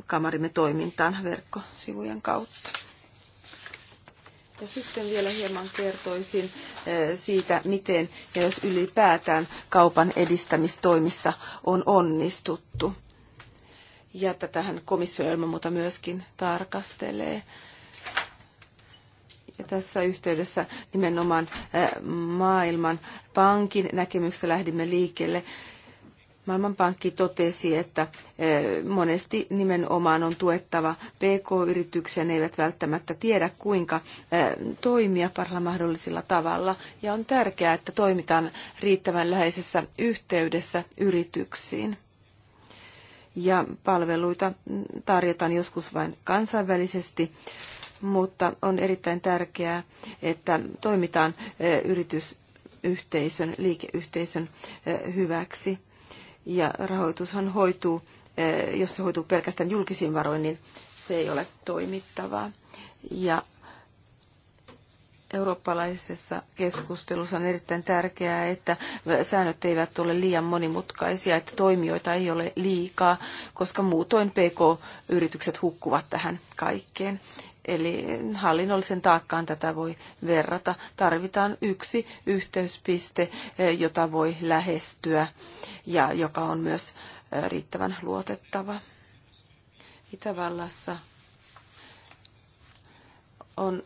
kamarimme toimintaan verkkosivujen kautta. Ja sitten vielä hieman kertoisin eh, siitä, miten ja jos ylipäätään kaupan edistämistoimissa on onnistuttu. Ja tätähän komissio ilman muuta myöskin tarkastelee. Ja tässä yhteydessä nimenomaan eh, maailman pankin näkemyksessä lähdimme liikkeelle Maailmanpankki totesi, että e, monesti nimenomaan on tuettava PK-yrityksiä, ne eivät välttämättä tiedä kuinka e, toimia parhaalla mahdollisella tavalla. Ja on tärkeää, että toimitaan riittävän läheisessä yhteydessä yrityksiin. Ja palveluita tarjotaan joskus vain kansainvälisesti mutta on erittäin tärkeää, että toimitaan e, yritys-yhteisön liikeyhteisön hyväksi. Ja rahoitushan hoituu, eh, jos se hoituu pelkästään julkisin varoin, niin se ei ole toimittavaa. Ja eurooppalaisessa keskustelussa on erittäin tärkeää, että säännöt eivät ole liian monimutkaisia, että toimijoita ei ole liikaa, koska muutoin PK-yritykset hukkuvat tähän kaikkeen. Eli hallinnollisen taakkaan tätä voi verrata. Tarvitaan yksi yhteyspiste, eh, jota voi lähestyä ja joka on myös eh, riittävän luotettava. Itävallassa on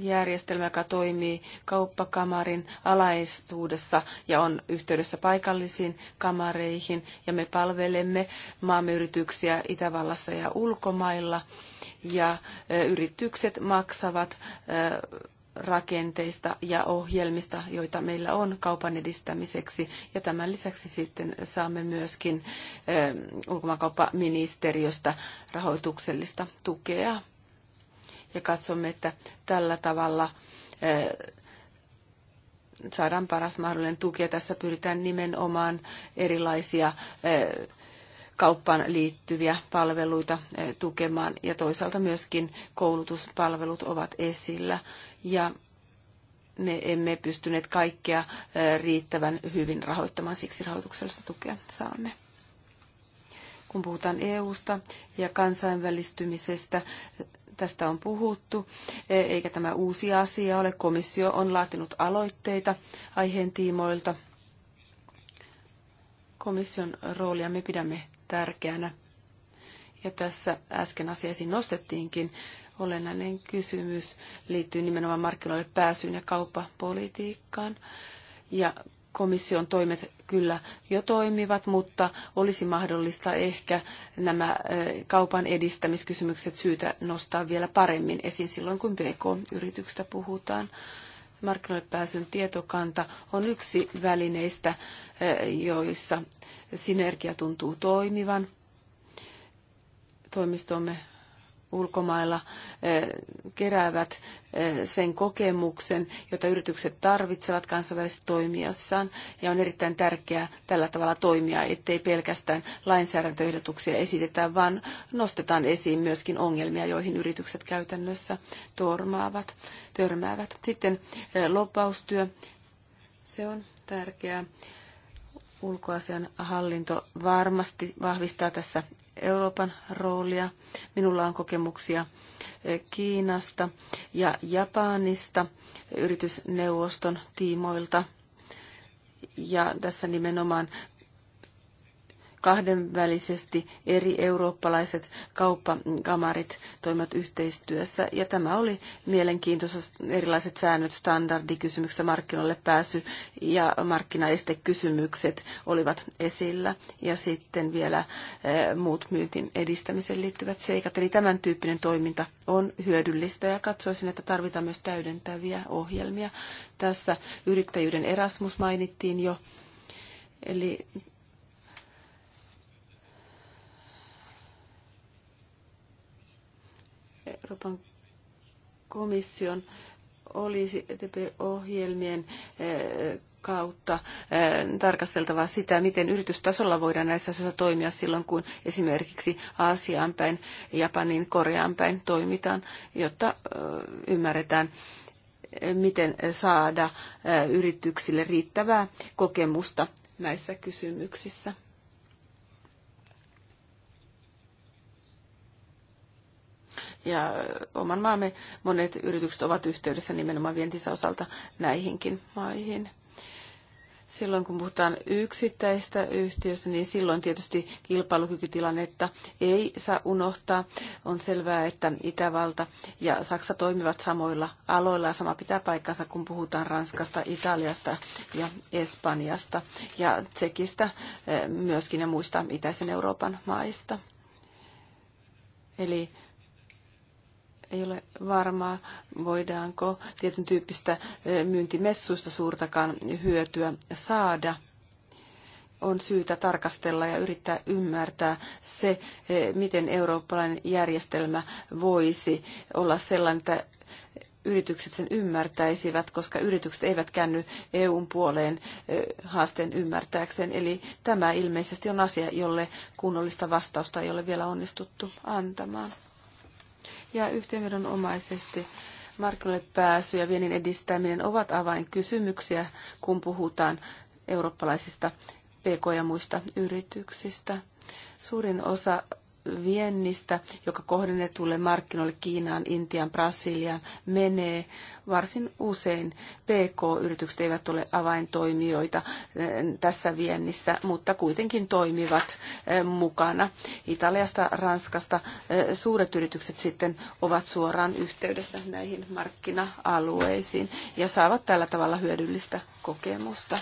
järjestelmä, joka toimii kauppakamarin alaistuudessa ja on yhteydessä paikallisiin kamareihin. Ja me palvelemme maamme yrityksiä Itävallassa ja ulkomailla. Ja yritykset maksavat rakenteista ja ohjelmista, joita meillä on kaupan edistämiseksi. Ja tämän lisäksi sitten saamme myöskin ulkomaankauppaministeriöstä rahoituksellista tukea ja katsomme, että tällä tavalla eh, saadaan paras mahdollinen tuki. Ja tässä pyritään nimenomaan erilaisia eh, kauppaan liittyviä palveluita eh, tukemaan ja toisaalta myöskin koulutuspalvelut ovat esillä. Ja me emme pystyneet kaikkea riittävän hyvin rahoittamaan, siksi rahoituksellista tukea saamme. Kun puhutaan EUsta ja kansainvälistymisestä, tästä on puhuttu, e, eikä tämä uusi asia ole. Komissio on laatinut aloitteita aiheen tiimoilta. Komission roolia me pidämme tärkeänä. Ja tässä äsken asiasi nostettiinkin. Olennainen kysymys liittyy nimenomaan markkinoille pääsyyn ja kauppapolitiikkaan. Ja komission toimet kyllä jo toimivat, mutta olisi mahdollista ehkä nämä kaupan edistämiskysymykset syytä nostaa vielä paremmin esiin silloin, kun PK-yrityksistä puhutaan. Markkinoille pääsyn tietokanta on yksi välineistä, joissa synergia tuntuu toimivan. Toimistomme ulkomailla eh, keräävät eh, sen kokemuksen, jota yritykset tarvitsevat kansainvälisessä toimijassaan. Ja on erittäin tärkeää tällä tavalla toimia, ettei pelkästään lainsäädäntöehdotuksia esitetä, vaan nostetaan esiin myöskin ongelmia, joihin yritykset käytännössä tormaavat, törmäävät. Sitten eh, loppaustyö. Se on tärkeää ulkoasian hallinto varmasti vahvistaa tässä Euroopan roolia. Minulla on kokemuksia eh, Kiinasta ja Japanista yritysneuvoston tiimoilta. Ja tässä nimenomaan kahdenvälisesti eri eurooppalaiset kauppakamarit toimivat yhteistyössä. Ja tämä oli mielenkiintoista erilaiset säännöt, standardikysymykset, markkinoille pääsy ja markkinaestekysymykset olivat esillä. Ja sitten vielä eh, muut myyntin edistämiseen liittyvät seikat. Eli tämän tyyppinen toiminta on hyödyllistä ja katsoisin, että tarvitaan myös täydentäviä ohjelmia. Tässä yrittäjyyden Erasmus mainittiin jo. Eli Euroopan komission olisi e ohjelmien eh, kautta eh, tarkasteltava sitä, miten yritystasolla voidaan näissä asioissa toimia silloin, kun esimerkiksi Aasiaan päin, Japanin, Koreaan päin toimitaan, jotta eh, ymmärretään, miten saada yrityksille riittävää kokemusta näissä kysymyksissä. ja oman maamme monet yritykset ovat yhteydessä nimenomaan vientinsä osalta näihinkin maihin silloin kun puhutaan yksittäistä yhtiöstä, niin silloin tietysti kilpailukykytilannetta ei saa unohtaa. On selvää, että Itävalta ja Saksa toimivat samoilla aloilla ja sama pitää paikkansa, kun puhutaan Ranskasta, Italiasta ja Espanjasta ja Tsekistä eh, myöskin ja muista itäisen Euroopan maista. Eli ei ole varmaa, voidaanko tietyn tyyppistä myyntimessuista suurtakaan hyötyä saada. On syytä tarkastella ja yrittää ymmärtää se, miten eurooppalainen järjestelmä voisi olla sellainen, että yritykset sen ymmärtäisivät, koska yritykset eivät käänny EUn puoleen haasteen ymmärtääkseen. Eli tämä ilmeisesti on asia, jolle kunnollista vastausta ei ole vielä onnistuttu antamaan ja yhteenvedonomaisesti markkinoille pääsy ja viennin edistäminen ovat avainkysymyksiä, kun puhutaan eurooppalaisista pk- ja muista yrityksistä. Suurin osa viennistä, joka kohdennetulle markkinoille Kiinaan, Intian, Brasiliaan menee, varsin usein PK-yritykset eivät ole avaintoimijoita eh, tässä viennissä, mutta kuitenkin toimivat eh, mukana. Italiasta, Ranskasta eh, suuret yritykset sitten ovat suoraan yhteydessä näihin markkina-alueisiin ja saavat tällä tavalla hyödyllistä kokemusta.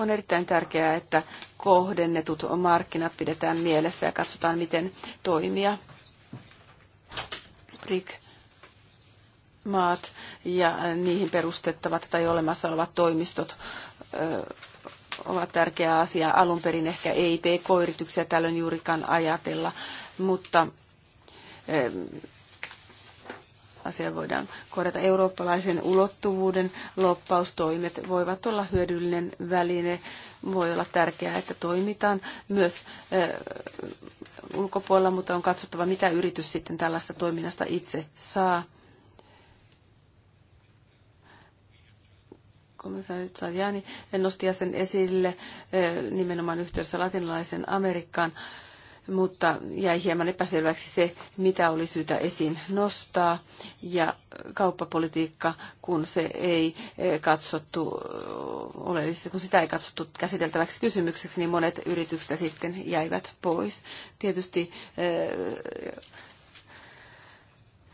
On erittäin tärkeää, että kohdennetut markkinat pidetään mielessä ja katsotaan, miten toimia. BRIC maat ja niihin perustettavat tai olemassa olevat toimistot ovat tärkeä asia. Alun perin ehkä ei pk-yrityksiä tällöin juurikaan ajatella, mutta asia voidaan korjata. Eurooppalaisen ulottuvuuden loppaustoimet voivat olla hyödyllinen väline. Voi olla tärkeää, että toimitaan myös eh, ulkopuolella, mutta on katsottava, mitä yritys sitten tällaista toiminnasta itse saa. komissaari Tajani nosti sen esille eh, nimenomaan yhteydessä latinalaisen Amerikkaan mutta jäi hieman epäselväksi se, mitä oli syytä esiin nostaa. Ja kauppapolitiikka, kun se ei eh, katsottu oleellisesti, kun sitä ei katsottu käsiteltäväksi kysymykseksi, niin monet yritykset sitten jäivät pois. Tietysti eh,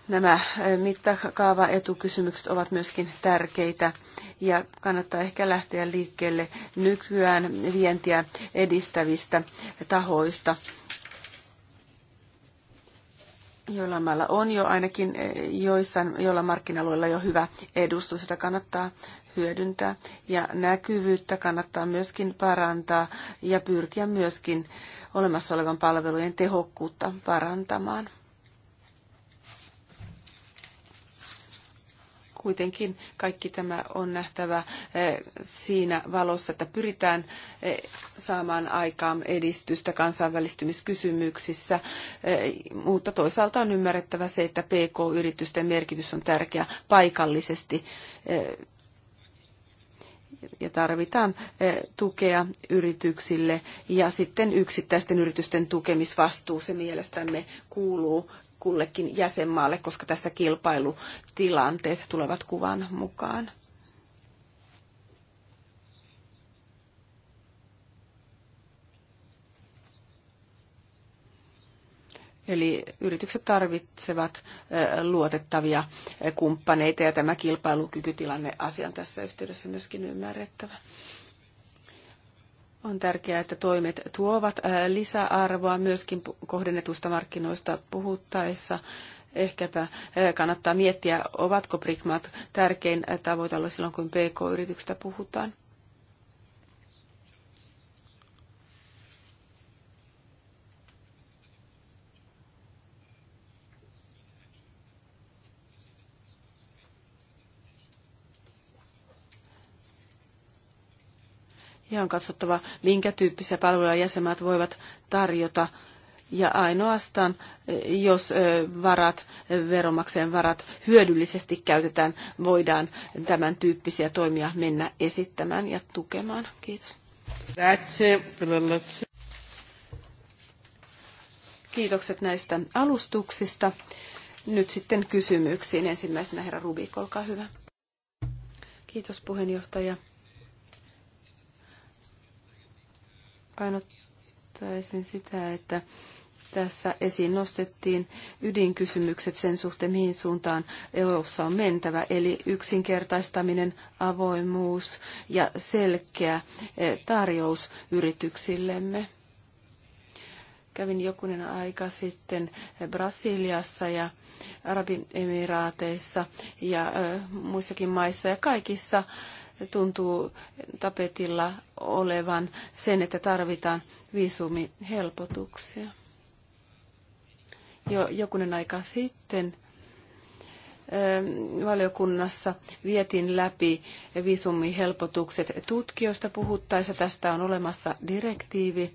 nämä eh, mittakaavaetukysymykset ovat myöskin tärkeitä ja kannattaa ehkä lähteä liikkeelle nykyään vientiä edistävistä tahoista joilla mailla on jo ainakin eh, joissain, joilla markkinalueilla jo hyvä edustus, sitä kannattaa hyödyntää. Ja näkyvyyttä kannattaa myöskin parantaa ja pyrkiä myöskin olemassa olevan palvelujen tehokkuutta parantamaan. kuitenkin kaikki tämä on nähtävä eh, siinä valossa, että pyritään eh, saamaan aikaan edistystä kansainvälistymiskysymyksissä, eh, mutta toisaalta on ymmärrettävä se, että PK-yritysten merkitys on tärkeä paikallisesti ja tarvitaan tukea yrityksille ja sitten yksittäisten yritysten tukemisvastuu, se mielestämme kuuluu kullekin jäsenmaalle, koska tässä kilpailutilanteet tulevat kuvan mukaan. Eli yritykset tarvitsevat luotettavia kumppaneita ja tämä kilpailukykytilanne asian tässä yhteydessä myöskin ymmärrettävä. On tärkeää, että toimet tuovat äh, lisäarvoa myöskin kohdennetusta markkinoista puhuttaessa. Ehkäpä äh, kannattaa miettiä, ovatko prikmat tärkein äh, tavoite silloin, kun pk yrityksistä puhutaan. ja on katsottava, minkä tyyppisiä palveluja jäsenmaat voivat tarjota. Ja ainoastaan, eh, jos eh, varat, eh, veronmaksajan varat hyödyllisesti käytetään, voidaan tämän tyyppisiä toimia mennä esittämään ja tukemaan. Kiitos. Kiitokset näistä alustuksista. Nyt sitten kysymyksiin. Ensimmäisenä herra Rubik, olkaa hyvä. Kiitos puheenjohtaja. painottaisin sitä, että tässä esiin nostettiin ydinkysymykset sen suhteen, mihin suuntaan EU:ssa on mentävä, eli yksinkertaistaminen, avoimuus ja selkeä eh, tarjous yrityksillemme. Kävin jokunen aika sitten eh, Brasiliassa ja Arabiemiraateissa ja eh, muissakin maissa ja kaikissa tuntuu tapetilla olevan sen, että tarvitaan viisumihelpotuksia. Jo jokunen aika sitten ähm, valiokunnassa vietin läpi viisumihelpotukset tutkijoista puhuttaessa. Tästä on olemassa direktiivi,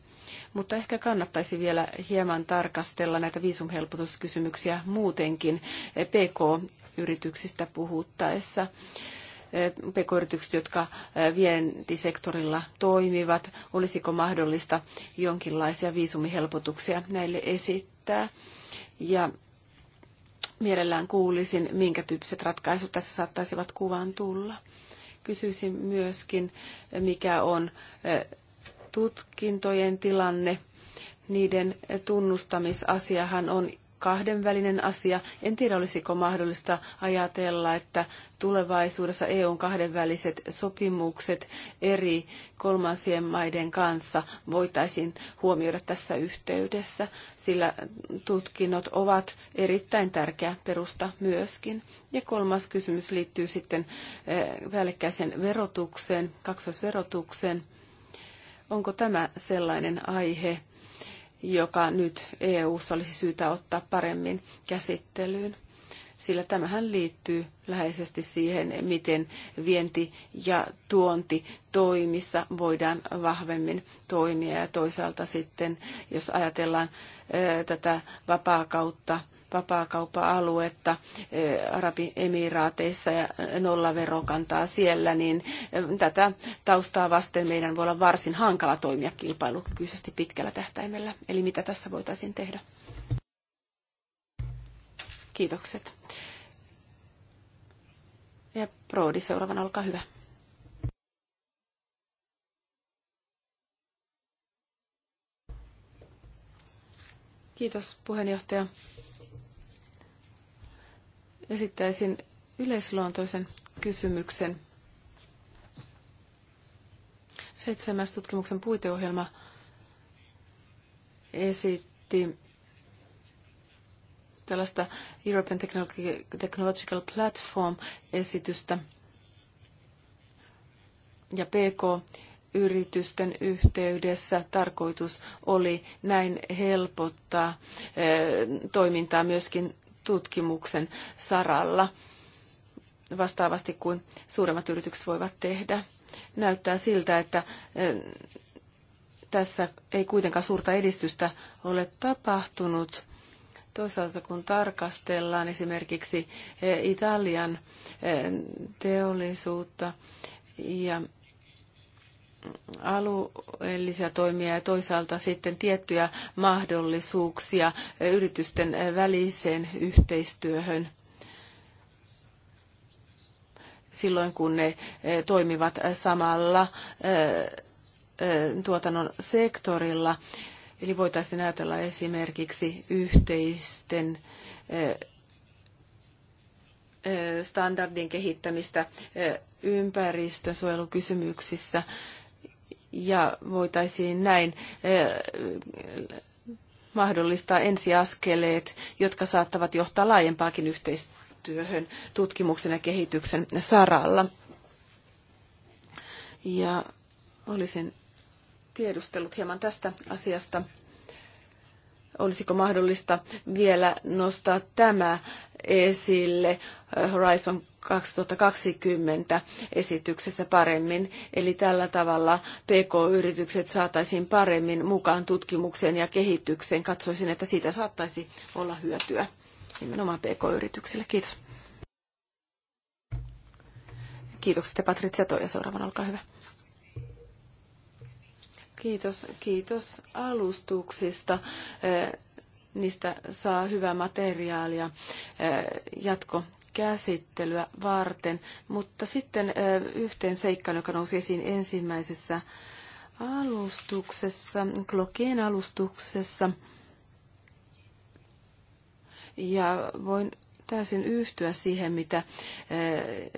mutta ehkä kannattaisi vielä hieman tarkastella näitä viisumhelpotuskysymyksiä muutenkin eh, PK-yrityksistä puhuttaessa pk-yritykset, jotka vientisektorilla toimivat. Olisiko mahdollista jonkinlaisia viisumihelpotuksia näille esittää? Ja mielellään kuulisin, minkä tyyppiset ratkaisut tässä saattaisivat kuvaan tulla. Kysyisin myöskin, mikä on tutkintojen tilanne. Niiden tunnustamisasiahan on kahdenvälinen asia. En tiedä, olisiko mahdollista ajatella, että tulevaisuudessa EUn kahdenväliset sopimukset eri kolmansien maiden kanssa voitaisiin huomioida tässä yhteydessä, sillä tutkinnot ovat erittäin tärkeä perusta myöskin. Ja kolmas kysymys liittyy sitten eh, päällekkäiseen verotukseen, kaksoisverotukseen. Onko tämä sellainen aihe, joka nyt EU-ssa olisi syytä ottaa paremmin käsittelyyn. Sillä tämähän liittyy läheisesti siihen, miten vienti- ja tuonti toimissa voidaan vahvemmin toimia. Ja toisaalta sitten, jos ajatellaan tätä vapaakautta, kautta, vapaakauppa-aluetta eh, Arabiemiraateissa ja nollaverokantaa siellä, niin eh, tätä taustaa vasten meidän voi olla varsin hankala toimia kilpailukykyisesti pitkällä tähtäimellä. Eli mitä tässä voitaisiin tehdä? Kiitokset. Ja Proodi seuraavana, olkaa hyvä. Kiitos puheenjohtaja esittäisin yleisluontoisen kysymyksen. Seitsemäs tutkimuksen puiteohjelma esitti tällaista European Technological Platform-esitystä ja PK-yritysten yhteydessä tarkoitus oli näin helpottaa eh, toimintaa myöskin tutkimuksen saralla vastaavasti kuin suuremmat yritykset voivat tehdä. Näyttää siltä, että eh, tässä ei kuitenkaan suurta edistystä ole tapahtunut. Toisaalta kun tarkastellaan esimerkiksi eh, Italian eh, teollisuutta ja alueellisia toimia ja toisaalta sitten tiettyjä mahdollisuuksia yritysten väliseen yhteistyöhön silloin, kun ne eh, toimivat samalla eh, eh, tuotannon sektorilla. Eli voitaisiin ajatella esimerkiksi yhteisten standardin kehittämistä ympäristönsuojelukysymyksissä. suojelukysymyksissä ja voitaisiin näin eh, mahdollistaa ensiaskeleet, jotka saattavat johtaa laajempaakin yhteistyöhön tutkimuksen ja kehityksen saralla. Ja olisin tiedustellut hieman tästä asiasta olisiko mahdollista vielä nostaa tämä esille Horizon 2020 esityksessä paremmin. Eli tällä tavalla PK-yritykset saataisiin paremmin mukaan tutkimukseen ja kehitykseen. Katsoisin, että siitä saattaisi olla hyötyä nimenomaan PK-yrityksille. Kiitos. Kiitokset Patricia Toija seuraavana, olkaa hyvä. Kiitos, kiitos alustuksista. Eh, niistä saa hyvää materiaalia eh, jatkokäsittelyä varten. Mutta sitten eh, yhteen seikkaan, joka nousi esiin ensimmäisessä alustuksessa, Klokien alustuksessa. Ja voin täysin yhtyä siihen, mitä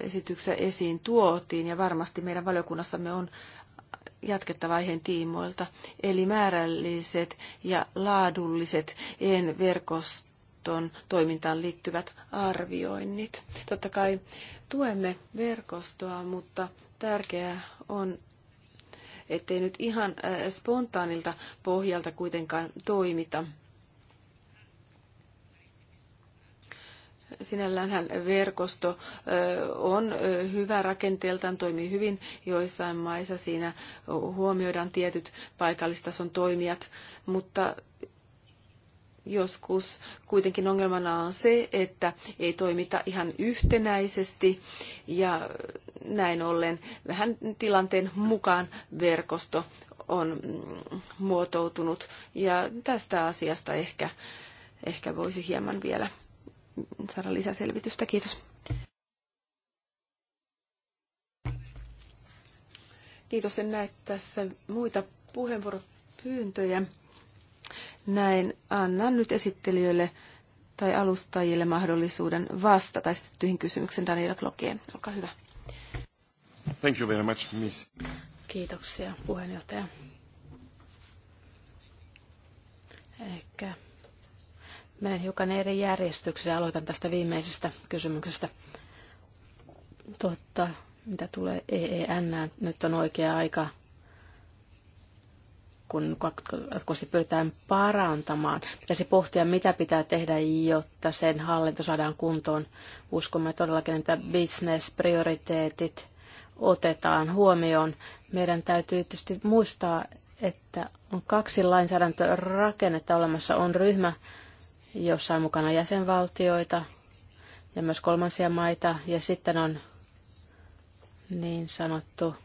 esityksessä esiin tuotiin, ja varmasti meidän valiokunnassamme on jatkettava aiheen tiimoilta, eli määrälliset ja laadulliset EN-verkoston toimintaan liittyvät arvioinnit. Totta kai tuemme verkostoa, mutta tärkeää on ettei nyt ihan äh, spontaanilta pohjalta kuitenkaan toimita. Sinällään verkosto on hyvä rakenteeltaan, toimii hyvin joissain maissa. Siinä huomioidaan tietyt paikallistason toimijat, mutta joskus kuitenkin ongelmana on se, että ei toimita ihan yhtenäisesti ja näin ollen vähän tilanteen mukaan verkosto on mm, muotoutunut ja tästä asiasta ehkä, ehkä voisi hieman vielä saada lisäselvitystä. Kiitos. Kiitos, en näe tässä muita puheenvuoropyyntöjä. Näin annan nyt esittelijöille tai alustajille mahdollisuuden vastata esitettyihin kysymyksiin. Daniela Klokie, olkaa hyvä. Thank you very much, miss. Kiitoksia, puheenjohtaja. Ehkä Menen hiukan eri järjestyksessä. Aloitan tästä viimeisestä kysymyksestä. Totta, mitä tulee EEN, nyt on oikea aika, kun jatkuvasti pyritään parantamaan. Pitäisi pohtia, mitä pitää tehdä, jotta sen hallinto saadaan kuntoon. Uskomme todellakin, että business-prioriteetit otetaan huomioon. Meidän täytyy tietysti muistaa, että on kaksi lainsäädäntörakennetta olemassa. On ryhmä, jossa on mukana jäsenvaltioita ja myös kolmansia maita. Ja sitten on niin sanottu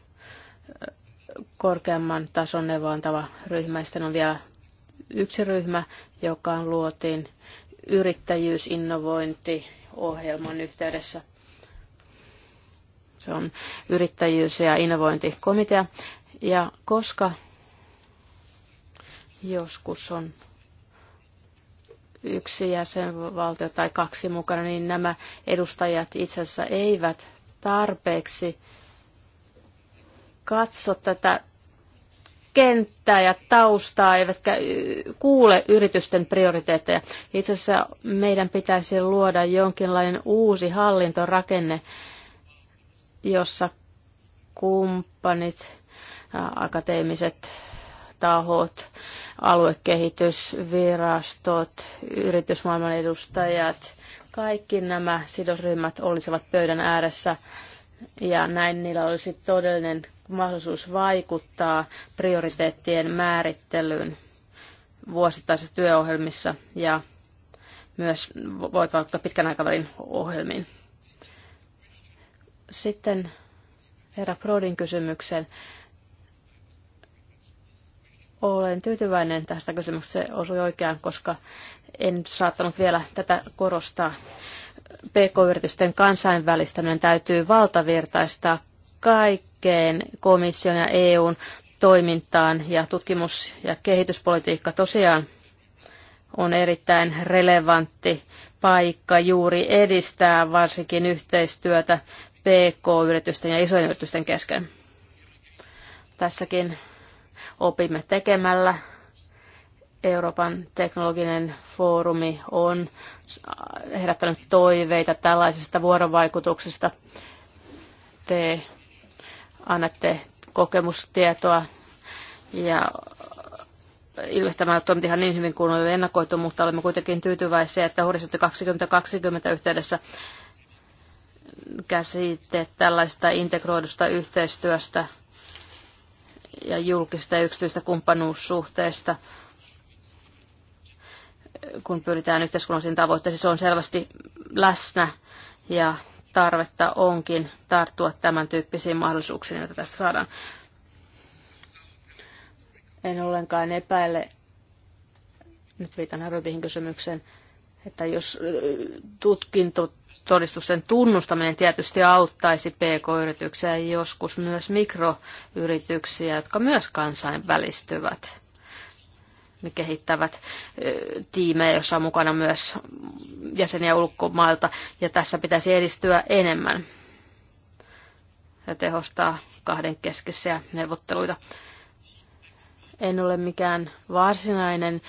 korkeamman tason neuvontava ryhmä. Ja sitten on vielä yksi ryhmä, joka on luotiin yrittäjyysinnovointiohjelman yhteydessä. Se on yrittäjyys- ja innovointikomitea. Ja koska joskus on yksi jäsenvaltio tai kaksi mukana, niin nämä edustajat itse asiassa eivät tarpeeksi katso tätä kenttää ja taustaa, eivätkä kuule yritysten prioriteetteja. Itse asiassa meidän pitäisi luoda jonkinlainen uusi hallintorakenne, jossa kumppanit, akateemiset tahot, aluekehitysvirastot, yritysmaailman edustajat, kaikki nämä sidosryhmät olisivat pöydän ääressä ja näin niillä olisi todellinen mahdollisuus vaikuttaa prioriteettien määrittelyyn vuosittaisissa työohjelmissa ja myös voit vaikuttaa pitkän aikavälin ohjelmiin. Sitten herra Prodin kysymykseen. Olen tyytyväinen tästä kysymyksestä. Se osui oikeaan, koska en saattanut vielä tätä korostaa. PK-yritysten kansainvälistäminen täytyy valtavirtaistaa kaikkeen komission ja EUn toimintaan ja tutkimus- ja kehityspolitiikka tosiaan on erittäin relevantti paikka juuri edistää varsinkin yhteistyötä PK-yritysten ja isojen yritysten kesken. Tässäkin opimme tekemällä. Euroopan teknologinen foorumi on herättänyt toiveita tällaisesta vuorovaikutuksesta. Te annatte kokemustietoa ja ilmeisesti tämä on ihan niin hyvin kuin oli ennakoitu, mutta olemme kuitenkin tyytyväisiä, että Horisontti 2020 yhteydessä käsitteet tällaista integroidusta yhteistyöstä ja julkista ja yksityistä kumppanuussuhteista, kun pyritään yhteiskunnallisiin tavoitteisiin. Se on selvästi läsnä ja tarvetta onkin tarttua tämän tyyppisiin mahdollisuuksiin, joita tästä saadaan. En ollenkaan epäile, nyt viitan Rubihin kysymykseen, että jos tutkinto todistusten tunnustaminen tietysti auttaisi pk-yrityksiä ja joskus myös mikroyrityksiä, jotka myös kansainvälistyvät. Ne kehittävät tiimejä, joissa on mukana myös jäseniä ulkomailta, ja tässä pitäisi edistyä enemmän ja tehostaa kahdenkeskisiä neuvotteluita. En ole mikään varsinainen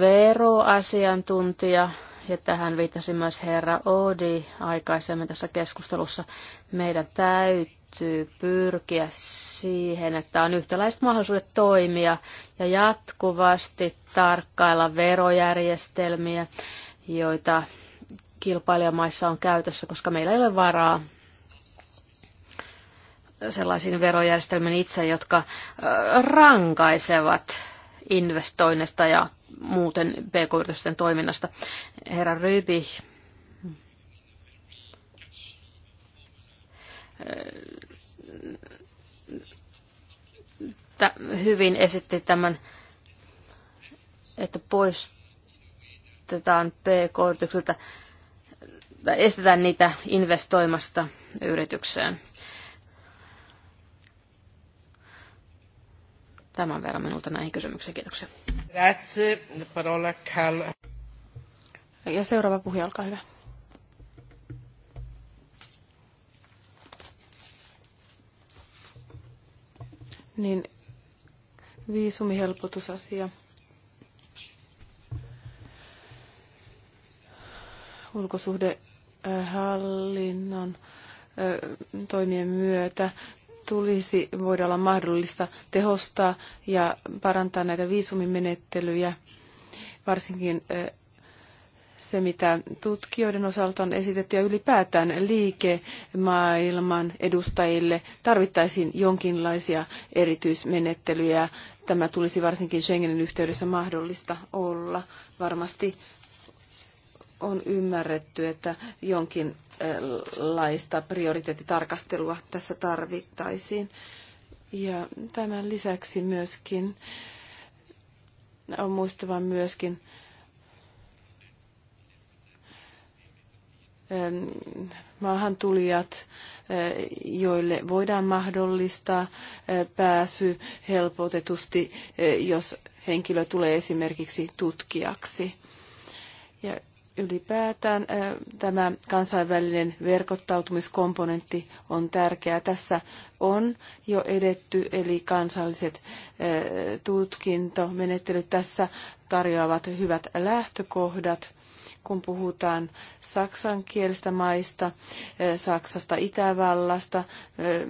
veroasiantuntija, ja tähän viittasi myös herra Odi aikaisemmin tässä keskustelussa, meidän täytyy pyrkiä siihen, että on yhtäläiset mahdollisuudet toimia ja jatkuvasti tarkkailla verojärjestelmiä, joita kilpailijamaissa on käytössä, koska meillä ei ole varaa sellaisiin verojärjestelmiin itse, jotka rankaisevat investoinnista ja muuten pk-yritysten toiminnasta. Herra Ryby, hyvin esitti tämän, että poistetaan pk-yrityksiltä, estetään niitä investoimasta yritykseen. Tämän verran minulta näihin kysymyksiin. Kiitoksia. Grazie. Ja seuraava puhuja, olkaa hyvä. Niin viisumihelpotusasia. Ulkosuhdehallinnon toimien myötä tulisi voida olla mahdollista tehostaa ja parantaa näitä viisumimenettelyjä, varsinkin se, mitä tutkijoiden osalta on esitetty ja ylipäätään liikemaailman edustajille tarvittaisiin jonkinlaisia erityismenettelyjä. Tämä tulisi varsinkin Schengenin yhteydessä mahdollista olla. Varmasti on ymmärretty, että jonkinlaista prioriteettitarkastelua tässä tarvittaisiin. Ja tämän lisäksi myöskin on muistava myöskin maahantulijat, e, joille voidaan mahdollistaa e, pääsy helpotetusti, e, jos henkilö tulee esimerkiksi tutkijaksi. Ja ylipäätään tämä kansainvälinen verkottautumiskomponentti on tärkeä. Tässä on jo edetty, eli kansalliset tutkintomenettelyt tässä tarjoavat hyvät lähtökohdat. Kun puhutaan saksankielistä maista, Saksasta, Itävallasta,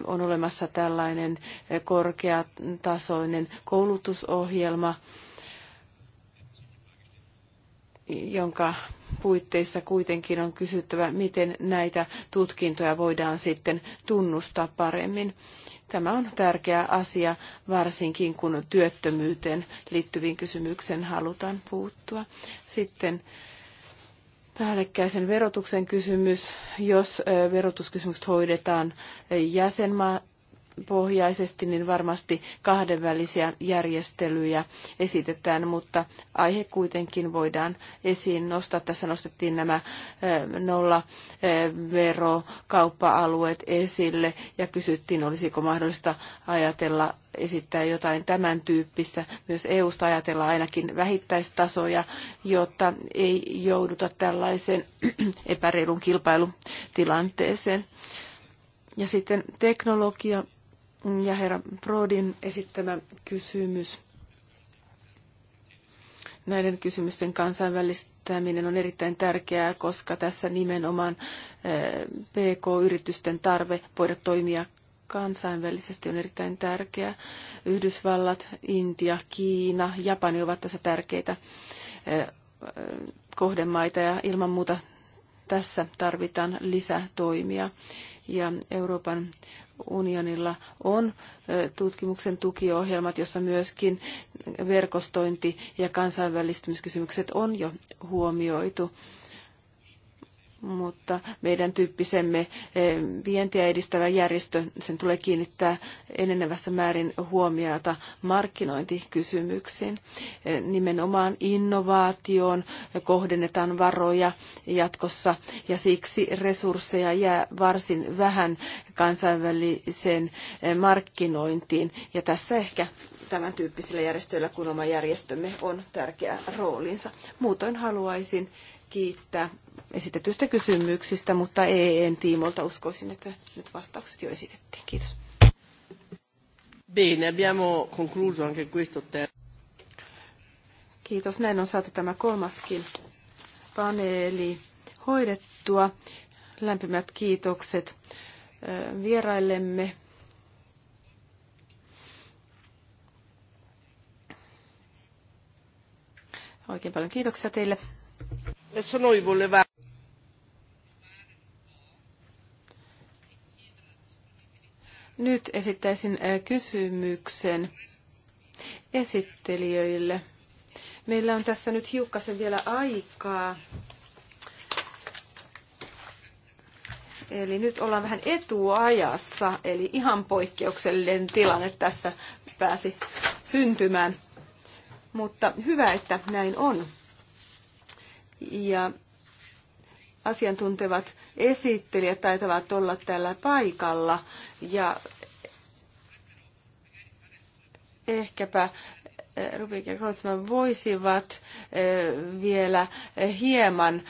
on olemassa tällainen korkeatasoinen koulutusohjelma, jonka puitteissa kuitenkin on kysyttävä, miten näitä tutkintoja voidaan sitten tunnustaa paremmin. Tämä on tärkeä asia, varsinkin kun työttömyyteen liittyviin kysymyksiin halutaan puuttua. Sitten päällekkäisen verotuksen kysymys. Jos verotuskysymykset hoidetaan jäsenmaa pohjaisesti, niin varmasti kahdenvälisiä järjestelyjä esitetään, mutta aihe kuitenkin voidaan esiin nostaa. Tässä nostettiin nämä eh, nolla eh, verokauppa-alueet esille ja kysyttiin, olisiko mahdollista ajatella esittää jotain tämän tyyppistä, myös EU-sta ajatella ainakin vähittäistasoja, jotta ei jouduta tällaiseen epäreilun kilpailutilanteeseen. Ja sitten teknologia ja herra Brodin esittämä kysymys. Näiden kysymysten kansainvälistäminen on erittäin tärkeää, koska tässä nimenomaan eh, PK-yritysten tarve voida toimia kansainvälisesti on erittäin tärkeää. Yhdysvallat, Intia, Kiina, Japani ovat tässä tärkeitä eh, kohdemaita ja ilman muuta tässä tarvitaan lisätoimia. Ja Euroopan unionilla on tutkimuksen tukiohjelmat, jossa myöskin verkostointi ja kansainvälistymiskysymykset on jo huomioitu mutta meidän tyyppisemme eh, vientiä edistävä järjestö, sen tulee kiinnittää enenevässä määrin huomiota markkinointikysymyksiin. Eh, nimenomaan innovaatioon kohdennetaan varoja jatkossa ja siksi resursseja jää varsin vähän kansainväliseen eh, markkinointiin. Ja tässä ehkä tämän tyyppisillä järjestöillä, kun oma järjestömme on tärkeä roolinsa. Muutoin haluaisin kiittää esitetyistä kysymyksistä, mutta EEN tiimolta uskoisin, että nyt vastaukset jo esitettiin. Kiitos. Bene, abbiamo concluso anche questo Kiitos. Näin on saatu tämä kolmaskin paneeli hoidettua. Lämpimät kiitokset vieraillemme. Oikein paljon kiitoksia teille. Nyt esittäisin äh, kysymyksen esittelijöille. Meillä on tässä nyt hiukkasen vielä aikaa. Eli nyt ollaan vähän etuajassa, eli ihan poikkeuksellinen tilanne tässä pääsi syntymään. Mutta hyvä, että näin on. Ja asiantuntevat esittelijät taitavat olla tällä paikalla ja ehkäpä eh, Rubik ja Kreutzmann voisivat eh, vielä eh, hieman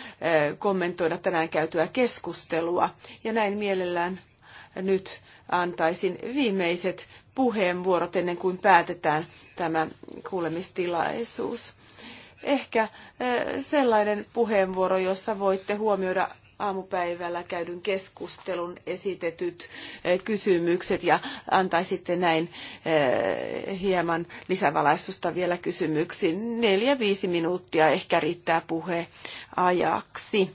kommentoida tänään käytyä keskustelua. Ja näin mielellään nyt antaisin viimeiset puheenvuorot ennen kuin päätetään tämä kuulemistilaisuus ehkä eh, sellainen puheenvuoro, jossa voitte huomioida aamupäivällä käydyn keskustelun esitetyt eh, kysymykset ja antaisitte näin eh, hieman lisävalaistusta vielä kysymyksiin. Neljä, viisi minuuttia ehkä riittää puheajaksi.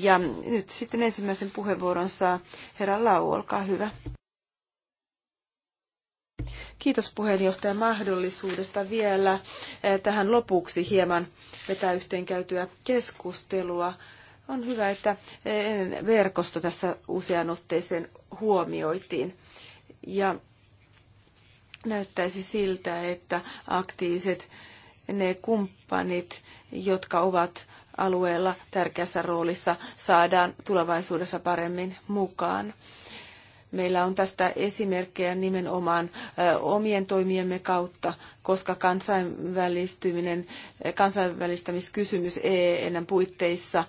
Ja nyt sitten ensimmäisen puheenvuoron saa herra Lau, olkaa hyvä. Kiitos puheenjohtaja mahdollisuudesta vielä eh, tähän lopuksi hieman vetää yhteenkäytyä keskustelua. On hyvä, että eh, verkosto tässä usean otteeseen huomioitiin. Ja näyttäisi siltä, että aktiiviset ne kumppanit, jotka ovat alueella tärkeässä roolissa, saadaan tulevaisuudessa paremmin mukaan. Meillä on tästä esimerkkejä nimenomaan omien toimiemme kautta, koska kansainvälistyminen, kansainvälistämiskysymys EENän puitteissa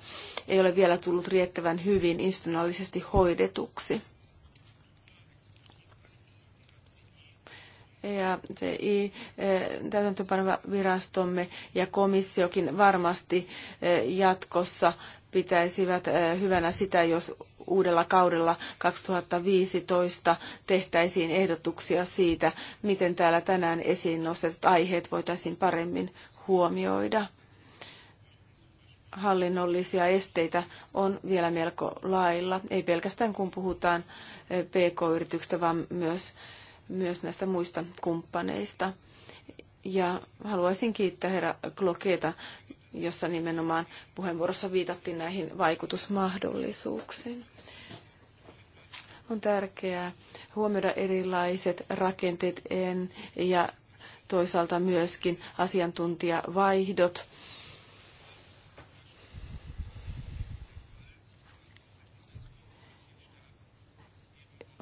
ei ole vielä tullut riittävän hyvin institutionaalisesti hoidetuksi. ja se I, täytäntöpanvirastomme ja komissiokin varmasti jatkossa pitäisivät hyvänä sitä, jos uudella kaudella 2015 tehtäisiin ehdotuksia siitä, miten täällä tänään esiin nostetut aiheet voitaisiin paremmin huomioida. Hallinnollisia esteitä on vielä melko lailla, ei pelkästään kun puhutaan PK-yrityksistä, vaan myös, myös näistä muista kumppaneista. Ja haluaisin kiittää herra Kloketa jossa nimenomaan puheenvuorossa viitattiin näihin vaikutusmahdollisuuksiin. On tärkeää huomioida erilaiset rakenteet en, ja toisaalta myöskin asiantuntijavaihdot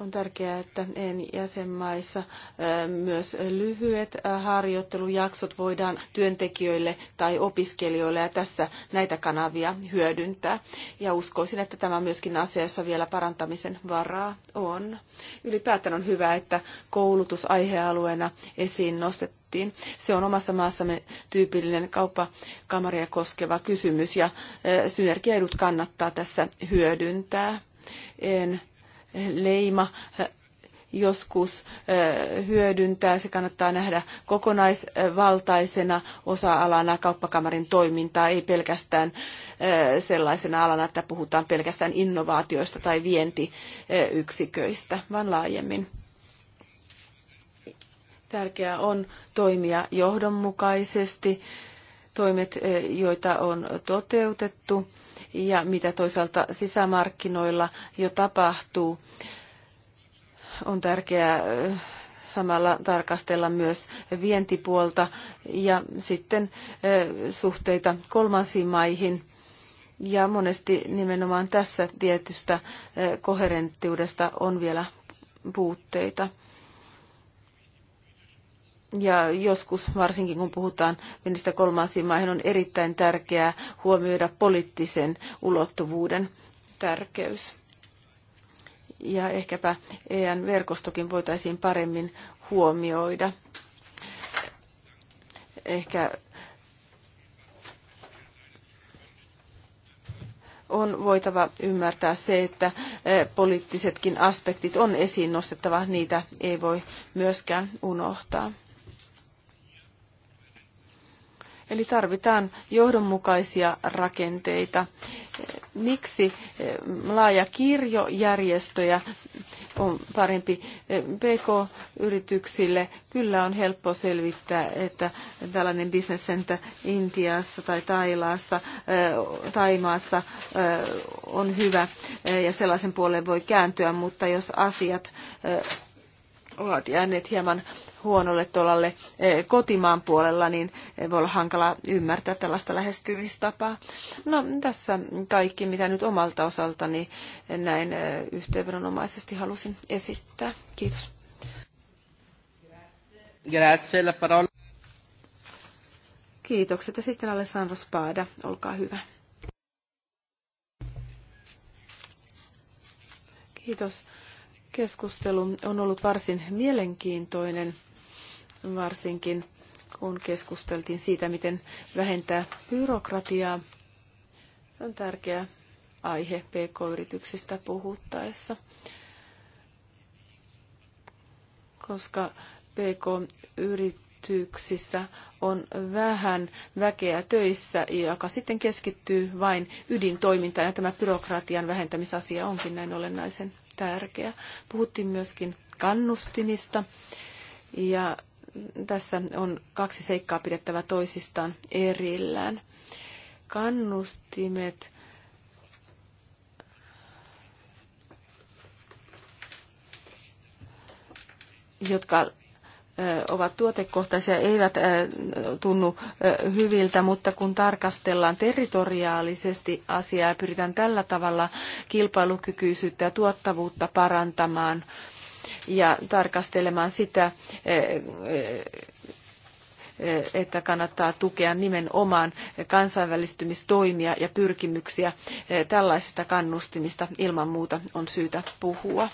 On tärkeää, että en jäsenmaissa myös lyhyet harjoittelujaksot voidaan työntekijöille tai opiskelijoille ja tässä näitä kanavia hyödyntää. Ja uskoisin, että tämä on myöskin asia, jossa vielä parantamisen varaa on. Ylipäätään on hyvä, että koulutus aihealueena esiin nostettu Se on omassa maassamme tyypillinen kauppakamaria koskeva kysymys ja synergiaedut kannattaa tässä hyödyntää. En leima joskus hyödyntää. Se kannattaa nähdä kokonaisvaltaisena osa-alana kauppakamarin toimintaa, ei pelkästään sellaisena alana, että puhutaan pelkästään innovaatioista tai vientiyksiköistä, vaan laajemmin. Tärkeää on toimia johdonmukaisesti toimet, eh, joita on toteutettu ja mitä toisaalta sisämarkkinoilla jo tapahtuu. On tärkeää eh, samalla tarkastella myös vientipuolta ja sitten eh, suhteita kolmansiin maihin. Ja monesti nimenomaan tässä tietystä koherenttiudesta on vielä puutteita. Ja joskus, varsinkin kun puhutaan viennistä kolmansiin maihin, on erittäin tärkeää huomioida poliittisen ulottuvuuden tärkeys. Ja ehkäpä EN-verkostokin voitaisiin paremmin huomioida. Ehkä on voitava ymmärtää se, että e, poliittisetkin aspektit on esiin nostettava, niitä ei voi myöskään unohtaa. Eli tarvitaan johdonmukaisia rakenteita. Miksi eh, laaja kirjojärjestöjä on parempi eh, PK-yrityksille? Kyllä on helppo selvittää, että tällainen business center Intiassa tai Tailaassa, eh, Taimaassa on hyvä ja sellaisen puoleen voi kääntyä, mutta jos asiat ovat jääneet hieman huonolle tolalle eh, kotimaan puolella, niin voi olla hankala ymmärtää tällaista lähestymistapaa. No tässä kaikki, mitä nyt omalta osaltani näin eh, yhteenvedonomaisesti halusin esittää. Kiitos. Grazie, la parola. Kiitokset ja sitten Alessandro Spada, olkaa hyvä. Kiitos Keskustelu on ollut varsin mielenkiintoinen, varsinkin kun keskusteltiin siitä, miten vähentää byrokratiaa. Se on tärkeä aihe pk-yrityksistä puhuttaessa, koska pk-yrityksissä on vähän väkeä töissä, joka sitten keskittyy vain ydintoimintaan, ja tämä byrokratian vähentämisasia onkin näin olennaisen tärkeä. Puhuttiin myöskin kannustimista ja tässä on kaksi seikkaa pidettävä toisistaan erillään. Kannustimet jotka ovat tuotekohtaisia, eivät tunnu hyviltä, mutta kun tarkastellaan territoriaalisesti asiaa ja pyritään tällä tavalla kilpailukykyisyyttä ja tuottavuutta parantamaan ja tarkastelemaan sitä, että kannattaa tukea nimenomaan kansainvälistymistoimia ja pyrkimyksiä. Tällaisista kannustimista ilman muuta on syytä puhua.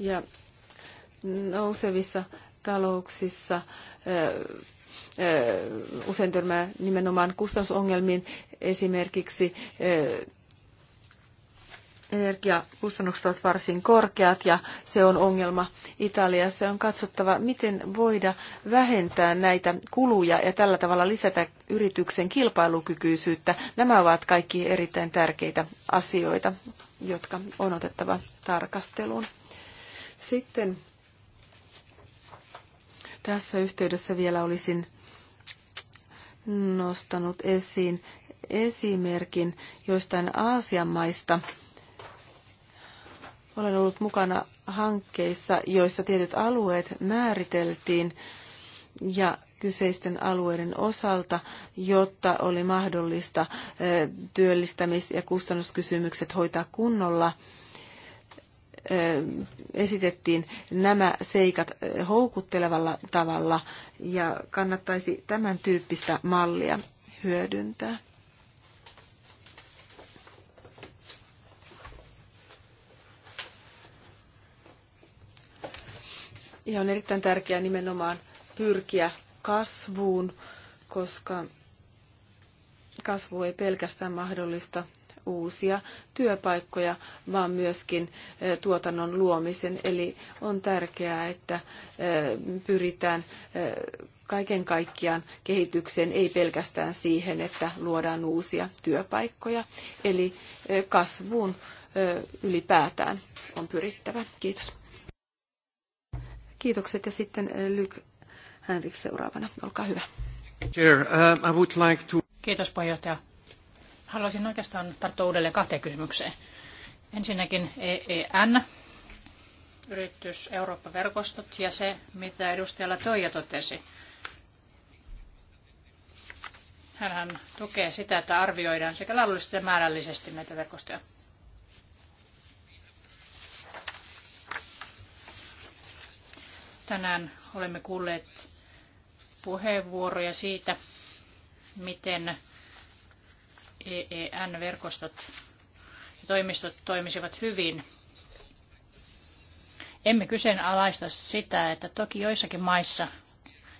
Ja nousevissa talouksissa usein törmää nimenomaan kustannusongelmiin esimerkiksi energiakustannukset ovat varsin korkeat ja se on ongelma Italiassa. On katsottava, miten voida vähentää näitä kuluja ja tällä tavalla lisätä yrityksen kilpailukykyisyyttä. Nämä ovat kaikki erittäin tärkeitä asioita, jotka on otettava tarkasteluun. Sitten tässä yhteydessä vielä olisin nostanut esiin esimerkin joistain Aasian maista. Olen ollut mukana hankkeissa, joissa tietyt alueet määriteltiin ja kyseisten alueiden osalta, jotta oli mahdollista työllistämis- ja kustannuskysymykset hoitaa kunnolla – esitettiin nämä seikat houkuttelevalla tavalla ja kannattaisi tämän tyyppistä mallia hyödyntää. Ja on erittäin tärkeää nimenomaan pyrkiä kasvuun, koska kasvu ei pelkästään mahdollista uusia työpaikkoja, vaan myöskin tuotannon luomisen. Eli on tärkeää, että pyritään kaiken kaikkiaan kehitykseen, ei pelkästään siihen, että luodaan uusia työpaikkoja. Eli kasvuun ylipäätään on pyrittävä. Kiitos. Kiitokset ja sitten Lyk Henrik seuraavana. Olkaa hyvä. Uh, Kiitos puheenjohtaja. Haluaisin oikeastaan tarttua uudelleen kahteen kysymykseen. Ensinnäkin EEN, yritys Eurooppa-verkostot ja se, mitä edustajalla Toija totesi. Hänhän tukee sitä, että arvioidaan sekä laadullisesti että määrällisesti näitä verkostoja. Tänään olemme kuulleet puheenvuoroja siitä, miten EEN-verkostot ja toimistot toimisivat hyvin. Emme kyseenalaista sitä, että toki joissakin maissa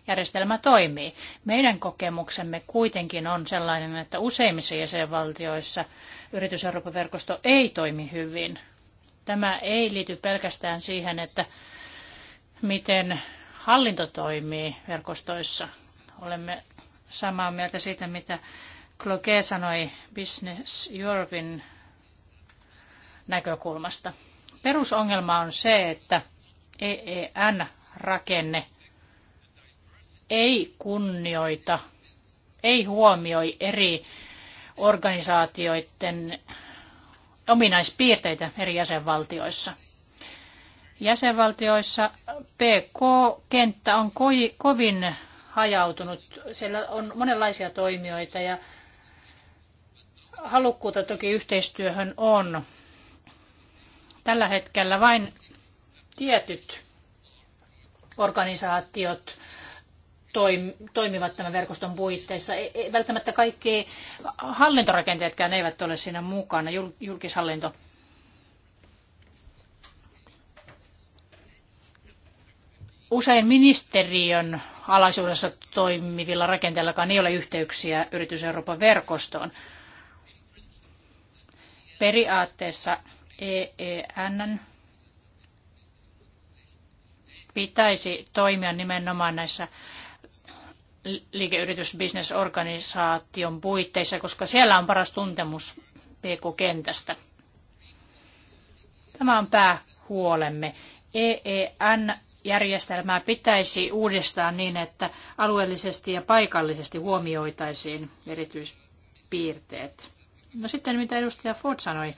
järjestelmä toimii. Meidän kokemuksemme kuitenkin on sellainen, että useimmissa jäsenvaltioissa yritys verkosto ei toimi hyvin. Tämä ei liity pelkästään siihen, että miten hallinto toimii verkostoissa. Olemme samaa mieltä siitä, mitä Cloquet sanoi Business Europein näkökulmasta. Perusongelma on se, että EEN-rakenne ei kunnioita, ei huomioi eri organisaatioiden ominaispiirteitä eri jäsenvaltioissa. Jäsenvaltioissa PK-kenttä on kovin hajautunut. Siellä on monenlaisia toimijoita ja halukkuutta toki yhteistyöhön on. Tällä hetkellä vain tietyt organisaatiot toimivat tämän verkoston puitteissa. Ei, e, välttämättä kaikki hallintorakenteetkään eivät ole siinä mukana, julkishallinto. Usein ministeriön alaisuudessa toimivilla rakenteillakaan ei ole yhteyksiä Yritys Euroopan verkostoon. Periaatteessa EEN pitäisi toimia nimenomaan näissä liikeyritysbisnesorganisaation puitteissa, koska siellä on paras tuntemus PK-kentästä. Tämä on päähuolemme. EEN-järjestelmää pitäisi uudistaa niin, että alueellisesti ja paikallisesti huomioitaisiin erityispiirteet. No sitten mitä edustaja Ford sanoi.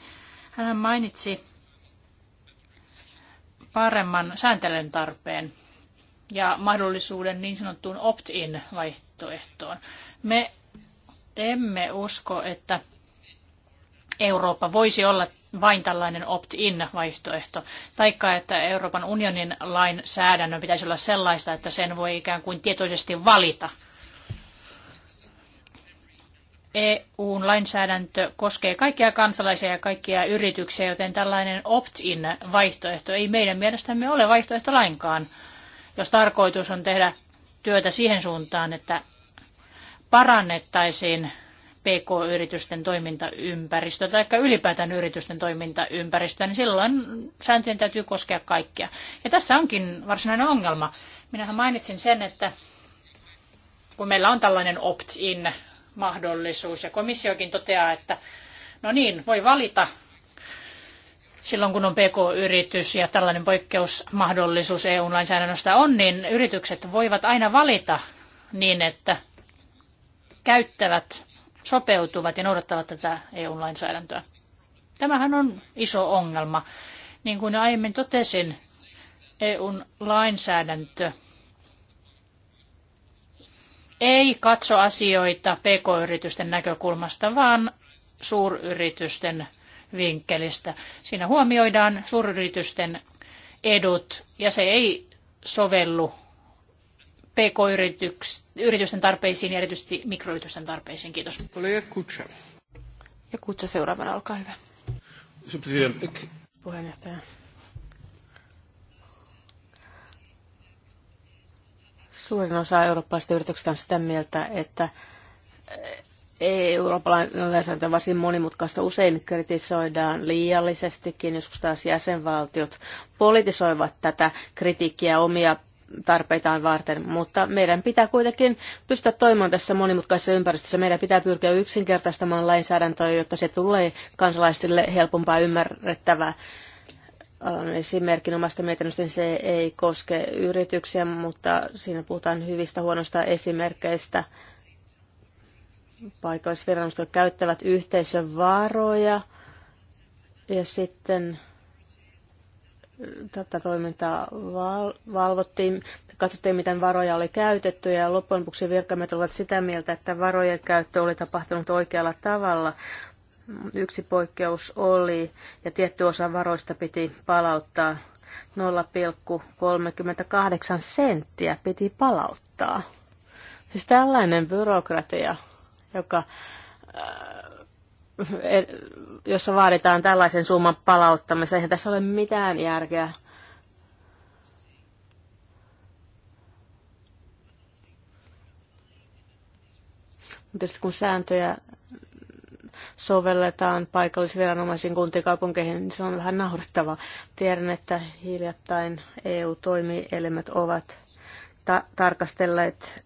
Hän mainitsi paremman sääntelyn tarpeen ja mahdollisuuden niin sanottuun opt-in vaihtoehtoon. Me emme usko, että Eurooppa voisi olla vain tällainen opt-in vaihtoehto, taikka että Euroopan unionin lainsäädännön pitäisi olla sellaista, että sen voi ikään kuin tietoisesti valita – EUn lainsäädäntö koskee kaikkia kansalaisia ja kaikkia yrityksiä, joten tällainen opt-in vaihtoehto ei meidän mielestämme ole vaihtoehto lainkaan, jos tarkoitus on tehdä työtä siihen suuntaan, että parannettaisiin PK-yritysten toimintaympäristöä tai ylipäätään yritysten toimintaympäristöä, niin silloin sääntöjen täytyy koskea kaikkia. Ja tässä onkin varsinainen ongelma. Minähän mainitsin sen, että kun meillä on tällainen opt-in mahdollisuus. Ja komissiokin toteaa, että no niin, voi valita silloin kun on PK-yritys ja tällainen poikkeusmahdollisuus EU-lainsäädännöstä on, niin yritykset voivat aina valita niin, että käyttävät, sopeutuvat ja noudattavat tätä EU-lainsäädäntöä. Tämähän on iso ongelma. Niin kuin aiemmin totesin, EUn lainsäädäntö ei katso asioita pk-yritysten näkökulmasta, vaan suuryritysten vinkkelistä. Siinä huomioidaan suuryritysten edut ja se ei sovellu pk-yritysten tarpeisiin ja erityisesti mikroyritysten tarpeisiin. Kiitos. Ja Kutsa seuraavana, olkaa hyvä. Puheenjohtaja. Suurin osa eurooppalaisista yrityksistä on sitä mieltä, että eurooppalainen lainsäädäntö on varsin monimutkaista. Usein kritisoidaan liiallisestikin, joskus taas jäsenvaltiot politisoivat tätä kritiikkiä omia tarpeitaan varten, mutta meidän pitää kuitenkin pystyä toimimaan tässä monimutkaisessa ympäristössä. Meidän pitää pyrkiä yksinkertaistamaan lainsäädäntöä, jotta se tulee kansalaisille helpompaa ymmärrettävää omasta mietinnöstä niin se ei koske yrityksiä, mutta siinä puhutaan hyvistä huonoista esimerkkeistä. Paikallisviranomaiset käyttävät yhteisön varoja ja sitten tätä toimintaa val- valvottiin, katsottiin miten varoja oli käytetty ja loppujen lopuksi virkamiehet olivat sitä mieltä, että varojen käyttö oli tapahtunut oikealla tavalla, Yksi poikkeus oli, ja tietty osa varoista piti palauttaa 0,38 senttiä piti palauttaa. Siis tällainen byrokratia, joka, äh, jossa vaaditaan tällaisen summan palauttamista, eihän tässä ole mitään järkeä. Mutta kun sääntöjä sovelletaan paikallisviranomaisiin kuntikaupunkeihin, niin se on vähän naurettavaa. Tiedän, että hiljattain EU-toimielimet ovat ta- tarkastelleet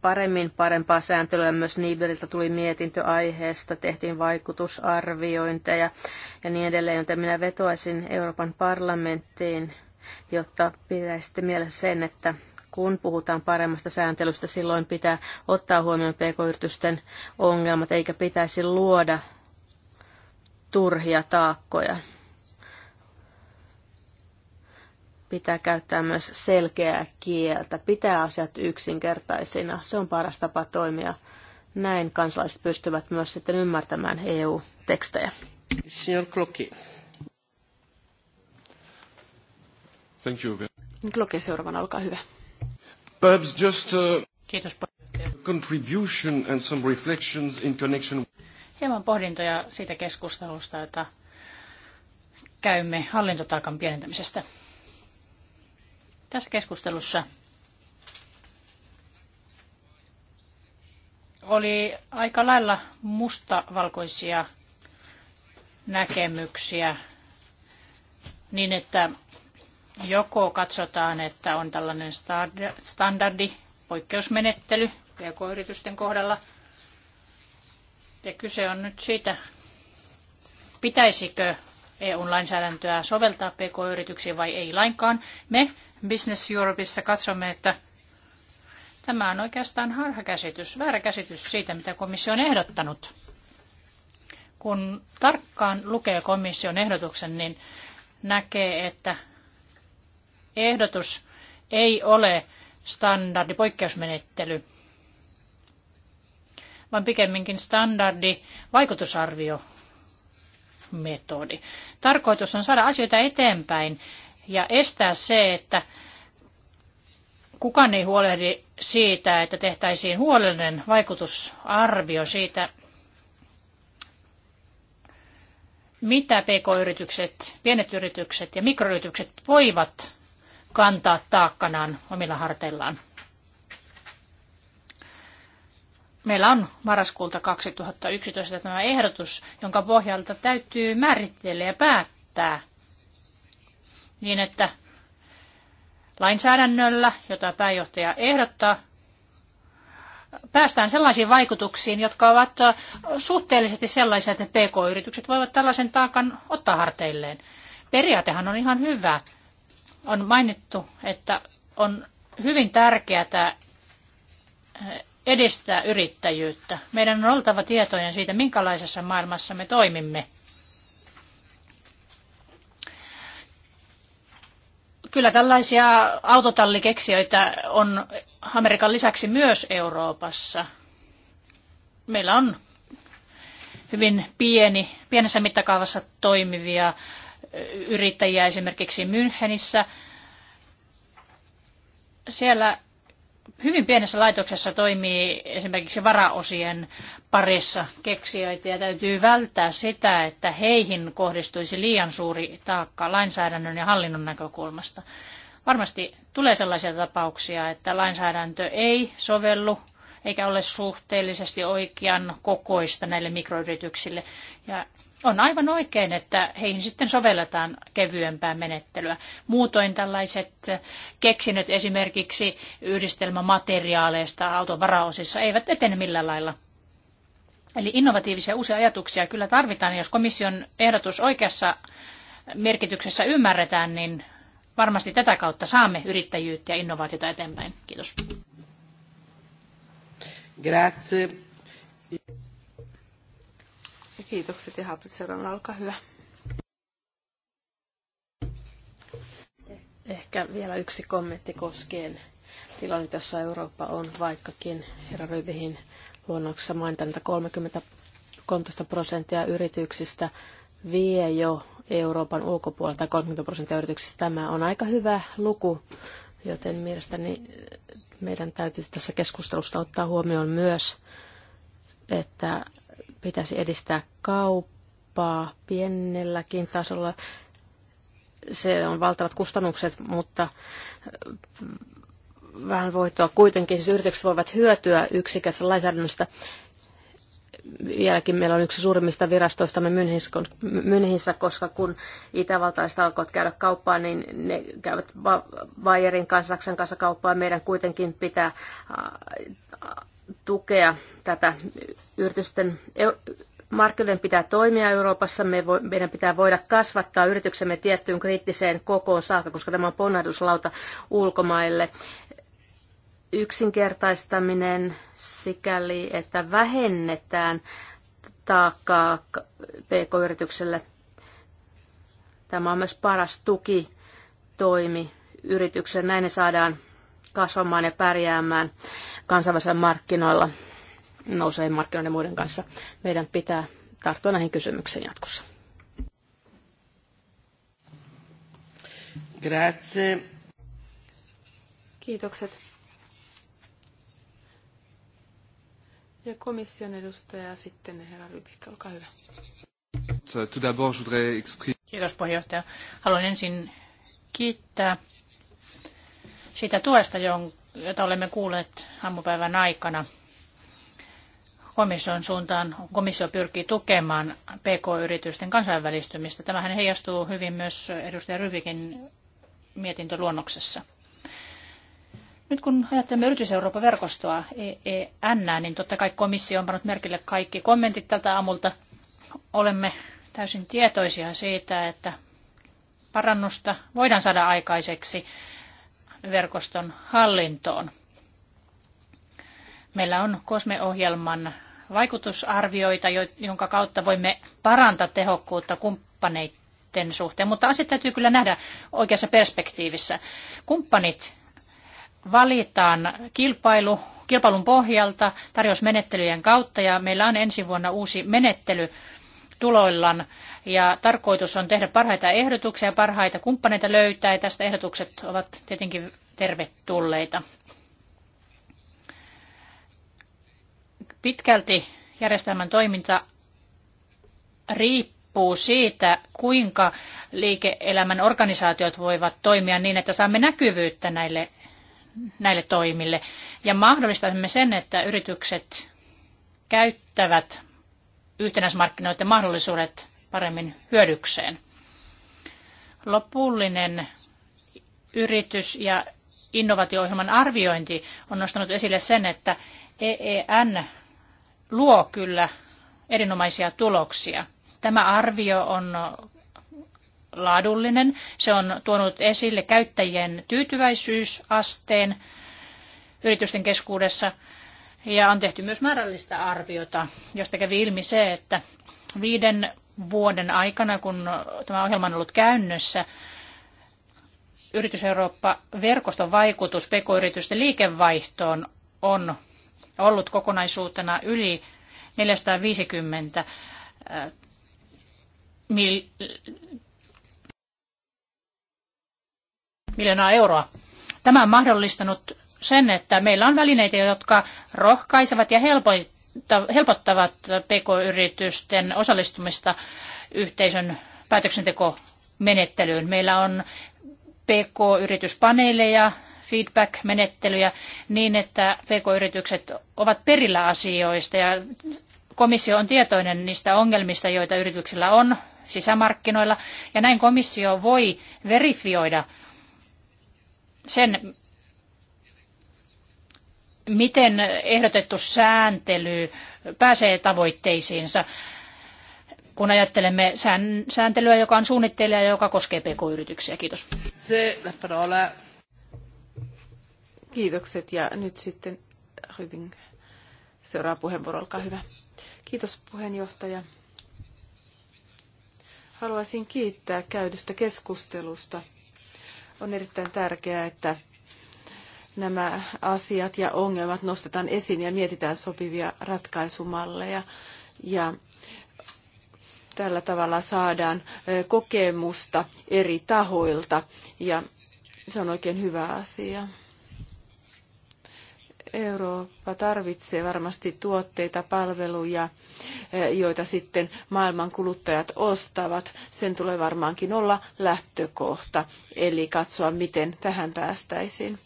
paremmin parempaa sääntelyä. Myös Niiberiltä tuli mietintö aiheesta, tehtiin vaikutusarviointeja ja niin edelleen, joten minä vetoaisin Euroopan parlamenttiin, jotta pitäisitte mielessä sen, että kun puhutaan paremmasta sääntelystä, silloin pitää ottaa huomioon pk-yritysten ongelmat, eikä pitäisi luoda turhia taakkoja. Pitää käyttää myös selkeää kieltä, pitää asiat yksinkertaisina. Se on paras tapa toimia. Näin kansalaiset pystyvät myös sitten ymmärtämään EU-tekstejä. Signor Klocki. Thank you. Klocki seuraavana, olkaa hyvä. Perhaps just uh, Kiitos contribution and some reflections in connection. Hieman pohdintoja siitä keskustelusta, jota käymme hallintotaakan pienentämisestä. Tässä keskustelussa oli aika lailla mustavalkoisia näkemyksiä niin, että Joko katsotaan, että on tällainen standardi, poikkeusmenettely pk-yritysten kohdalla. Ja kyse on nyt siitä, pitäisikö EU-lainsäädäntöä soveltaa pk-yrityksiin vai ei lainkaan. Me Business Europeissa katsomme, että tämä on oikeastaan harhakäsitys, väärä käsitys siitä, mitä komissio on ehdottanut. Kun tarkkaan lukee komission ehdotuksen, niin näkee, että ehdotus ei ole standardi poikkeusmenettely, vaan pikemminkin standardi vaikutusarvio metodi. Tarkoitus on saada asioita eteenpäin ja estää se, että kukaan ei huolehdi siitä, että tehtäisiin huolellinen vaikutusarvio siitä, mitä pk-yritykset, pienet yritykset ja mikroyritykset voivat kantaa taakkanaan omilla harteillaan. Meillä on marraskuulta 2011 tämä ehdotus, jonka pohjalta täytyy määritellä ja päättää niin, että lainsäädännöllä, jota pääjohtaja ehdottaa, päästään sellaisiin vaikutuksiin, jotka ovat suhteellisesti sellaisia, että PK-yritykset voivat tällaisen taakan ottaa harteilleen. Periaatehan on ihan hyvä, on mainittu, että on hyvin tärkeää eh, edistää yrittäjyyttä. Meidän on oltava tietoinen siitä, minkälaisessa maailmassa me toimimme. Kyllä tällaisia autotallikeksijöitä on Amerikan lisäksi myös Euroopassa. Meillä on hyvin pieni, pienessä mittakaavassa toimivia yrittäjiä esimerkiksi Münchenissä. Siellä hyvin pienessä laitoksessa toimii esimerkiksi varaosien parissa keksijöitä ja täytyy välttää sitä, että heihin kohdistuisi liian suuri taakka lainsäädännön ja hallinnon näkökulmasta. Varmasti tulee sellaisia tapauksia, että lainsäädäntö ei sovellu eikä ole suhteellisesti oikean kokoista näille mikroyrityksille. Ja on aivan oikein, että heihin sitten sovelletaan kevyempää menettelyä. Muutoin tällaiset keksinnöt esimerkiksi yhdistelmämateriaaleista auton varaosissa eivät etene millään lailla. Eli innovatiivisia uusia ajatuksia kyllä tarvitaan, ja jos komission ehdotus oikeassa merkityksessä ymmärretään, niin varmasti tätä kautta saamme yrittäjyyttä ja innovaatiota eteenpäin. Kiitos. Grazie. Kiitokset ja haapit seuraavana, olkaa hyvä. Ehkä vielä yksi kommentti koskien tilannetta, jossa Eurooppa on, vaikkakin herra Rybihin luonnoksessa mainitaan, että 30 prosenttia yrityksistä vie jo Euroopan ulkopuolelta 30 prosenttia yrityksistä. Tämä on aika hyvä luku, joten mielestäni meidän täytyy tässä keskustelusta ottaa huomioon myös, että Pitäisi edistää kauppaa pienelläkin tasolla. Se on valtavat kustannukset, mutta äh, vähän voittoa kuitenkin. Siis yritykset voivat hyötyä yksikästä lainsäädännöstä. Vieläkin meillä on yksi suurimmista virastoistamme Münchenissä, koska kun itävaltalaiset alkoivat käydä kauppaa, niin ne käyvät Bayerin kanssa, Saksan kanssa kauppaa. Meidän kuitenkin pitää äh, tukea tätä yritysten markkinoiden pitää toimia Euroopassa, me vo, meidän pitää voida kasvattaa yrityksemme tiettyyn kriittiseen kokoon saakka, koska tämä on ponnahduslauta ulkomaille. Yksinkertaistaminen sikäli, että vähennetään taakkaa pk-yritykselle. Tämä on myös paras tuki toimi yrityksen. Näin ne saadaan kasvamaan ja pärjäämään kansainvälisillä markkinoilla, nousee markkinoiden muiden kanssa. Meidän pitää tarttua näihin kysymyksiin jatkossa. Grazie. Kiitokset. Ja komission edustaja sitten herra Rybik, olkaa hyvä. Kiitos puheenjohtaja. Haluan ensin kiittää siitä tuesta, jota olemme kuulleet aamupäivän aikana. Komission suuntaan komissio pyrkii tukemaan PK-yritysten kansainvälistymistä. Tämähän heijastuu hyvin myös edustaja Ryvikin mietintöluonnoksessa. Nyt kun ajattelemme Yritys Eurooppa-verkostoa, EEN, niin totta kai komissio on pannut merkille kaikki kommentit tältä aamulta. Olemme täysin tietoisia siitä, että parannusta voidaan saada aikaiseksi verkoston hallintoon. Meillä on COSME-ohjelman vaikutusarvioita, jonka kautta voimme parantaa tehokkuutta kumppaneiden suhteen, mutta asiat täytyy kyllä nähdä oikeassa perspektiivissä. Kumppanit valitaan kilpailu, kilpailun pohjalta tarjousmenettelyjen kautta ja meillä on ensi vuonna uusi menettely tuloillaan ja tarkoitus on tehdä parhaita ehdotuksia, parhaita kumppaneita löytää ja tästä ehdotukset ovat tietenkin tervetulleita. Pitkälti järjestelmän toiminta riippuu riippuu siitä, kuinka liike-elämän organisaatiot voivat toimia niin, että saamme näkyvyyttä näille, näille toimille ja mahdollistamme sen, että yritykset käyttävät yhtenäismarkkinoiden mahdollisuudet paremmin hyödykseen. Lopullinen yritys- ja innovaatio-ohjelman arviointi on nostanut esille sen, että EEN luo kyllä erinomaisia tuloksia. Tämä arvio on laadullinen. Se on tuonut esille käyttäjien tyytyväisyysasteen yritysten keskuudessa ja on tehty myös määrällistä arviota, josta kävi ilmi se, että viiden vuoden aikana, kun tämä ohjelma on ollut käynnössä, Yritys Eurooppa-verkoston vaikutus pk-yritysten liikevaihtoon on ollut kokonaisuutena yli 450 eh, mil, miljoonaa euroa. Tämä on mahdollistanut sen, että meillä on välineitä, jotka rohkaisevat ja helpottavat pk-yritysten osallistumista yhteisön päätöksentekomenettelyyn. Meillä on pk-yrityspaneeleja, feedback-menettelyjä niin, että pk-yritykset ovat perillä asioista ja komissio on tietoinen niistä ongelmista, joita yrityksillä on sisämarkkinoilla ja näin komissio voi verifioida sen, miten ehdotettu sääntely pääsee tavoitteisiinsa, kun ajattelemme sääntelyä, joka on suunnitteilla ja joka koskee pk-yrityksiä. Kiitos. Kiitokset ja nyt sitten Rybing Seuraava puheenvuoro, olkaa hyvä. Kiitos puheenjohtaja. Haluaisin kiittää käydystä keskustelusta. On erittäin tärkeää, että nämä asiat ja ongelmat nostetaan esiin ja mietitään sopivia ratkaisumalleja. Ja tällä tavalla saadaan kokemusta eri tahoilta ja se on oikein hyvä asia. Eurooppa tarvitsee varmasti tuotteita, palveluja, joita sitten maailman kuluttajat ostavat. Sen tulee varmaankin olla lähtökohta, eli katsoa, miten tähän päästäisiin.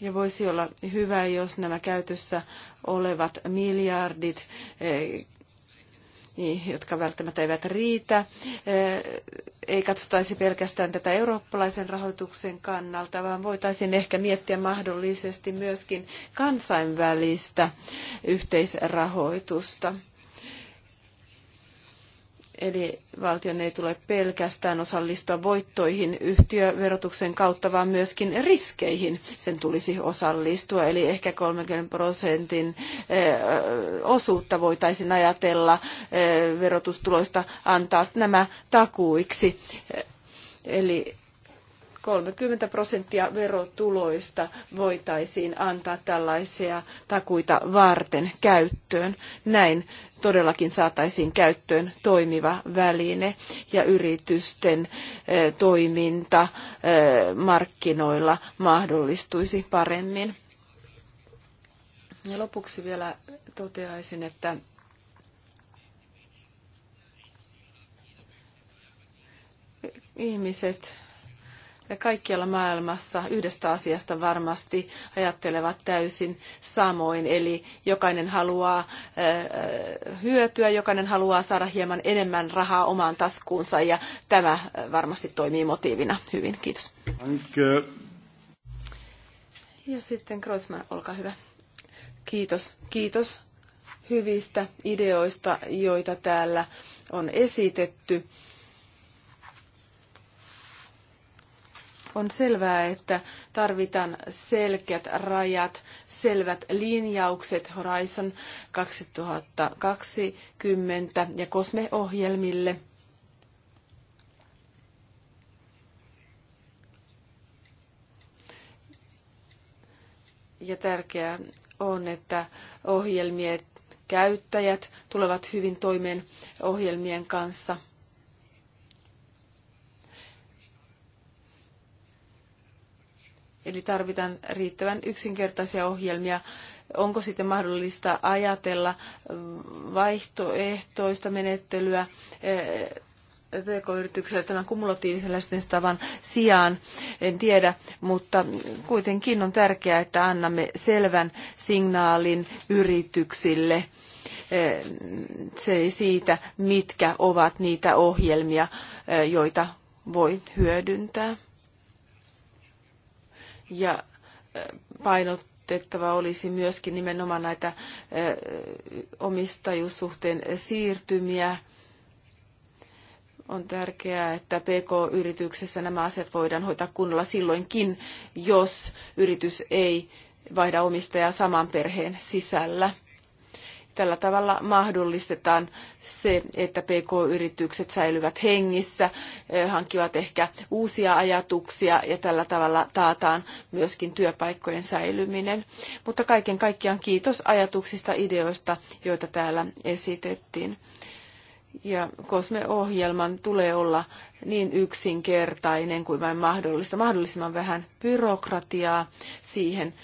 Ja voisi olla hyvä, jos nämä käytössä olevat miljardit, eh, jotka välttämättä eivät riitä, eh, ei katsotaisi pelkästään tätä eurooppalaisen rahoituksen kannalta, vaan voitaisiin ehkä miettiä mahdollisesti myöskin kansainvälistä yhteisrahoitusta Eli valtion ei tule pelkästään osallistua voittoihin yhtiöverotuksen kautta, vaan myöskin riskeihin sen tulisi osallistua. Eli ehkä 30 prosentin eh, osuutta voitaisiin ajatella eh, verotustuloista antaa nämä takuiksi. Eh, eli 30 prosenttia verotuloista voitaisiin antaa tällaisia takuita varten käyttöön. Näin todellakin saataisiin käyttöön toimiva väline ja yritysten eh, toiminta eh, markkinoilla mahdollistuisi paremmin. Ja lopuksi vielä toteaisin, että ihmiset kaikkialla maailmassa yhdestä asiasta varmasti ajattelevat täysin samoin. Eli jokainen haluaa hyötyä, jokainen haluaa saada hieman enemmän rahaa omaan taskuunsa ja tämä varmasti toimii motiivina hyvin. Kiitos. Danke. Ja sitten Kreuzmann, olkaa hyvä. Kiitos. Kiitos hyvistä ideoista, joita täällä on esitetty On selvää, että tarvitaan selkeät rajat, selvät linjaukset Horizon 2020 ja COSME-ohjelmille. Ja tärkeää on, että ohjelmien käyttäjät tulevat hyvin toimeen ohjelmien kanssa – Eli tarvitaan riittävän yksinkertaisia ohjelmia. Onko sitten mahdollista ajatella vaihtoehtoista menettelyä eh, pk-yrityksellä tämän kumulatiivisen lähestymistavan sijaan, en tiedä, mutta kuitenkin on tärkeää, että annamme selvän signaalin yrityksille eh, se siitä, mitkä ovat niitä ohjelmia, eh, joita voi hyödyntää ja äh, painotettava olisi myöskin nimenomaan näitä äh, omistajuussuhteen äh, siirtymiä. On tärkeää, että PK-yrityksessä nämä asiat voidaan hoitaa kunnolla silloinkin, jos yritys ei vaihda omistajaa saman perheen sisällä. Tällä tavalla mahdollistetaan se, että PK-yritykset säilyvät hengissä, e, hankkivat ehkä uusia ajatuksia ja tällä tavalla taataan myöskin työpaikkojen säilyminen. Mutta kaiken kaikkiaan kiitos ajatuksista, ideoista, joita täällä esitettiin. Ja ohjelman tulee olla niin yksinkertainen kuin vain mahdollista. Mahdollisimman vähän byrokratiaa siihen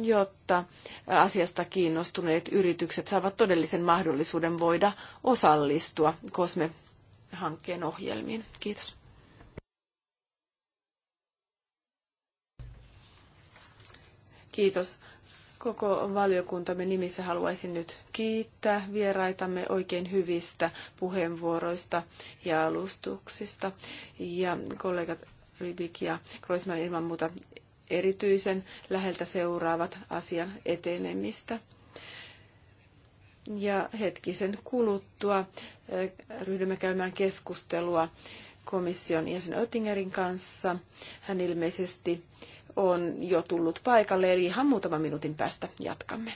jotta asiasta kiinnostuneet yritykset saavat todellisen mahdollisuuden voida osallistua COSME-hankkeen ohjelmiin. Kiitos. Kiitos. Koko valiokuntamme nimissä haluaisin nyt kiittää vieraitamme oikein hyvistä puheenvuoroista ja alustuksista. Ja kollegat Rybik ja Kroisman ilman muuta erityisen läheltä seuraavat asian etenemistä. Ja hetkisen kuluttua äh, ryhdymme käymään keskustelua komission jäsen Oettingerin kanssa. Hän ilmeisesti on jo tullut paikalle, eli ihan muutaman minuutin päästä jatkamme.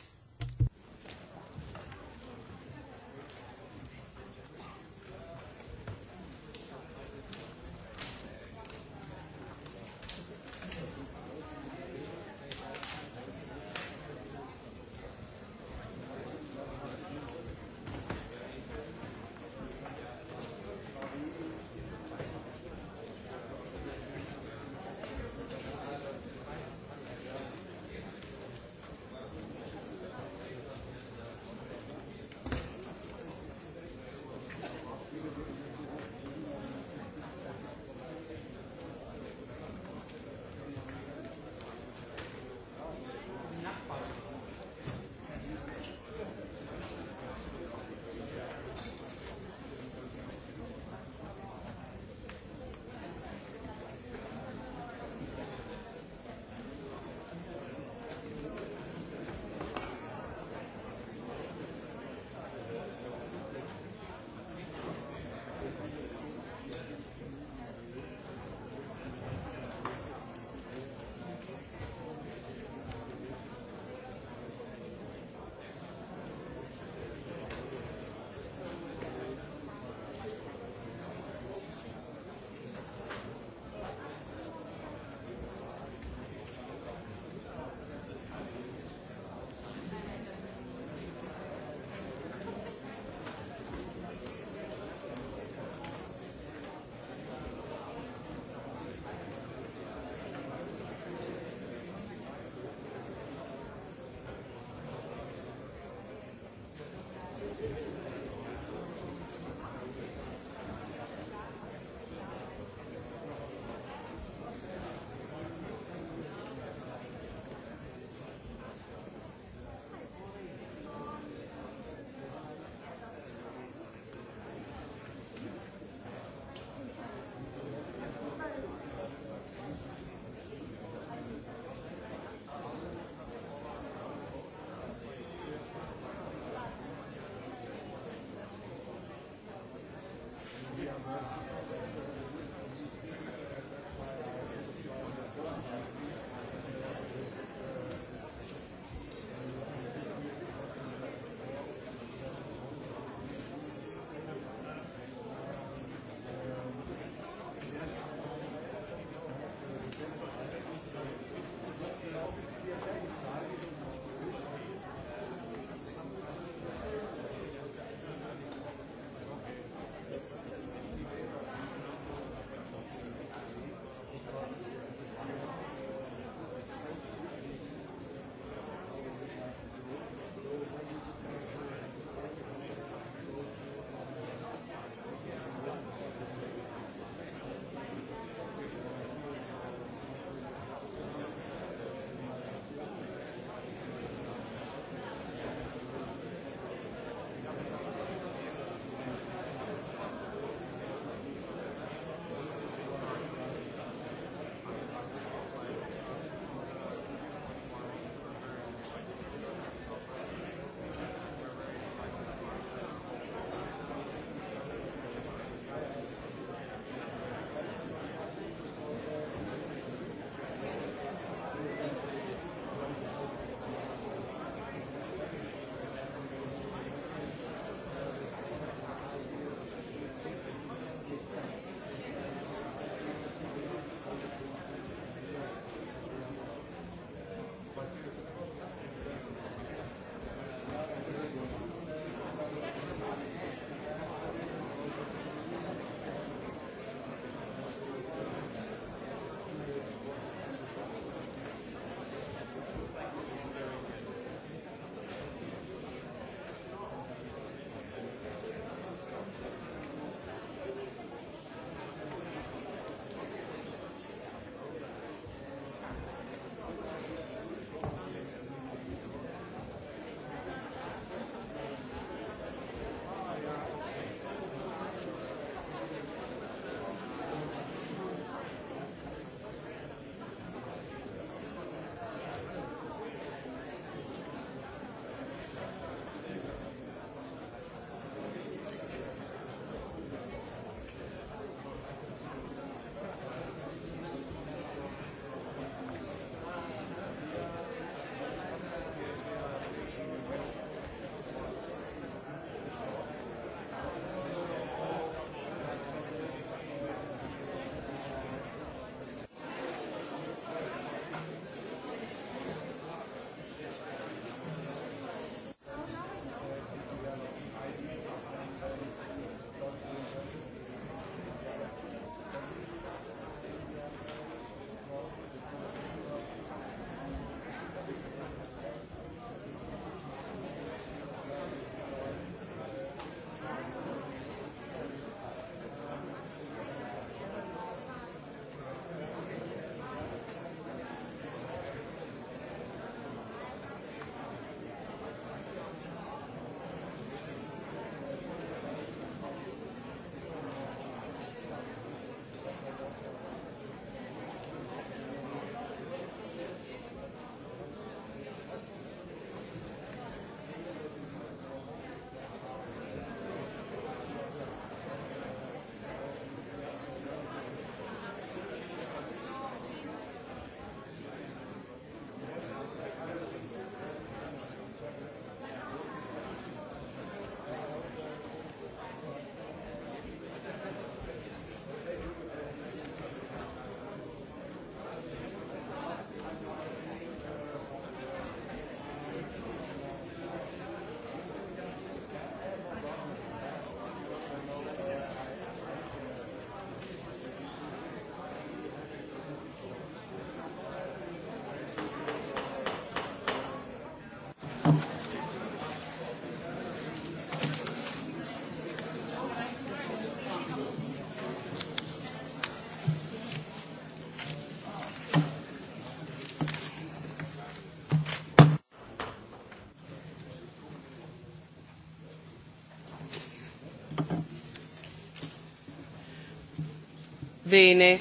Bene,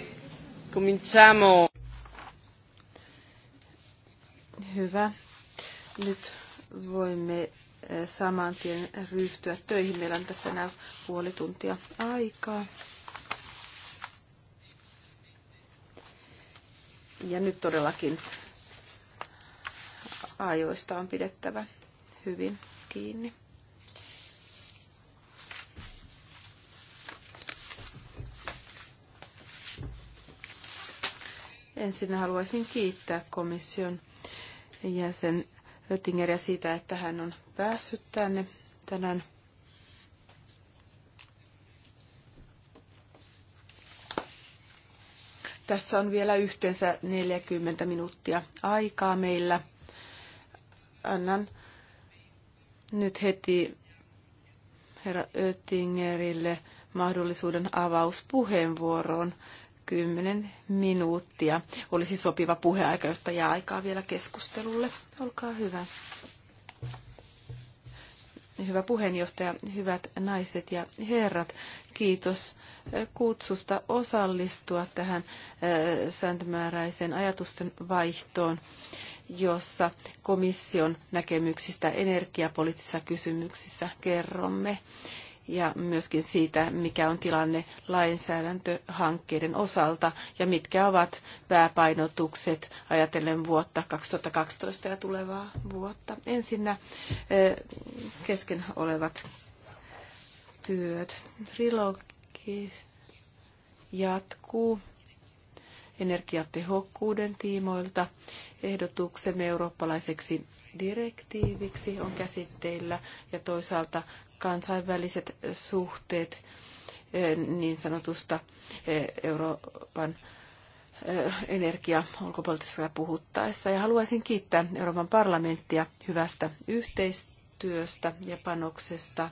cominciamo. Hyvä. Nyt voimme eh, saman tien ryhtyä töihin. Meillä on tässä enää puoli tuntia aikaa. Ja nyt todellakin ajoista on pidettävä hyvin kiinni. Ensin haluaisin kiittää komission jäsen Oettingeriä siitä, että hän on päässyt tänne tänään Tässä on vielä yhteensä 40 minuuttia aikaa meillä. Annan nyt heti herra Oettingerille mahdollisuuden avauspuheenvuoroon 10 minuuttia olisi sopiva puheaika, jotta jää aikaa vielä keskustelulle. Olkaa hyvä. Hyvä puheenjohtaja, hyvät naiset ja herrat, kiitos eh, kutsusta osallistua tähän eh, sääntömääräiseen ajatusten vaihtoon, jossa komission näkemyksistä energiapoliittisissa kysymyksissä kerromme ja myöskin siitä, mikä on tilanne lainsäädäntöhankkeiden osalta ja mitkä ovat pääpainotukset ajatellen vuotta 2012 ja tulevaa vuotta. Ensinnä kesken olevat työt. Trilogi jatkuu energiatehokkuuden tiimoilta. Ehdotuksemme eurooppalaiseksi direktiiviksi on käsitteillä ja toisaalta kansainväliset suhteet eh, niin sanotusta eh, Euroopan eh, energia ulkopolitiikasta puhuttaessa. Ja haluaisin kiittää Euroopan parlamenttia hyvästä yhteistyöstä ja panoksesta.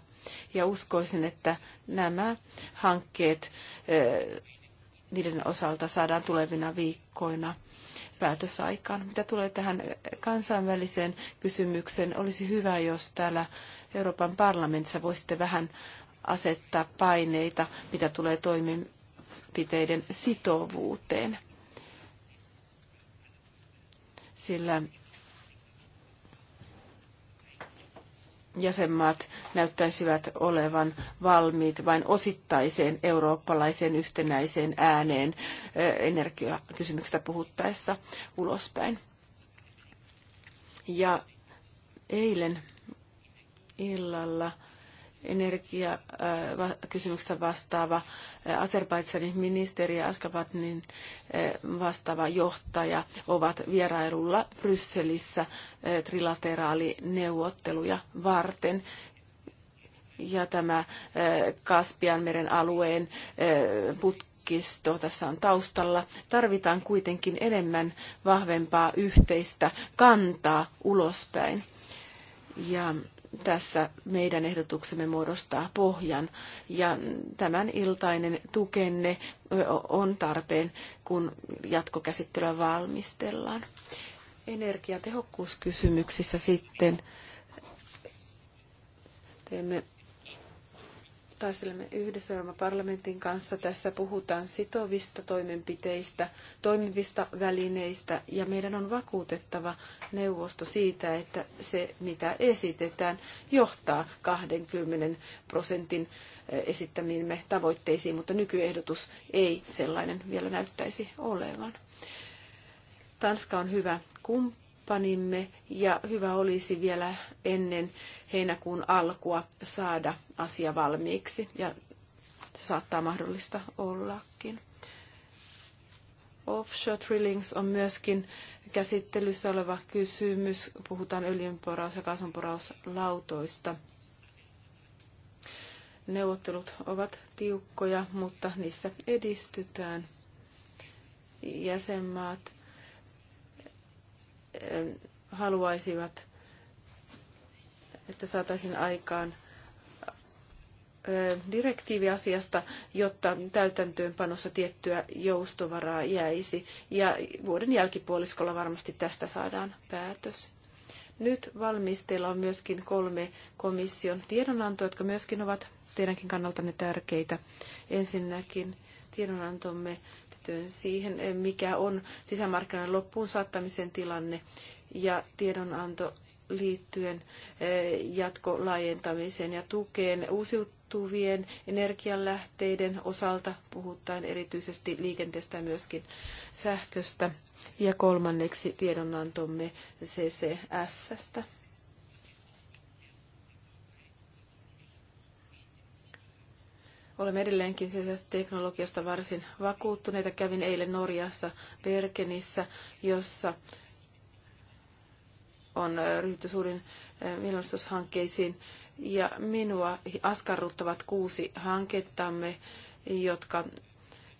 Ja uskoisin, että nämä hankkeet niiden osalta saadaan tulevina viikkoina päätösaikaan. Mitä tulee tähän kansainväliseen kysymykseen, olisi hyvä, jos täällä Euroopan parlamentissa voisitte vähän asettaa paineita, mitä tulee toimenpiteiden sitovuuteen. Sillä jäsenmaat näyttäisivät olevan valmiit vain osittaiseen eurooppalaiseen yhtenäiseen ääneen energiakysymyksestä puhuttaessa ulospäin. Ja eilen illalla energiakysymyksestä äh, vastaava äh, Azerbaidsanin ministeri ja Askabatnin äh, vastaava johtaja ovat vierailulla Brysselissä trilateraalineuvotteluja varten. Ja tämä Kaspian meren alueen putki putkisto tässä on taustalla. Tarvitaan kuitenkin enemmän vahvempaa yhteistä kantaa ulospäin. Ja tässä meidän ehdotuksemme muodostaa pohjan. Ja tämän iltainen tukenne on tarpeen, kun jatkokäsittelyä valmistellaan. Energiatehokkuuskysymyksissä sitten teemme taistelemme yhdessä Euroopan parlamentin kanssa. Tässä puhutaan sitovista toimenpiteistä, toimivista välineistä ja meidän on vakuutettava neuvosto siitä, että se mitä esitetään johtaa 20 prosentin eh, esittämiimme tavoitteisiin, mutta nykyehdotus ei sellainen vielä näyttäisi olevan. Tanska on hyvä kumppani panimme ja hyvä olisi vielä ennen heinäkuun alkua saada asia valmiiksi ja se saattaa mahdollista ollakin. Offshore drillings on myöskin käsittelyssä oleva kysymys. Puhutaan öljynporaus- ja kasvunporauslautoista. Neuvottelut ovat tiukkoja, mutta niissä edistytään. Jäsenmaat haluaisivat, että saataisiin aikaan direktiiviasiasta, jotta täytäntöönpanossa tiettyä joustovaraa jäisi. Ja vuoden jälkipuoliskolla varmasti tästä saadaan päätös. Nyt valmisteilla on myöskin kolme komission tiedonantoa, jotka myöskin ovat teidänkin kannaltanne tärkeitä. Ensinnäkin tiedonantomme liittyen siihen, eh, mikä on sisämarkkinoiden loppuun saattamisen tilanne ja tiedonanto liittyen eh, jatkolaajentamiseen ja tukeen uusiutuvien energianlähteiden osalta, puhutaan erityisesti liikenteestä ja myöskin sähköstä, ja kolmanneksi tiedonantomme CCSstä. Olemme edelleenkin sisäisestä teknologiasta varsin vakuuttuneita. Kävin eilen Norjassa Bergenissä, jossa on ryhdytty suurin eh, mielenosoitushankkeisiin. Ja minua askarruttavat kuusi hankettamme, jotka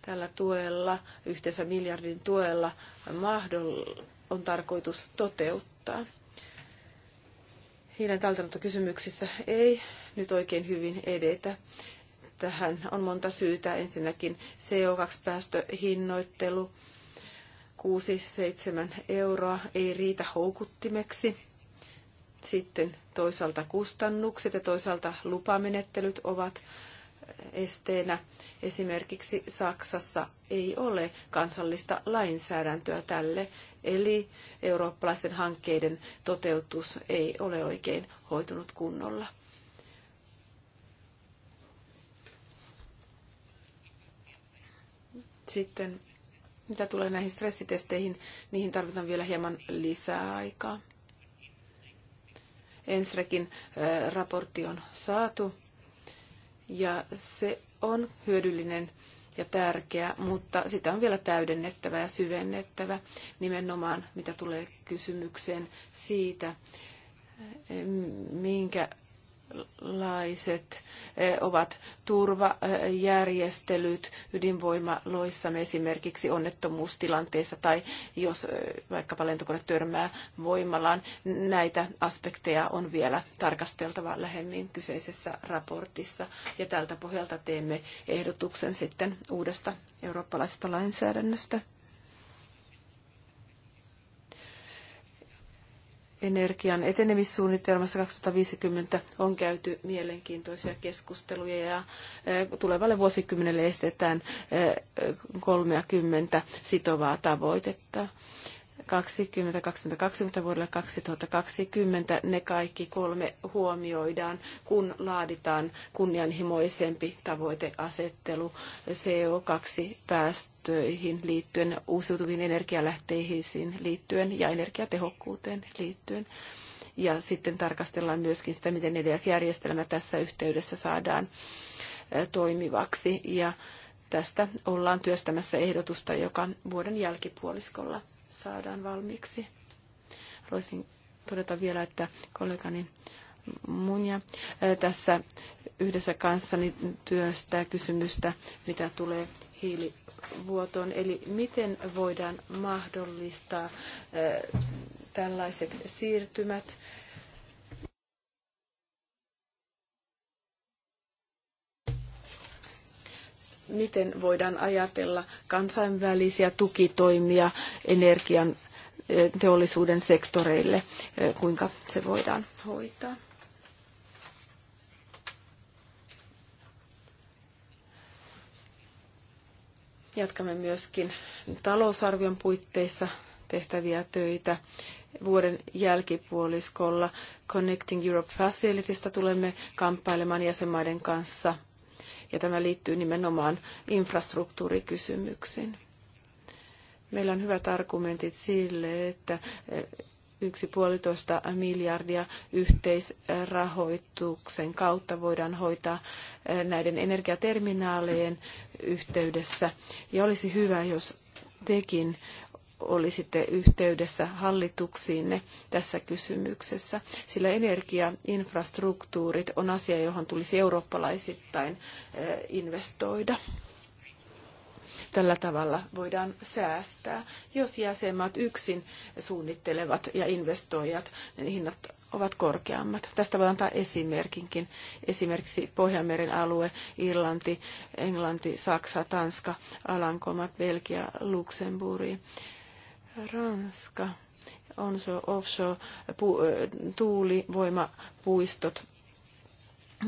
tällä tuella, yhteensä miljardin tuella, mahdoll- on tarkoitus toteuttaa. Hiilen kysymyksissä ei nyt oikein hyvin edetä tähän on monta syytä. Ensinnäkin CO2-päästöhinnoittelu 6-7 euroa ei riitä houkuttimeksi. Sitten toisaalta kustannukset ja toisaalta lupamenettelyt ovat esteenä. Esimerkiksi Saksassa ei ole kansallista lainsäädäntöä tälle, eli eurooppalaisten hankkeiden toteutus ei ole oikein hoitunut kunnolla. Sitten mitä tulee näihin stressitesteihin, niihin tarvitaan vielä hieman lisää aikaa. Ensrekin raportti on saatu ja se on hyödyllinen ja tärkeä, mutta sitä on vielä täydennettävä ja syvennettävä nimenomaan, mitä tulee kysymykseen siitä, minkä Laiset eh, ovat turvajärjestelyt ydinvoimaloissamme esimerkiksi onnettomuustilanteessa tai jos eh, vaikkapa lentokone törmää voimalaan. Näitä aspekteja on vielä tarkasteltava lähemmin kyseisessä raportissa ja tältä pohjalta teemme ehdotuksen sitten uudesta eurooppalaisesta lainsäädännöstä. energian etenemissuunnitelmassa 2050 on käyty mielenkiintoisia keskusteluja ja eh, tulevalle vuosikymmenelle estetään 30 eh, sitovaa tavoitetta. 2020, vuodelle 2020 ne kaikki kolme huomioidaan, kun laaditaan kunnianhimoisempi tavoiteasettelu CO2-päästöihin liittyen, uusiutuviin energialähteisiin liittyen ja energiatehokkuuteen liittyen. Ja sitten tarkastellaan myöskin sitä, miten EDS-järjestelmä tässä yhteydessä saadaan toimivaksi. Ja tästä ollaan työstämässä ehdotusta, joka vuoden jälkipuoliskolla saadaan valmiiksi. Haluaisin todeta vielä, että kollegani Munja tässä yhdessä kanssani työstää kysymystä, mitä tulee hiilivuotoon. Eli miten voidaan mahdollistaa tällaiset siirtymät miten voidaan ajatella kansainvälisiä tukitoimia energian teollisuuden sektoreille, kuinka se voidaan hoitaa. Jatkamme myöskin talousarvion puitteissa tehtäviä töitä. Vuoden jälkipuoliskolla Connecting Europe Facilitysta tulemme kamppailemaan jäsenmaiden kanssa – ja tämä liittyy nimenomaan infrastruktuurikysymyksiin. Meillä on hyvät argumentit sille, että eh, yksi puolitoista miljardia yhteisrahoituksen kautta voidaan hoitaa eh, näiden energiaterminaalien yhteydessä. Ja olisi hyvä, jos tekin olisitte yhteydessä hallituksiinne tässä kysymyksessä, sillä energiainfrastruktuurit on asia, johon tulisi eurooppalaisittain eh, investoida. Tällä tavalla voidaan säästää. Jos jäsenmaat yksin suunnittelevat ja investoijat, niin hinnat ovat korkeammat. Tästä voi antaa esimerkinkin. Esimerkiksi Pohjanmeren alue, Irlanti, Englanti, Saksa, Tanska, Alankomat, Belgia, Luxemburg Ranska on se offshore pu, tuulivoimapuistot.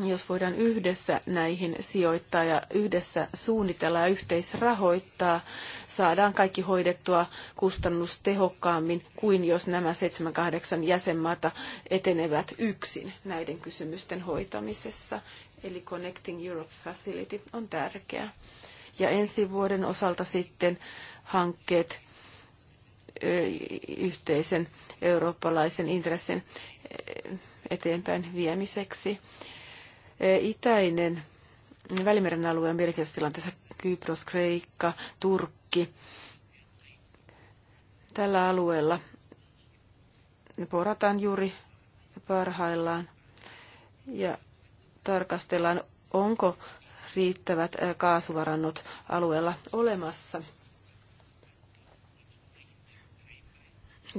Jos voidaan yhdessä näihin sijoittaa ja yhdessä suunnitella ja yhteisrahoittaa, saadaan kaikki hoidettua kustannustehokkaammin kuin jos nämä 7-8 jäsenmaata etenevät yksin näiden kysymysten hoitamisessa. Eli Connecting Europe Facility on tärkeä. Ja ensi vuoden osalta sitten hankkeet yhteisen eurooppalaisen intressin eteenpäin viemiseksi. Itäinen Välimeren alue on mielenkiintoisessa tilanteessa Kypros, Kreikka, Turkki. Tällä alueella porataan juuri parhaillaan ja tarkastellaan, onko riittävät kaasuvarannot alueella olemassa –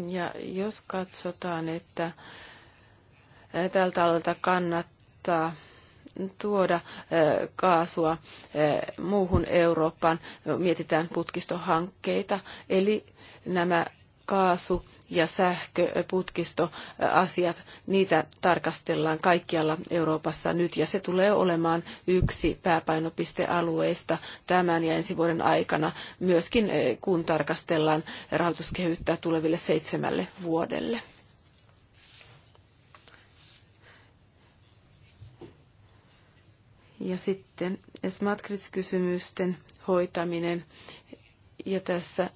Ja jos katsotaan, että tältä alalta kannattaa tuoda kaasua muuhun Eurooppaan, mietitään putkistohankkeita, eli nämä kaasu- ja sähköputkistoasiat, niitä tarkastellaan kaikkialla Euroopassa nyt ja se tulee olemaan yksi pääpainopistealueista tämän ja ensi vuoden aikana, myöskin kun tarkastellaan rahoituskehyttä tuleville seitsemälle vuodelle. Ja sitten Smatkrits-kysymysten hoitaminen. Ja tässä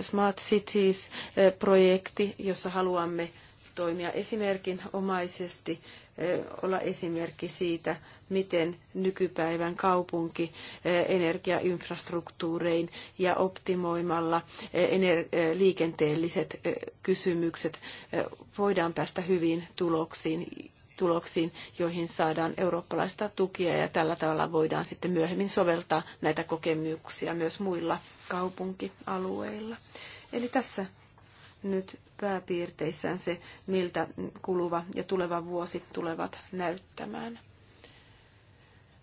Smart Cities-projekti, eh, jossa haluamme toimia esimerkinomaisesti, eh, olla esimerkki siitä, miten nykypäivän kaupunki eh, energiainfrastruktuurein ja optimoimalla liikenteelliset kysymykset voidaan päästä hyviin tuloksiin tuloksiin, joihin saadaan eurooppalaista tukia ja tällä tavalla voidaan sitten myöhemmin soveltaa näitä kokemuksia myös muilla kaupunkialueilla. Eli tässä nyt pääpiirteissään se, miltä kuluva ja tuleva vuosi tulevat näyttämään.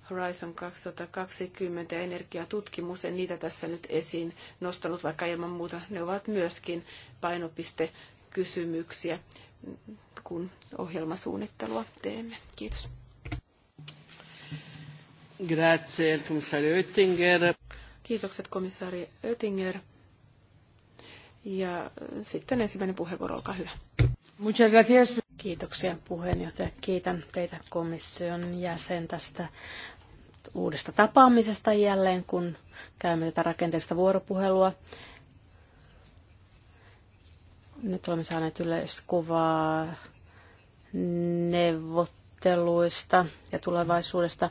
Horizon 2020 ja energiatutkimus, en niitä tässä nyt esiin nostanut, vaikka ilman muuta ne ovat myöskin painopiste kysymyksiä, kun ohjelmasuunnittelua teemme. Kiitos. Grazie, komissaari Oettinger. Kiitokset, komissaari Oettinger. Ja sitten ensimmäinen puheenvuoro, olkaa hyvä. Muchas gracias. Kiitoksia puheenjohtaja. Kiitän teitä komission jäsen tästä uudesta tapaamisesta jälleen, kun käymme tätä rakenteellista vuoropuhelua. Nyt olemme saaneet yleiskuvaa neuvotteluista ja tulevaisuudesta.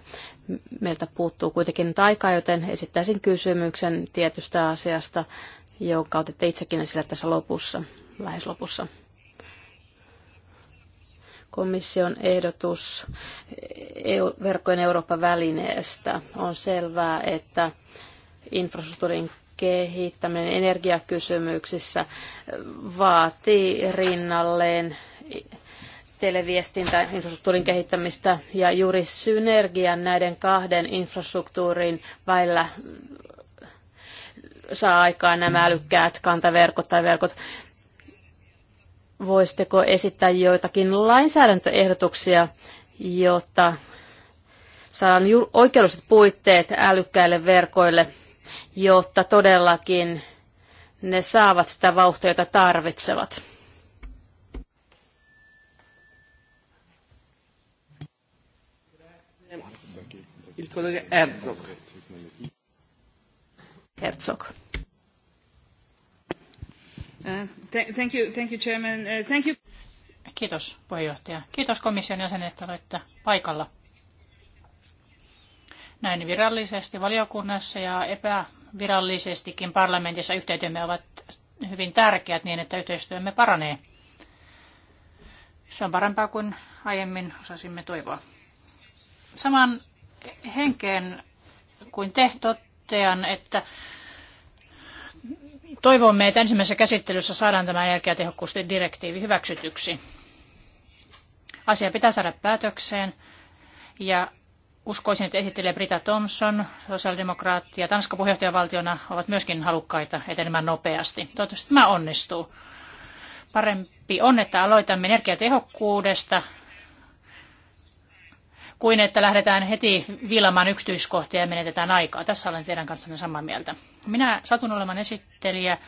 Meiltä puuttuu kuitenkin nyt aikaa, joten esittäisin kysymyksen tietystä asiasta, jonka otette itsekin esille tässä lopussa, lähes lopussa komission ehdotus e verkkojen Euroopan välineestä. On selvää, että infrastruktuurin kehittäminen energiakysymyksissä vaatii rinnalleen televiestintä, infrastruktuurin kehittämistä ja juuri synergian näiden kahden infrastruktuurin välillä saa aikaan nämä älykkäät kantaverkot tai verkot. Voisitteko esittää joitakin lainsäädäntöehdotuksia, jotta saadaan oikeudelliset puitteet älykkäille verkoille – jotta todellakin ne saavat sitä vauhtia, jota tarvitsevat. Herzog. Uh, thank you, thank you, Chairman. Uh, thank you. Kiitos puheenjohtaja. Kiitos komission jäsenet, että olette paikalla. Näin virallisesti valiokunnassa ja epävirallisestikin parlamentissa yhteytemme ovat hyvin tärkeät niin, että yhteistyömme paranee. Se on parempaa kuin aiemmin osasimme toivoa. Saman henkeen kuin te totean, että toivomme, että ensimmäisessä käsittelyssä saadaan tämä energiatehokkuusdirektiivi hyväksytyksi. Asia pitää saada päätökseen ja Uskoisin, että esittelee Brita Thompson, sosiaalidemokraatti ja Tanska puheenjohtajavaltiona ovat myöskin halukkaita etenemään nopeasti. Toivottavasti tämä onnistuu. Parempi on, että aloitamme energiatehokkuudesta kuin että lähdetään heti viilamaan yksityiskohtia ja menetetään aikaa. Tässä olen teidän kanssanne samaa mieltä. Minä satun olemaan esittelijä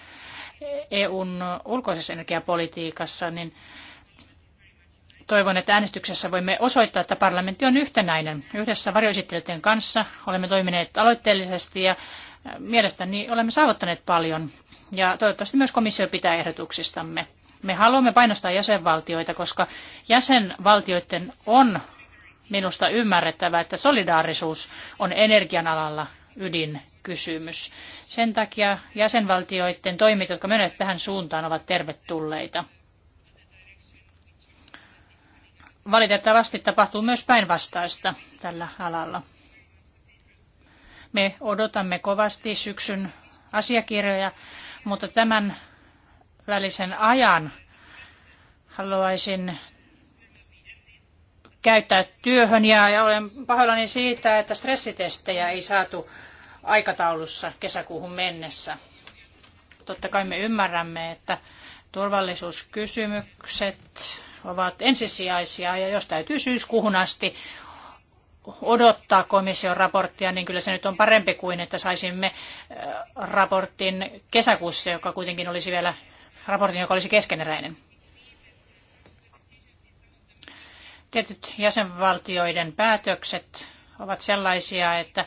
EUn e ulkoisessa energiapolitiikassa, niin Toivon, että äänestyksessä voimme osoittaa, että parlamentti on yhtenäinen. Yhdessä varjoesittelijöiden kanssa olemme toimineet aloitteellisesti ja mielestäni olemme saavuttaneet paljon. Ja toivottavasti myös komissio pitää ehdotuksistamme. Me haluamme painostaa jäsenvaltioita, koska jäsenvaltioiden on minusta ymmärrettävä, että solidaarisuus on energian alalla ydinkysymys. Sen takia jäsenvaltioiden toimit, jotka menevät tähän suuntaan, ovat tervetulleita. valitettavasti tapahtuu myös päinvastaista tällä alalla. Me odotamme kovasti syksyn asiakirjoja, mutta tämän välisen ajan haluaisin käyttää työhön ja olen pahoillani siitä, että stressitestejä ei saatu aikataulussa kesäkuuhun mennessä. Totta kai me ymmärrämme, että turvallisuuskysymykset ovat ensisijaisia ja jos täytyy syyskuuhun asti odottaa komission raporttia, niin kyllä se nyt on parempi kuin, että saisimme äh, raportin kesäkuussa, joka kuitenkin olisi vielä raportin, joka olisi keskeneräinen. Tietyt jäsenvaltioiden päätökset ovat sellaisia, että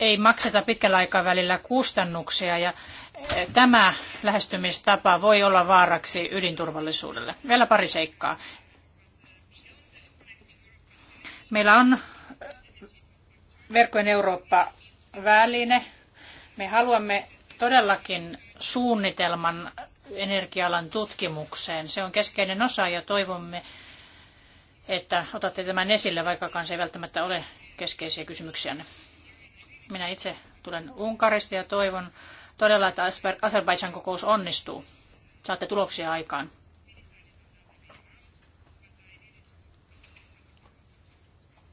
ei makseta pitkällä aikavälillä kustannuksia ja tämä lähestymistapa voi olla vaaraksi ydinturvallisuudelle. Vielä pari seikkaa. Meillä on Verkkojen Eurooppa-väline. Me haluamme todellakin suunnitelman energialan tutkimukseen. Se on keskeinen osa ja toivomme, että otatte tämän esille, vaikkakaan se ei välttämättä ole keskeisiä kysymyksiänne. Minä itse tulen Unkarista ja toivon, todella, että Azerbaijan kokous onnistuu. Saatte tuloksia aikaan.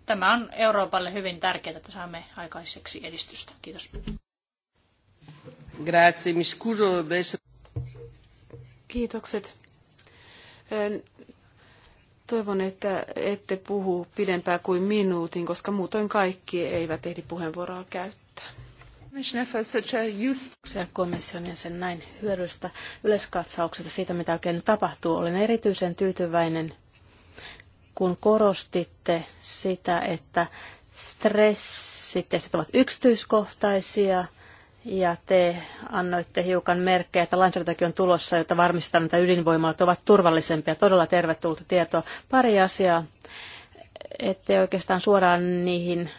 Tämä on Euroopalle hyvin tärkeää, että saamme aikaiseksi edistystä. Kiitos. Grazie, mi scuso Kiitokset. Toivon, että ette puhu pidempään kuin minuutin, koska muutoin kaikki eivät ehdi puheenvuoroa käyttää komission sen näin hyödystä yleiskatsauksesta siitä, mitä oikein tapahtuu. Olen erityisen tyytyväinen, kun korostitte sitä, että stressitestit ovat yksityiskohtaisia ja te annoitte hiukan merkkejä, että lainsäädäntökin on tulossa, jotta varmistetaan, että ydinvoimalat ovat turvallisempia. Todella tervetullutta tietoa. Pari asiaa, ettei oikeastaan suoraan niihin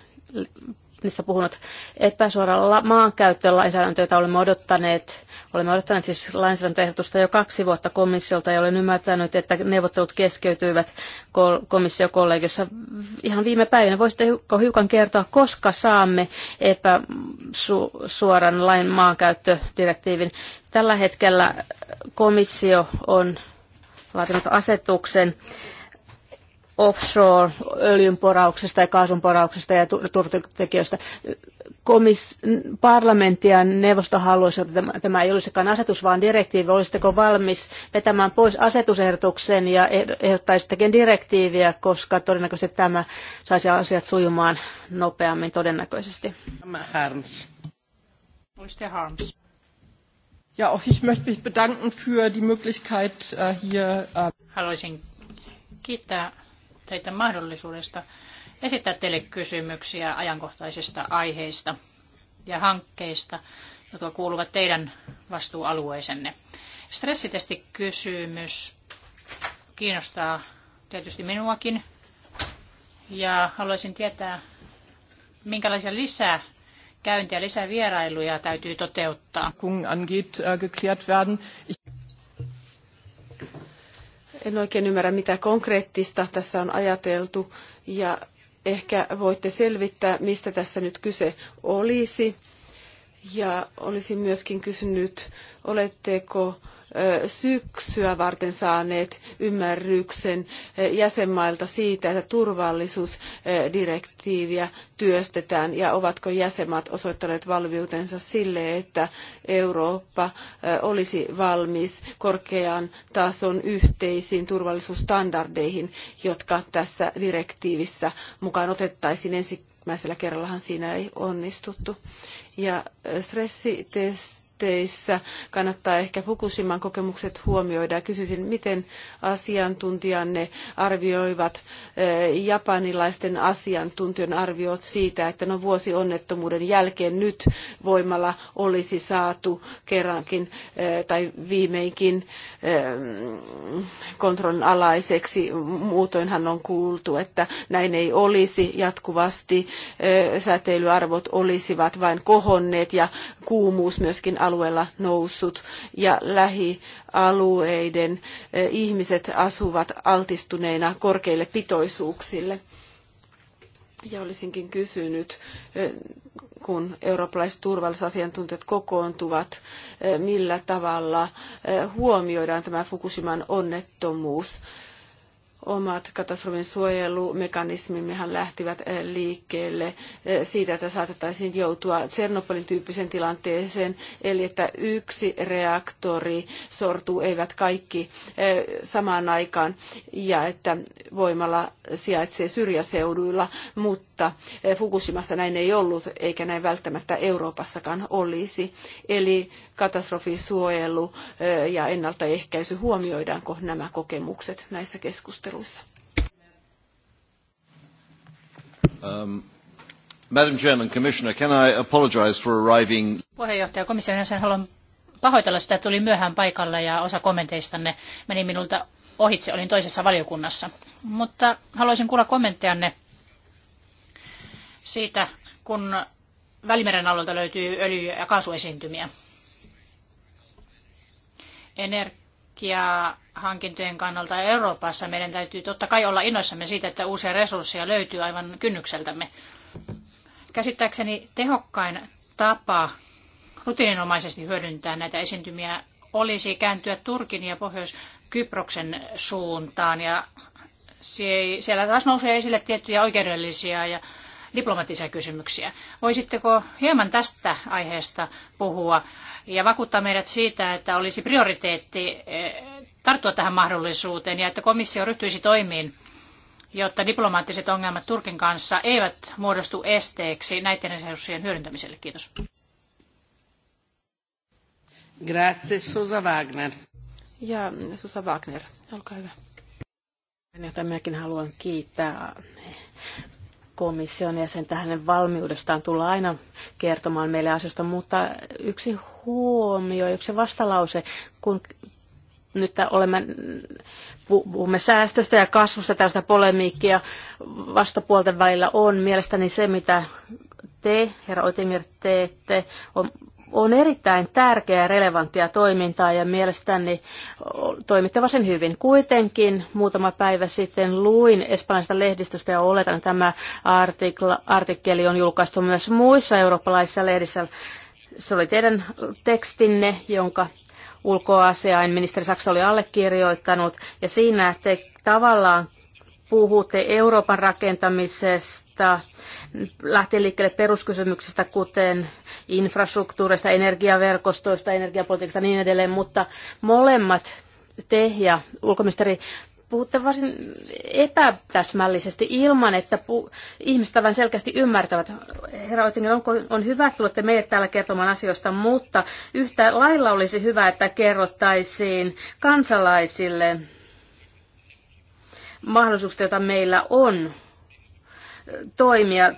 niistä puhunut epäsuoralla maankäyttölainsäädäntöä, jota olemme odottaneet. Olemme odottaneet siis lainsäädäntöehdotusta jo kaksi vuotta komissiolta ja olen ymmärtänyt, että neuvottelut keskeytyivät komissiokollegiossa ihan viime päivinä. Voisitteko hiukan kertoa, koska saamme epäsuoran lain maankäyttödirektiivin? Tällä hetkellä komissio on laatinut asetuksen offshore-öljynporauksesta ja kaasunporauksesta ja turvatekijöistä. Komis, parlamentti ja neuvosto haluaisivat, että tämä, tämä ei olisikaan asetus, vaan direktiivi. Olisitteko valmis vetämään pois asetusehdotuksen ja ehdottaisittekin direktiiviä, koska todennäköisesti tämä saisi asiat sujumaan nopeammin todennäköisesti? Harms. Harms. Ja, ich möchte mich bedanken für die Möglichkeit äh, hier. Äh, Haluaisin kiittää teitä mahdollisuudesta esittää teille kysymyksiä ajankohtaisista aiheista ja hankkeista, jotka kuuluvat teidän vastuualueeseenne. Stressitestikysymys kiinnostaa tietysti minuakin ja haluaisin tietää, minkälaisia lisää käyntiä, lisää vierailuja täytyy toteuttaa. Angeht, äh, geklärt werden. En oikein ymmärrä, mitä konkreettista tässä on ajateltu ja ehkä voitte selvittää, mistä tässä nyt kyse olisi. Ja olisin myöskin kysynyt, oletteko syksyä varten saaneet ymmärryksen jäsenmailta siitä, että turvallisuusdirektiiviä työstetään ja ovatko jäsenmaat osoittaneet valmiutensa sille, että Eurooppa olisi valmis korkean tason yhteisiin turvallisuusstandardeihin, jotka tässä direktiivissä mukaan otettaisiin ensimmäisellä kerrallahan siinä ei onnistuttu. Ja stressitesti puitteissa. Kannattaa ehkä Fukushiman kokemukset huomioida. Kysyisin, miten asiantuntijanne arvioivat eh, japanilaisten asiantuntijoiden arviot siitä, että no vuosi onnettomuuden jälkeen nyt voimalla olisi saatu kerrankin eh, tai viimeinkin eh, kontrollin alaiseksi. Muutoinhan on kuultu, että näin ei olisi jatkuvasti. Säteilyarvot olisivat vain kohonneet ja kuumuus myöskin alueella noussut ja lähialueiden eh, ihmiset asuvat altistuneina korkeille pitoisuuksille. Ja olisinkin kysynyt, eh, kun eurooppalaiset turvallisuusasiantuntijat kokoontuvat, eh, millä tavalla huomioidaan tämä Fukushiman onnettomuus omat katastrofin suojelumekanismimmehan lähtivät eh, liikkeelle eh, siitä, että saatettaisiin joutua Tsernobylin tyyppiseen tilanteeseen, eli että yksi reaktori sortuu, eivät kaikki eh, samaan aikaan, ja että voimalla sijaitsee syrjäseuduilla, mutta Fukushimassa näin ei ollut, eikä näin välttämättä Euroopassakaan olisi. Eli katastrofisuojelu eh, ja ennaltaehkäisy, huomioidaanko nämä kokemukset näissä keskusteluissa? Um, Madam Chairman, Commissioner, can I apologize for arriving... Puheenjohtaja, komission jäsen, haluan pahoitella sitä, että tulin myöhään paikalle ja osa kommenteistanne meni minulta ohitse, olin toisessa valiokunnassa. Mutta haluaisin kuulla kommenttejanne siitä, kun Välimeren alueelta löytyy öljy- ja kaasuesiintymiä energiahankintojen kannalta Euroopassa meidän täytyy totta kai olla innoissamme siitä, että uusia resursseja löytyy aivan kynnykseltämme. Käsittääkseni tehokkain tapa rutiininomaisesti hyödyntää näitä esiintymiä olisi kääntyä Turkin ja Pohjois-Kyproksen suuntaan. Ja siellä taas nousee esille tiettyjä oikeudellisia ja diplomaattisia kysymyksiä. Voisitteko hieman tästä aiheesta puhua? ja vakuuttaa meidät siitä, että olisi prioriteetti eh, tarttua tähän mahdollisuuteen ja että komissio ryhtyisi toimiin, jotta diplomaattiset ongelmat Turkin kanssa eivät muodostu esteeksi näiden resurssien hyödyntämiselle. Kiitos. Grazie, Susa Wagner. Ja Susa Wagner, olkaa hyvä. Jota minäkin haluan kiittää komission jäsentä hänen valmiudestaan tulla aina kertomaan meille asioista, mutta yksi huomio, yksi vastalause, kun nyt olemme, puhumme säästöstä ja kasvusta, tästä polemiikkia vastapuolten välillä on. Mielestäni se, mitä te, herra Oitimir, teette, on, on erittäin tärkeää ja relevanttia toimintaa ja mielestäni toimitte varsin hyvin. Kuitenkin muutama päivä sitten luin espanjalaisesta lehdistöstä ja oletan, että tämä artikla, artikkeli on julkaistu myös muissa eurooppalaisissa lehdissä se oli teidän tekstinne, jonka ulkoasiain ministeri Saksa oli allekirjoittanut, ja siinä te tavallaan puhutte Euroopan rakentamisesta, lähtien liikkeelle peruskysymyksistä, kuten infrastruktuurista, energiaverkostoista, energiapolitiikasta ja niin edelleen, mutta molemmat te ja ulkoministeri puhutte varsin epätäsmällisesti ilman, että pu- ihmiset aivan selkeästi ymmärtävät. Herra Oittingen, on, on hyvä, että tulette meille täällä kertomaan asioista, mutta yhtä lailla olisi hyvä, että kerrottaisiin kansalaisille mahdollisuuksia, joita meillä on toimia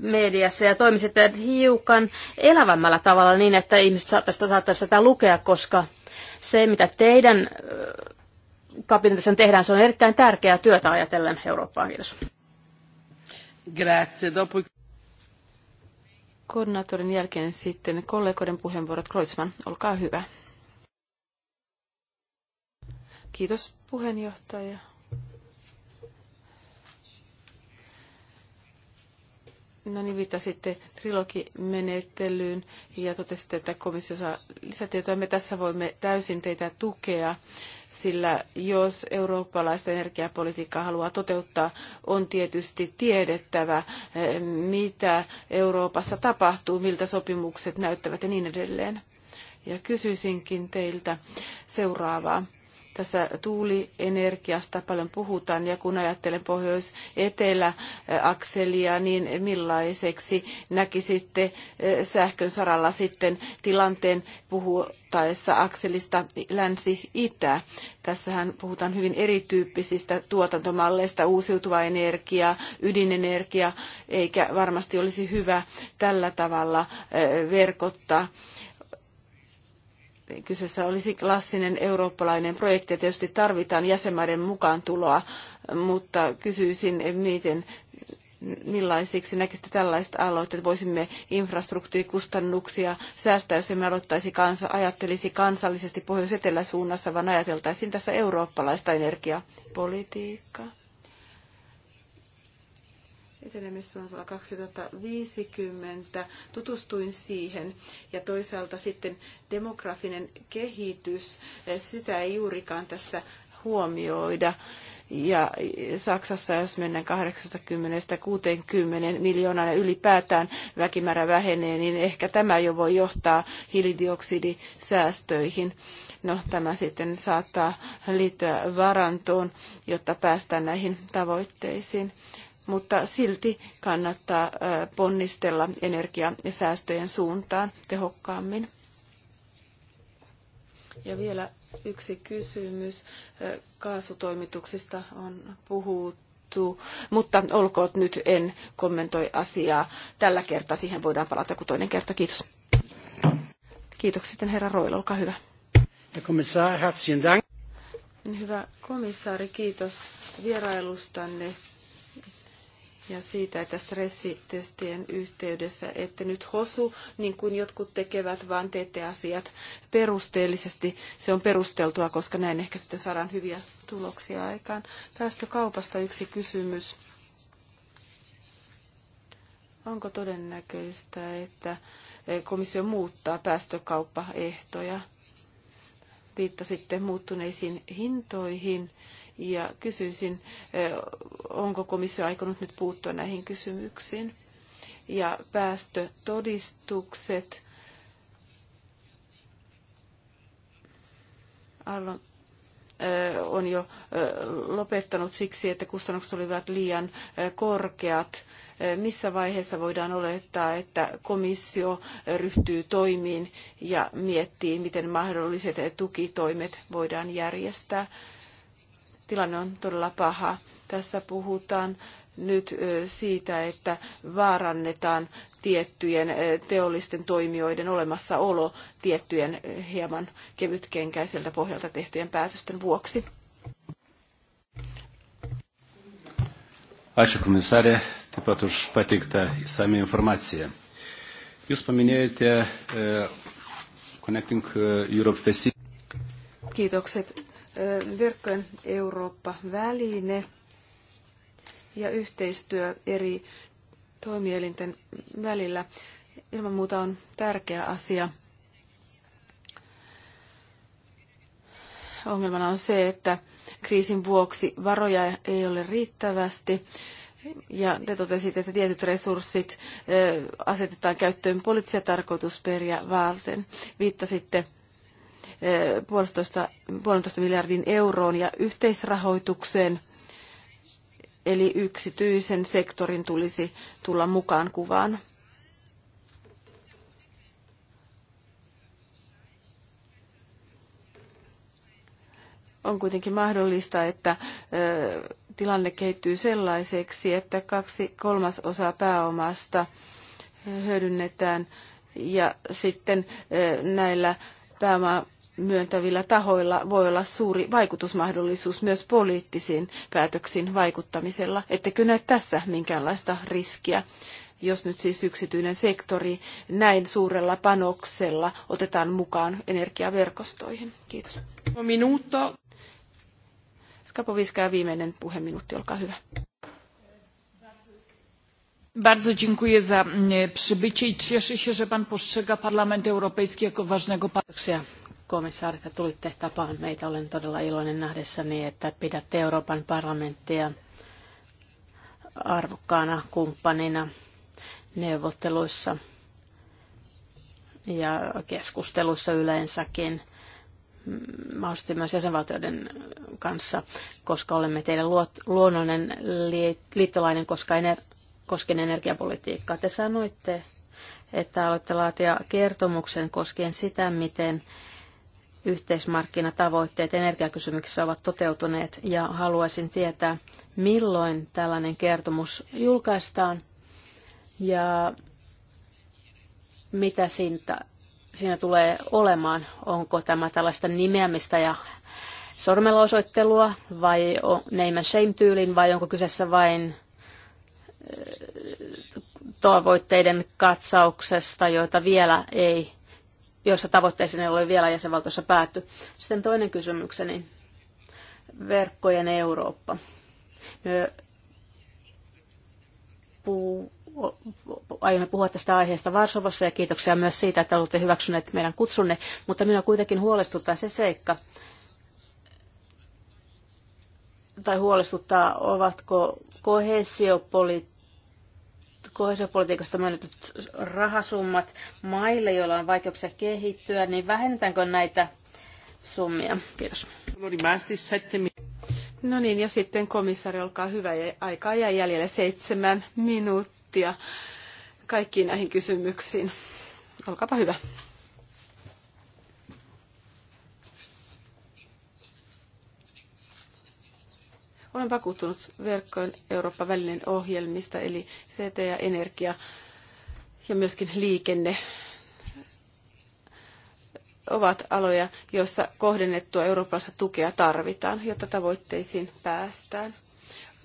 mediassa ja toimisitte hiukan elävämmällä tavalla niin, että ihmiset saattaisivat, saattaisivat sitä lukea, koska se, mitä teidän kabinetissa tehdään. Se on erittäin tärkeää työtä ajatellen Eurooppaa. Kiitos. Grazie. Dopo... Koordinaattorin jälkeen sitten kollegoiden puheenvuorot. Kreutzmann, olkaa hyvä. Kiitos puheenjohtaja. No niin, viittasitte trilogimenettelyyn ja totesitte, että komissio saa lisätietoa. Me tässä voimme täysin teitä tukea sillä jos eurooppalaista energiapolitiikkaa haluaa toteuttaa, on tietysti tiedettävä, eh, mitä Euroopassa tapahtuu, miltä sopimukset näyttävät ja niin edelleen. Ja kysyisinkin teiltä seuraavaa. Tässä tuulienergiasta paljon puhutaan ja kun ajattelen pohjois-etelä-akselia, niin millaiseksi näkisitte eh, sähkön saralla sitten tilanteen puhuttaessa akselista länsi-itä? Tässähän puhutaan hyvin erityyppisistä tuotantomalleista, uusiutuva energia, ydinenergia, eikä varmasti olisi hyvä tällä tavalla eh, verkottaa kyseessä olisi klassinen eurooppalainen projekti ja tietysti tarvitaan jäsenmaiden mukaan tuloa, mutta kysyisin, miten millaisiksi näkisitte tällaiset aloitteet? Voisimme infrastruktuurikustannuksia säästää, jos emme aloittaisi kansa, ajattelisi kansallisesti pohjois-etelä-suunnassa, vaan ajateltaisiin tässä eurooppalaista energiapolitiikkaa etenemissuunnitelma 2050. Tutustuin siihen ja toisaalta sitten demografinen kehitys, sitä ei juurikaan tässä huomioida. Ja Saksassa, jos mennään 80-60 miljoonaa ja ylipäätään väkimäärä vähenee, niin ehkä tämä jo voi johtaa hiilidioksidisäästöihin. No, tämä sitten saattaa liittyä varantoon, jotta päästään näihin tavoitteisiin mutta silti kannattaa ponnistella energiasäästöjen suuntaan tehokkaammin. Ja vielä yksi kysymys. Kaasutoimituksista on puhuttu, mutta olkoot nyt, en kommentoi asiaa. Tällä kertaa siihen voidaan palata kuin toinen kerta. Kiitos. Kiitokset sitten herra Roil, olkaa hyvä. Hyvä komissaari, kiitos vierailustanne ja siitä, että stressitestien yhteydessä, että nyt hosu, niin kuin jotkut tekevät, vaan teette asiat perusteellisesti. Se on perusteltua, koska näin ehkä sitten saadaan hyviä tuloksia aikaan. Päästökaupasta yksi kysymys. Onko todennäköistä, että komissio muuttaa päästökauppaehtoja? Viittasitte muuttuneisiin hintoihin ja kysyisin, onko komissio aikonut nyt puuttua näihin kysymyksiin. Ja päästötodistukset. Arlo on jo lopettanut siksi, että kustannukset olivat liian korkeat. Missä vaiheessa voidaan olettaa, että komissio ryhtyy toimiin ja miettii, miten mahdolliset tukitoimet voidaan järjestää? tilanne on todella paha. Tässä puhutaan nyt siitä, että vaarannetaan tiettyjen teollisten toimijoiden olemassaolo tiettyjen hieman kevytkenkäiseltä pohjalta tehtyjen päätösten vuoksi. Ačiū komisarė, taip pat už pateiktą įsami informaciją. Jūs paminėjote e, Connecting e, Europe Facility. Kiitokset verkkojen Eurooppa-väline ja yhteistyö eri toimielinten välillä ilman muuta on tärkeä asia. Ongelmana on se, että kriisin vuoksi varoja ei ole riittävästi. Ja te totesitte, että tietyt resurssit asetetaan käyttöön poliittisia tarkoitusperiä varten. Viittasitte puolentoista, puolentoista miljardin euroon ja yhteisrahoitukseen. Eli yksityisen sektorin tulisi tulla mukaan kuvaan. on kuitenkin mahdollista, että tilanne kehittyy sellaiseksi, että kaksi kolmasosaa pääomasta hyödynnetään ja sitten näillä pääoma myöntävillä tahoilla voi olla suuri vaikutusmahdollisuus myös poliittisiin päätöksiin vaikuttamisella. Ettekö näe tässä minkäänlaista riskiä? jos nyt siis yksityinen sektori näin suurella panoksella otetaan mukaan energiaverkostoihin. Kiitos. Minuutto. Skapoviska viimeinen puheminuutti, olkaa hyvä. Bardzo dziękuję za mm, przybycie i cieszę się, że pan postrzega Parlament Europejski jako ważnego partnera komissaari, että tulitte tapaan meitä. Olen todella iloinen nähdessäni, että pidätte Euroopan parlamenttia arvokkaana kumppanina neuvotteluissa ja keskusteluissa yleensäkin mm, mahdollisesti myös jäsenvaltioiden kanssa, koska olemme teidän luonnollinen liittolainen, koska ener- koskien energiapolitiikkaa. Te sanoitte, että aloitte laatia kertomuksen koskien sitä, miten yhteismarkkinatavoitteet energiakysymyksissä ovat toteutuneet ja haluaisin tietää, milloin tällainen kertomus julkaistaan ja mitä siitä, siinä tulee olemaan. Onko tämä tällaista nimeämistä ja sormella osoittelua vai name and shame tyylin vai onko kyseessä vain tavoitteiden katsauksesta, joita vielä ei joissa tavoitteisiin ei ole vielä jäsenvaltiossa päätty. Sitten toinen kysymykseni, verkkojen Eurooppa. Me aiomme puhua tästä aiheesta Varsovassa ja kiitoksia myös siitä, että olette hyväksyneet meidän kutsunne, mutta minua kuitenkin huolestuttaa se seikka, tai huolestuttaa, ovatko kohesiopoliittiset kohdallisuuspolitiikasta myönnetyt rahasummat maille, joilla on vaikeuksia kehittyä, niin vähennetäänkö näitä summia? Kiitos. No niin, ja sitten komissaari, olkaa hyvä. Aikaa jää jäljellä seitsemän minuuttia kaikkiin näihin kysymyksiin. Olkaapa hyvä. Olen vakuuttunut verkkojen Eurooppa-välinen ohjelmista, eli CT ja energia ja myöskin liikenne ovat aloja, joissa kohdennettua eurooppalaista tukea tarvitaan, jotta tavoitteisiin päästään.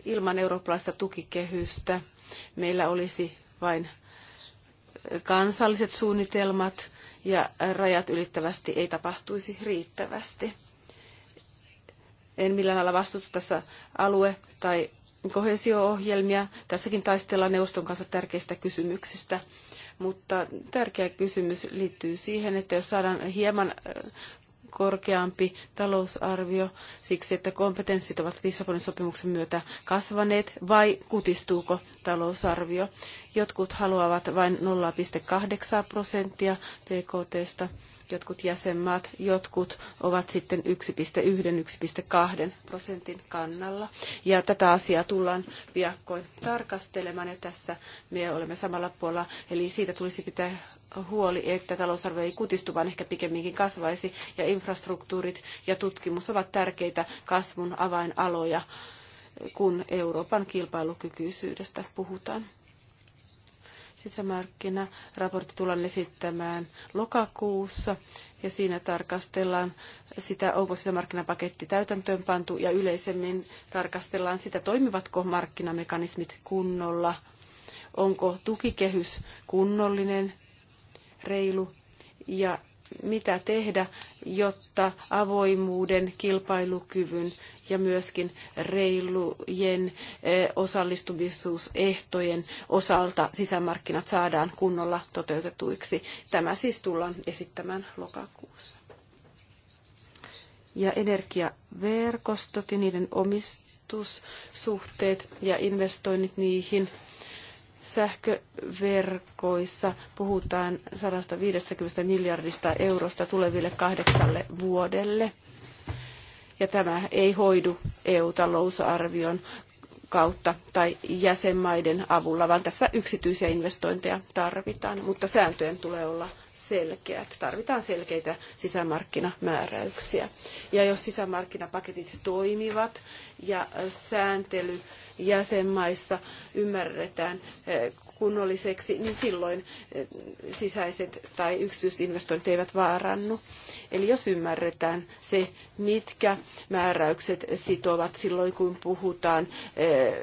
Ilman eurooppalaista tukikehystä meillä olisi vain kansalliset suunnitelmat ja rajat ylittävästi ei tapahtuisi riittävästi. En millään lailla vastusta tässä alue- tai kohesio-ohjelmia. Tässäkin taistellaan neuvoston kanssa tärkeistä kysymyksistä. Mutta tärkeä kysymys liittyy siihen, että jos saadaan hieman korkeampi talousarvio siksi, että kompetenssit ovat Lissabonin sopimuksen myötä kasvaneet, vai kutistuuko talousarvio? Jotkut haluavat vain 0,8 prosenttia BKTstä jotkut jäsenmaat, jotkut ovat sitten 1,1-1,2 prosentin kannalla. Ja tätä asiaa tullaan piakkoin tarkastelemaan ja tässä me olemme samalla puolella. Eli siitä tulisi pitää huoli, että talousarvio ei kutistu, vaan ehkä pikemminkin kasvaisi. Ja infrastruktuurit ja tutkimus ovat tärkeitä kasvun avainaloja, kun Euroopan kilpailukykyisyydestä puhutaan sisämarkkinaraportti tullaan esittämään lokakuussa ja siinä tarkastellaan sitä, onko sisämarkkinapaketti täytäntöönpantu ja yleisemmin tarkastellaan sitä, toimivatko markkinamekanismit kunnolla, onko tukikehys kunnollinen, reilu ja mitä tehdä, jotta avoimuuden, kilpailukyvyn ja myöskin reilujen eh, osallistumisuusehtojen osalta sisämarkkinat saadaan kunnolla toteutetuiksi. Tämä siis tullaan esittämään lokakuussa. Ja energiaverkostot ja niiden omistussuhteet ja investoinnit niihin – Sähköverkoissa puhutaan 150 miljardista eurosta tuleville kahdeksalle vuodelle. Ja tämä ei hoidu EU-talousarvion kautta tai jäsenmaiden avulla, vaan tässä yksityisiä investointeja tarvitaan, mutta sääntöjen tulee olla selkeät. Tarvitaan selkeitä sisämarkkinamääräyksiä. Ja jos sisämarkkinapaketit toimivat ja sääntely jäsenmaissa ymmärretään eh, kunnolliseksi, niin silloin eh, sisäiset tai yksityiset investoinnit eivät vaarannu. Eli jos ymmärretään se, mitkä määräykset sitovat silloin, kun puhutaan eh,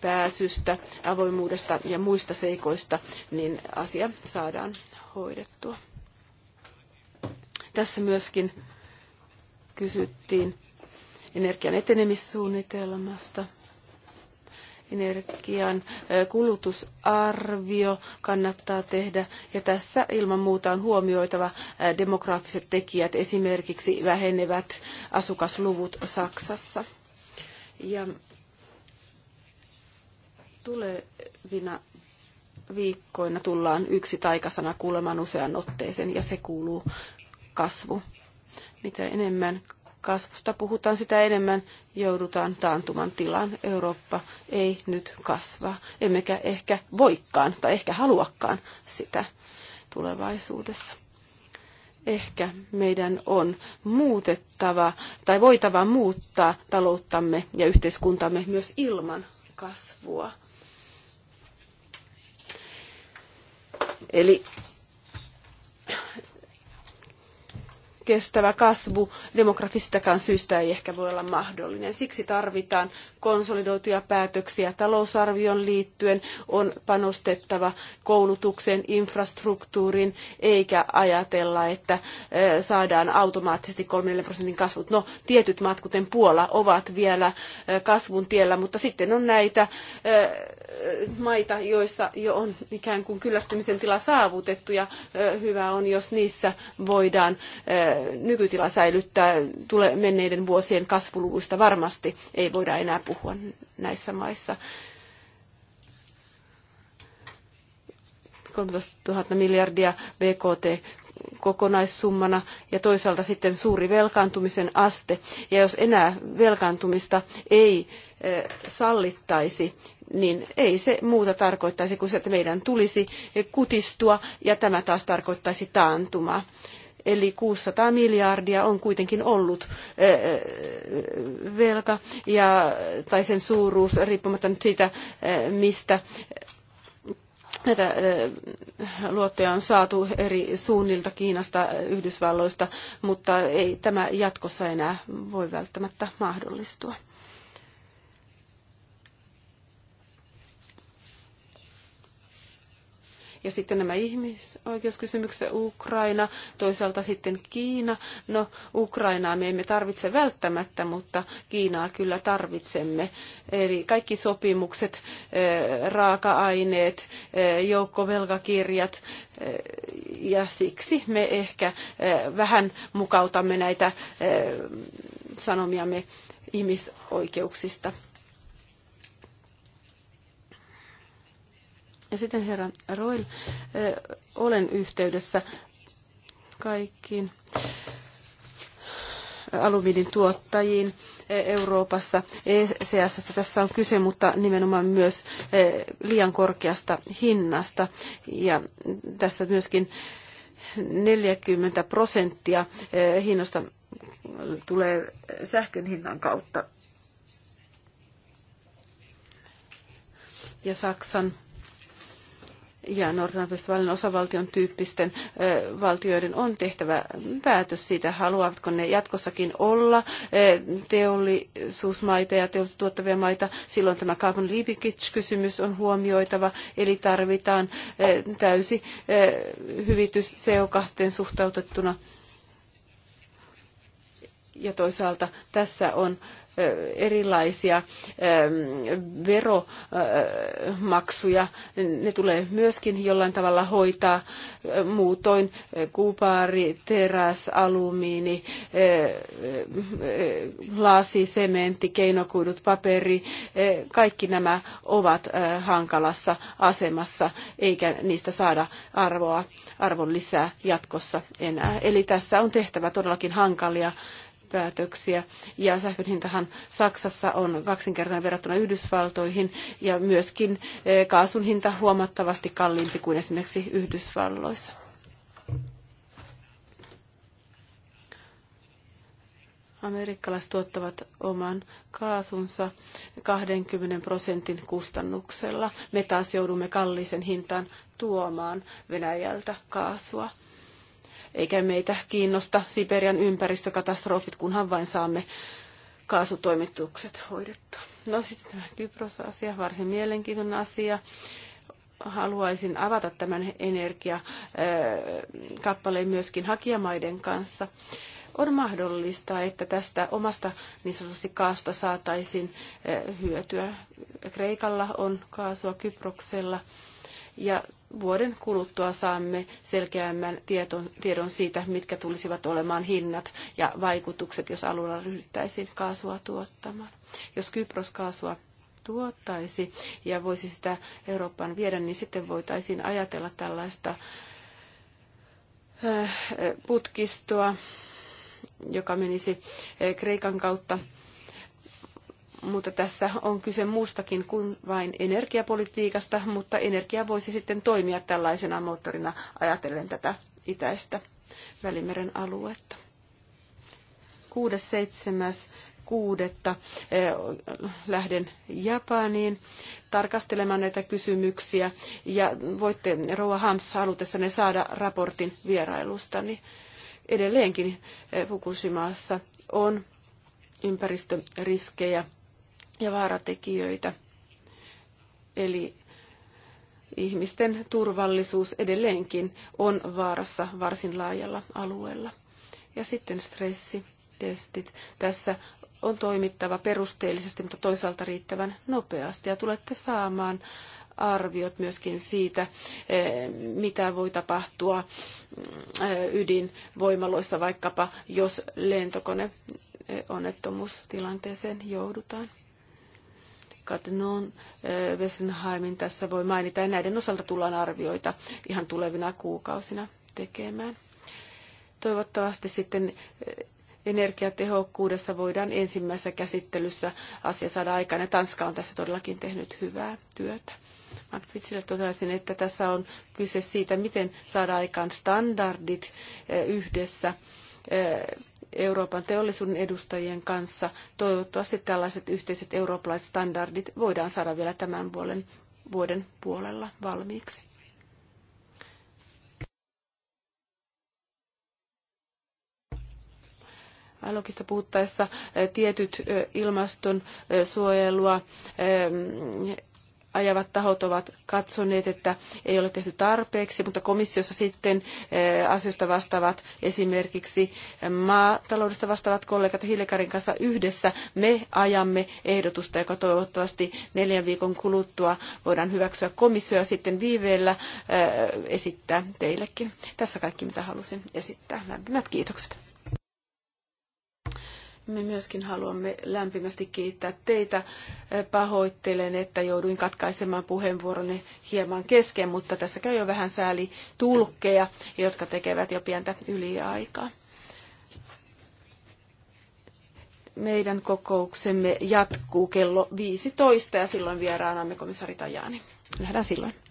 pääsystä, avoimuudesta ja muista seikoista, niin asia saadaan hoidettua. Tässä myöskin kysyttiin energian etenemissuunnitelmasta – energian kulutusarvio kannattaa tehdä. Ja tässä ilman muuta on huomioitava demograafiset tekijät, esimerkiksi vähenevät asukasluvut Saksassa. Ja tulevina viikkoina tullaan yksi taikasana kuulemaan usean otteeseen, ja se kuuluu kasvu. Mitä enemmän kasvusta puhutaan sitä enemmän, joudutaan taantuman tilaan. Eurooppa ei nyt kasva, emmekä ehkä voikaan tai ehkä haluakaan sitä tulevaisuudessa. Ehkä meidän on muutettava tai voitava muuttaa talouttamme ja yhteiskuntamme myös ilman kasvua. Eli kestävä kasvu demografisistakaan syystä ei ehkä voi olla mahdollinen. Siksi tarvitaan konsolidoituja päätöksiä talousarvion liittyen, on panostettava koulutukseen, infrastruktuuriin, eikä ajatella, että saadaan automaattisesti 3 prosentin kasvut. No, tietyt maat, kuten Puola, ovat vielä kasvun tiellä, mutta sitten on näitä maita, joissa jo on ikään kuin kyllästymisen tila saavutettu ja hyvä on, jos niissä voidaan nykytila säilyttää. Tule menneiden vuosien kasvuluvuista varmasti ei voida enää puhua näissä maissa. 13 000 miljardia BKT kokonaissummana ja toisaalta sitten suuri velkaantumisen aste. Ja jos enää velkaantumista ei sallittaisi, niin ei se muuta tarkoittaisi kuin se, että meidän tulisi kutistua ja tämä taas tarkoittaisi taantumaa. Eli 600 miljardia on kuitenkin ollut velka ja, tai sen suuruus riippumatta nyt siitä, mistä näitä luottoja on saatu eri suunnilta Kiinasta, Yhdysvalloista, mutta ei tämä jatkossa enää voi välttämättä mahdollistua. Ja sitten nämä ihmisoikeuskysymykset, Ukraina, toisaalta sitten Kiina. No, Ukrainaa me emme tarvitse välttämättä, mutta Kiinaa kyllä tarvitsemme. Eli kaikki sopimukset, eh, raaka-aineet, eh, joukkovelkakirjat, eh, ja siksi me ehkä vähän mukautamme näitä sanomiamme ihmisoikeuksista. Ja sitten herra Roil, olen yhteydessä kaikkiin alumiinin tuottajiin Euroopassa. ECS tässä on kyse, mutta nimenomaan myös liian korkeasta hinnasta. Ja tässä myöskin 40 prosenttia hinnasta tulee sähkön hinnan kautta. Ja Saksan ja Northern osavaltion tyyppisten valtioiden on tehtävä päätös siitä, haluavatko ne jatkossakin olla teollisuusmaita ja teollisuus tuottavia maita. Silloin tämä carbon leakage-kysymys on huomioitava, eli tarvitaan täysi hyvitys CO2 suhtautettuna. Ja toisaalta tässä on erilaisia veromaksuja. Ne tulee myöskin jollain tavalla hoitaa. Muutoin kupaari, teräs, alumiini, laasi, sementti, keinokuidut, paperi, kaikki nämä ovat hankalassa asemassa, eikä niistä saada arvoa, arvon lisää jatkossa enää. Eli tässä on tehtävä todellakin hankalia päätöksiä. Ja sähkön hintahan Saksassa on kaksinkertainen verrattuna Yhdysvaltoihin ja myöskin eh, kaasun hinta huomattavasti kalliimpi kuin esimerkiksi Yhdysvalloissa. Amerikkalaiset tuottavat oman kaasunsa 20 prosentin kustannuksella. Me taas joudumme kalliisen hintaan tuomaan Venäjältä kaasua eikä meitä kiinnosta Siperian ympäristökatastrofit, kunhan vain saamme kaasutoimitukset hoidettua. No sitten tämä Kypros-asia, varsin mielenkiintoinen asia. Haluaisin avata tämän energiakappaleen äh, myöskin hakijamaiden kanssa. On mahdollista, että tästä omasta niin sanotusti kaasusta saataisiin äh, hyötyä. Kreikalla on kaasua Kyproksella ja vuoden kuluttua saamme selkeämmän tiedon, tiedon siitä, mitkä tulisivat olemaan hinnat ja vaikutukset, jos alueella ryhdyttäisiin kaasua tuottamaan. Jos Kypros kaasua tuottaisi ja voisi sitä Eurooppaan viedä, niin sitten voitaisiin ajatella tällaista äh, äh, putkistoa, joka menisi äh, Kreikan kautta mutta tässä on kyse muustakin kuin vain energiapolitiikasta, mutta energia voisi sitten toimia tällaisena moottorina ajatellen tätä itäistä Välimeren aluetta. kuudetta eh, lähden Japaniin tarkastelemaan näitä kysymyksiä ja voitte Rouva Hams halutessanne saada raportin vierailustani. Edelleenkin eh, Fukushimassa on ympäristöriskejä ja vaaratekijöitä. Eli ihmisten turvallisuus edelleenkin on vaarassa varsin laajalla alueella. Ja sitten stressitestit. Tässä on toimittava perusteellisesti, mutta toisaalta riittävän nopeasti. Ja tulette saamaan arviot myöskin siitä, eh, mitä voi tapahtua eh, ydinvoimaloissa, vaikkapa jos lentokone eh, onnettomuustilanteeseen joudutaan. Katnon eh, Wessenheimin tässä voi mainita, ja näiden osalta tullaan arvioita ihan tulevina kuukausina tekemään. Toivottavasti sitten eh, energiatehokkuudessa voidaan ensimmäisessä käsittelyssä asia saada aikaan, ja Tanska on tässä todellakin tehnyt hyvää työtä. Fitzille totesin, että tässä on kyse siitä, miten saada aikaan standardit eh, yhdessä Euroopan teollisuuden edustajien kanssa. Toivottavasti tällaiset yhteiset eurooppalaiset standardit voidaan saada vielä tämän vuoden, vuoden puolella valmiiksi. Alokista puhuttaessa eh, tietyt eh, ilmaston eh, ajavat tahot ovat katsoneet, että ei ole tehty tarpeeksi, mutta komissiossa sitten eh, asioista vastaavat esimerkiksi eh, maataloudesta vastaavat kollegat Hillekarin kanssa yhdessä me ajamme ehdotusta, joka toivottavasti neljän viikon kuluttua voidaan hyväksyä komissio ja sitten viiveellä eh, esittää teillekin. Tässä kaikki, mitä halusin esittää. Lämpimät kiitokset. Me myöskin haluamme lämpimästi kiittää teitä. Pahoittelen, että jouduin katkaisemaan puheenvuoronne hieman kesken, mutta tässä käy jo vähän sääli tulkkeja, jotka tekevät jo pientä yliaikaa. Meidän kokouksemme jatkuu kello 15 ja silloin vieraanamme komissari Tajani. Nähdään silloin.